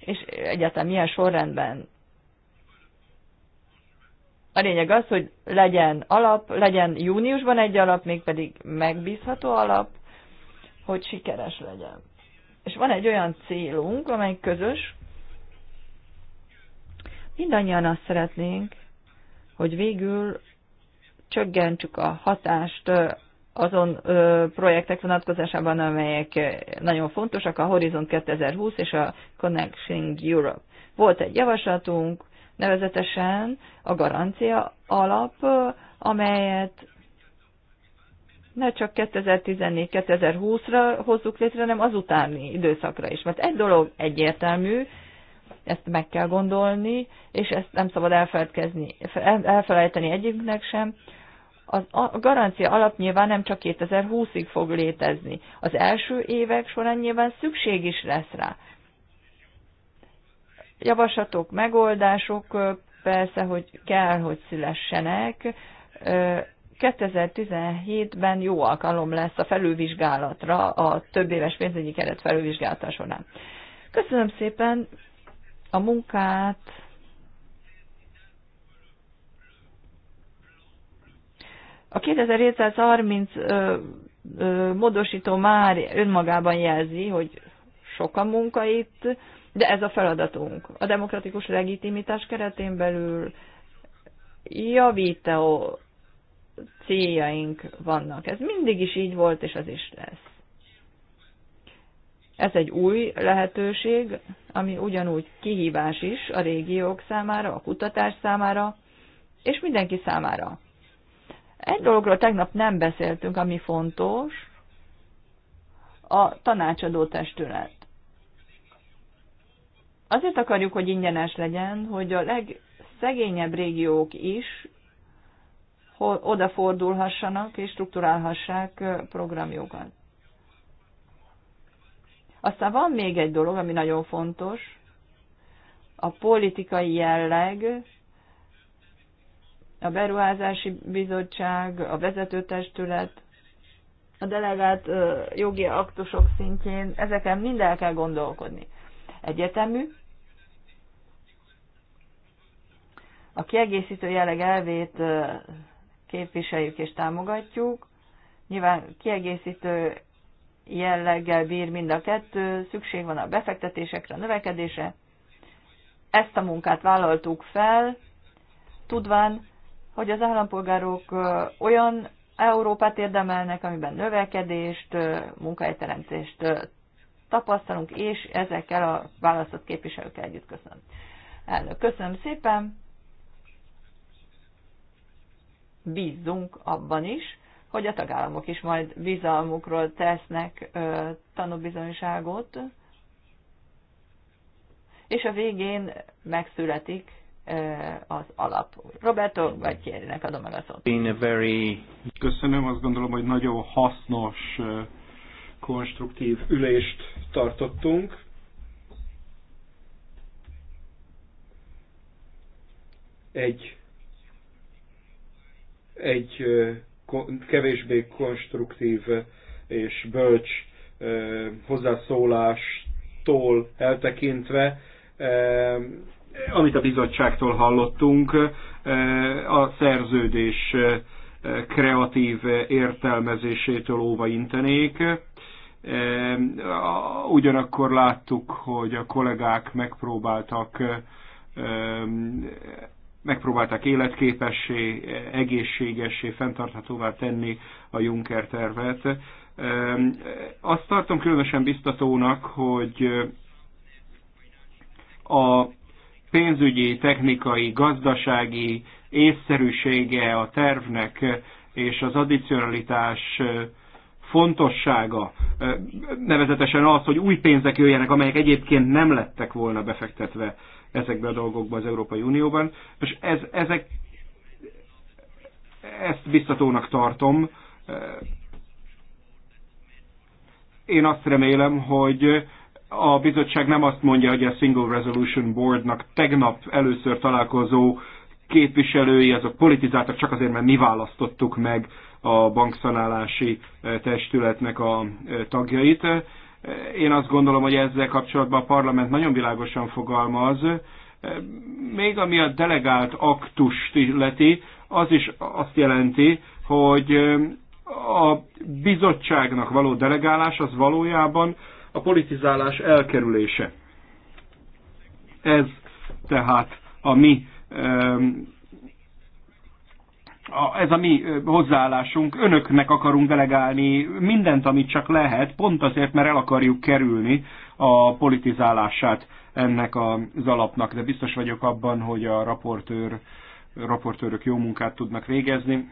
S2: és egyáltalán milyen sorrendben. A lényeg az, hogy legyen alap, legyen júniusban egy alap, mégpedig megbízható alap, hogy sikeres legyen. És van egy olyan célunk, amely közös. Mindannyian azt szeretnénk, hogy végül csökkentsük a hatást azon ö, projektek vonatkozásában, amelyek nagyon fontosak, a Horizon 2020 és a Connecting Europe. Volt egy javaslatunk, nevezetesen a garancia alap, amelyet ne csak 2014-2020-ra hozzuk létre, hanem az utáni időszakra is. Mert egy dolog egyértelmű, ezt meg kell gondolni, és ezt nem szabad elfelejteni egyiknek sem. A garancia alap nyilván nem csak 2020-ig fog létezni. Az első évek során nyilván szükség is lesz rá. Javaslatok, megoldások persze, hogy kell, hogy szülessenek. 2017-ben jó alkalom lesz a felülvizsgálatra, a több éves pénzügyi keret felülvizsgálata során. Köszönöm szépen a munkát! A 2730 ö, ö, módosító már önmagában jelzi, hogy sok a munka itt, de ez a feladatunk. A demokratikus legitimitás keretén belül javító céljaink vannak. Ez mindig is így volt, és ez is lesz. Ez egy új lehetőség, ami ugyanúgy kihívás is a régiók számára, a kutatás számára, és mindenki számára. Egy dologról tegnap nem beszéltünk, ami fontos, a tanácsadó testület. Azért akarjuk, hogy ingyenes legyen, hogy a legszegényebb régiók is odafordulhassanak és strukturálhassák programjukat. Aztán van még egy dolog, ami nagyon fontos, a politikai jelleg, a beruházási bizottság, a vezetőtestület, a delegált jogi aktusok szintjén, ezeken mind el kell gondolkodni. Egyetemű. A kiegészítő jelleg elvét képviseljük és támogatjuk. Nyilván kiegészítő jelleggel bír mind a kettő, szükség van a befektetésekre, a növekedése. Ezt a munkát vállaltuk fel, tudván, hogy az állampolgárok olyan Európát érdemelnek, amiben növekedést, munkahelyteremtést tapasztalunk, és ezekkel a választott képviselőkkel együtt köszönöm. Elnök, köszönöm szépen. Bízzunk abban is, hogy a tagállamok is majd bizalmukról tesznek ö, tanúbizonyságot, és a végén megszületik az alap. Roberto kérjenek, adom meg a szót.
S1: Köszönöm, azt gondolom, hogy nagyon hasznos konstruktív ülést tartottunk. Egy, egy kevésbé konstruktív és bölcs hozzászólástól eltekintve, amit a bizottságtól hallottunk, a szerződés kreatív értelmezésétől óva intenék. Ugyanakkor láttuk, hogy a kollégák megpróbáltak megpróbálták életképessé, egészségessé, fenntarthatóvá tenni a Juncker tervet. Azt tartom különösen biztatónak, hogy a pénzügyi, technikai, gazdasági észszerűsége a tervnek és az addicionalitás fontossága, nevezetesen az, hogy új pénzek jöjjenek, amelyek egyébként nem lettek volna befektetve ezekbe a dolgokba az Európai Unióban, és ez, ezek, ezt biztatónak tartom. Én azt remélem, hogy a bizottság nem azt mondja, hogy a Single Resolution Boardnak tegnap először találkozó képviselői, azok politizáltak csak azért, mert mi választottuk meg a bankszanálási eh, testületnek a eh, tagjait. Eh, én azt gondolom, hogy ezzel kapcsolatban a parlament nagyon világosan fogalmaz, még ami a delegált aktust illeti, az is azt jelenti, hogy a bizottságnak való delegálás az valójában a politizálás elkerülése. Ez tehát a mi ez a mi hozzáállásunk, önöknek akarunk delegálni mindent, amit csak lehet, pont azért, mert el akarjuk kerülni a politizálását ennek az alapnak, de biztos vagyok abban, hogy a raportőr, raportőrök jó munkát tudnak végezni.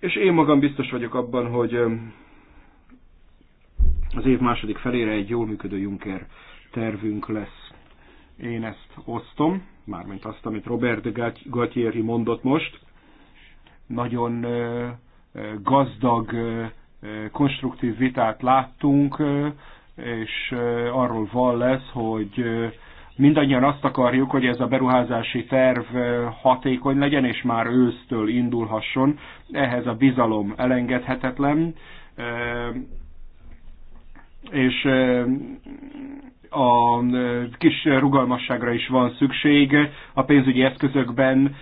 S1: És én magam biztos vagyok abban, hogy az év második felére egy jól működő Juncker tervünk lesz. Én ezt osztom mármint azt, amit Robert Gatieri mondott most, nagyon gazdag, konstruktív vitát láttunk, és arról van lesz, hogy mindannyian azt akarjuk, hogy ez a beruházási terv hatékony legyen, és már ősztől indulhasson. Ehhez a bizalom elengedhetetlen és a kis rugalmasságra is van szükség a pénzügyi eszközökben,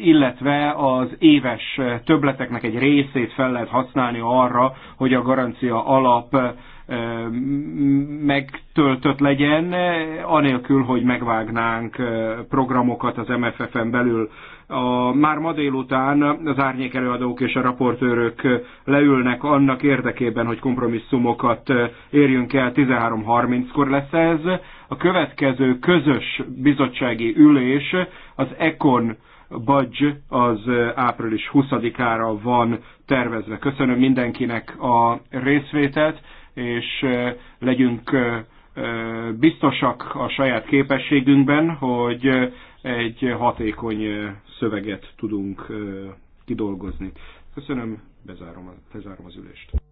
S1: illetve az éves töbleteknek egy részét fel lehet használni arra, hogy a garancia alap megtöltött legyen, anélkül, hogy megvágnánk programokat az MFF-en belül a, már ma délután az árnyékelőadók és a raportőrök leülnek annak érdekében, hogy kompromisszumokat érjünk el. 13.30-kor lesz ez. A következő közös bizottsági ülés az ECON Budge az április 20-ára van tervezve. Köszönöm mindenkinek a részvételt, és legyünk biztosak a saját képességünkben, hogy egy hatékony szöveget tudunk kidolgozni. Köszönöm, bezárom, bezárom az ülést.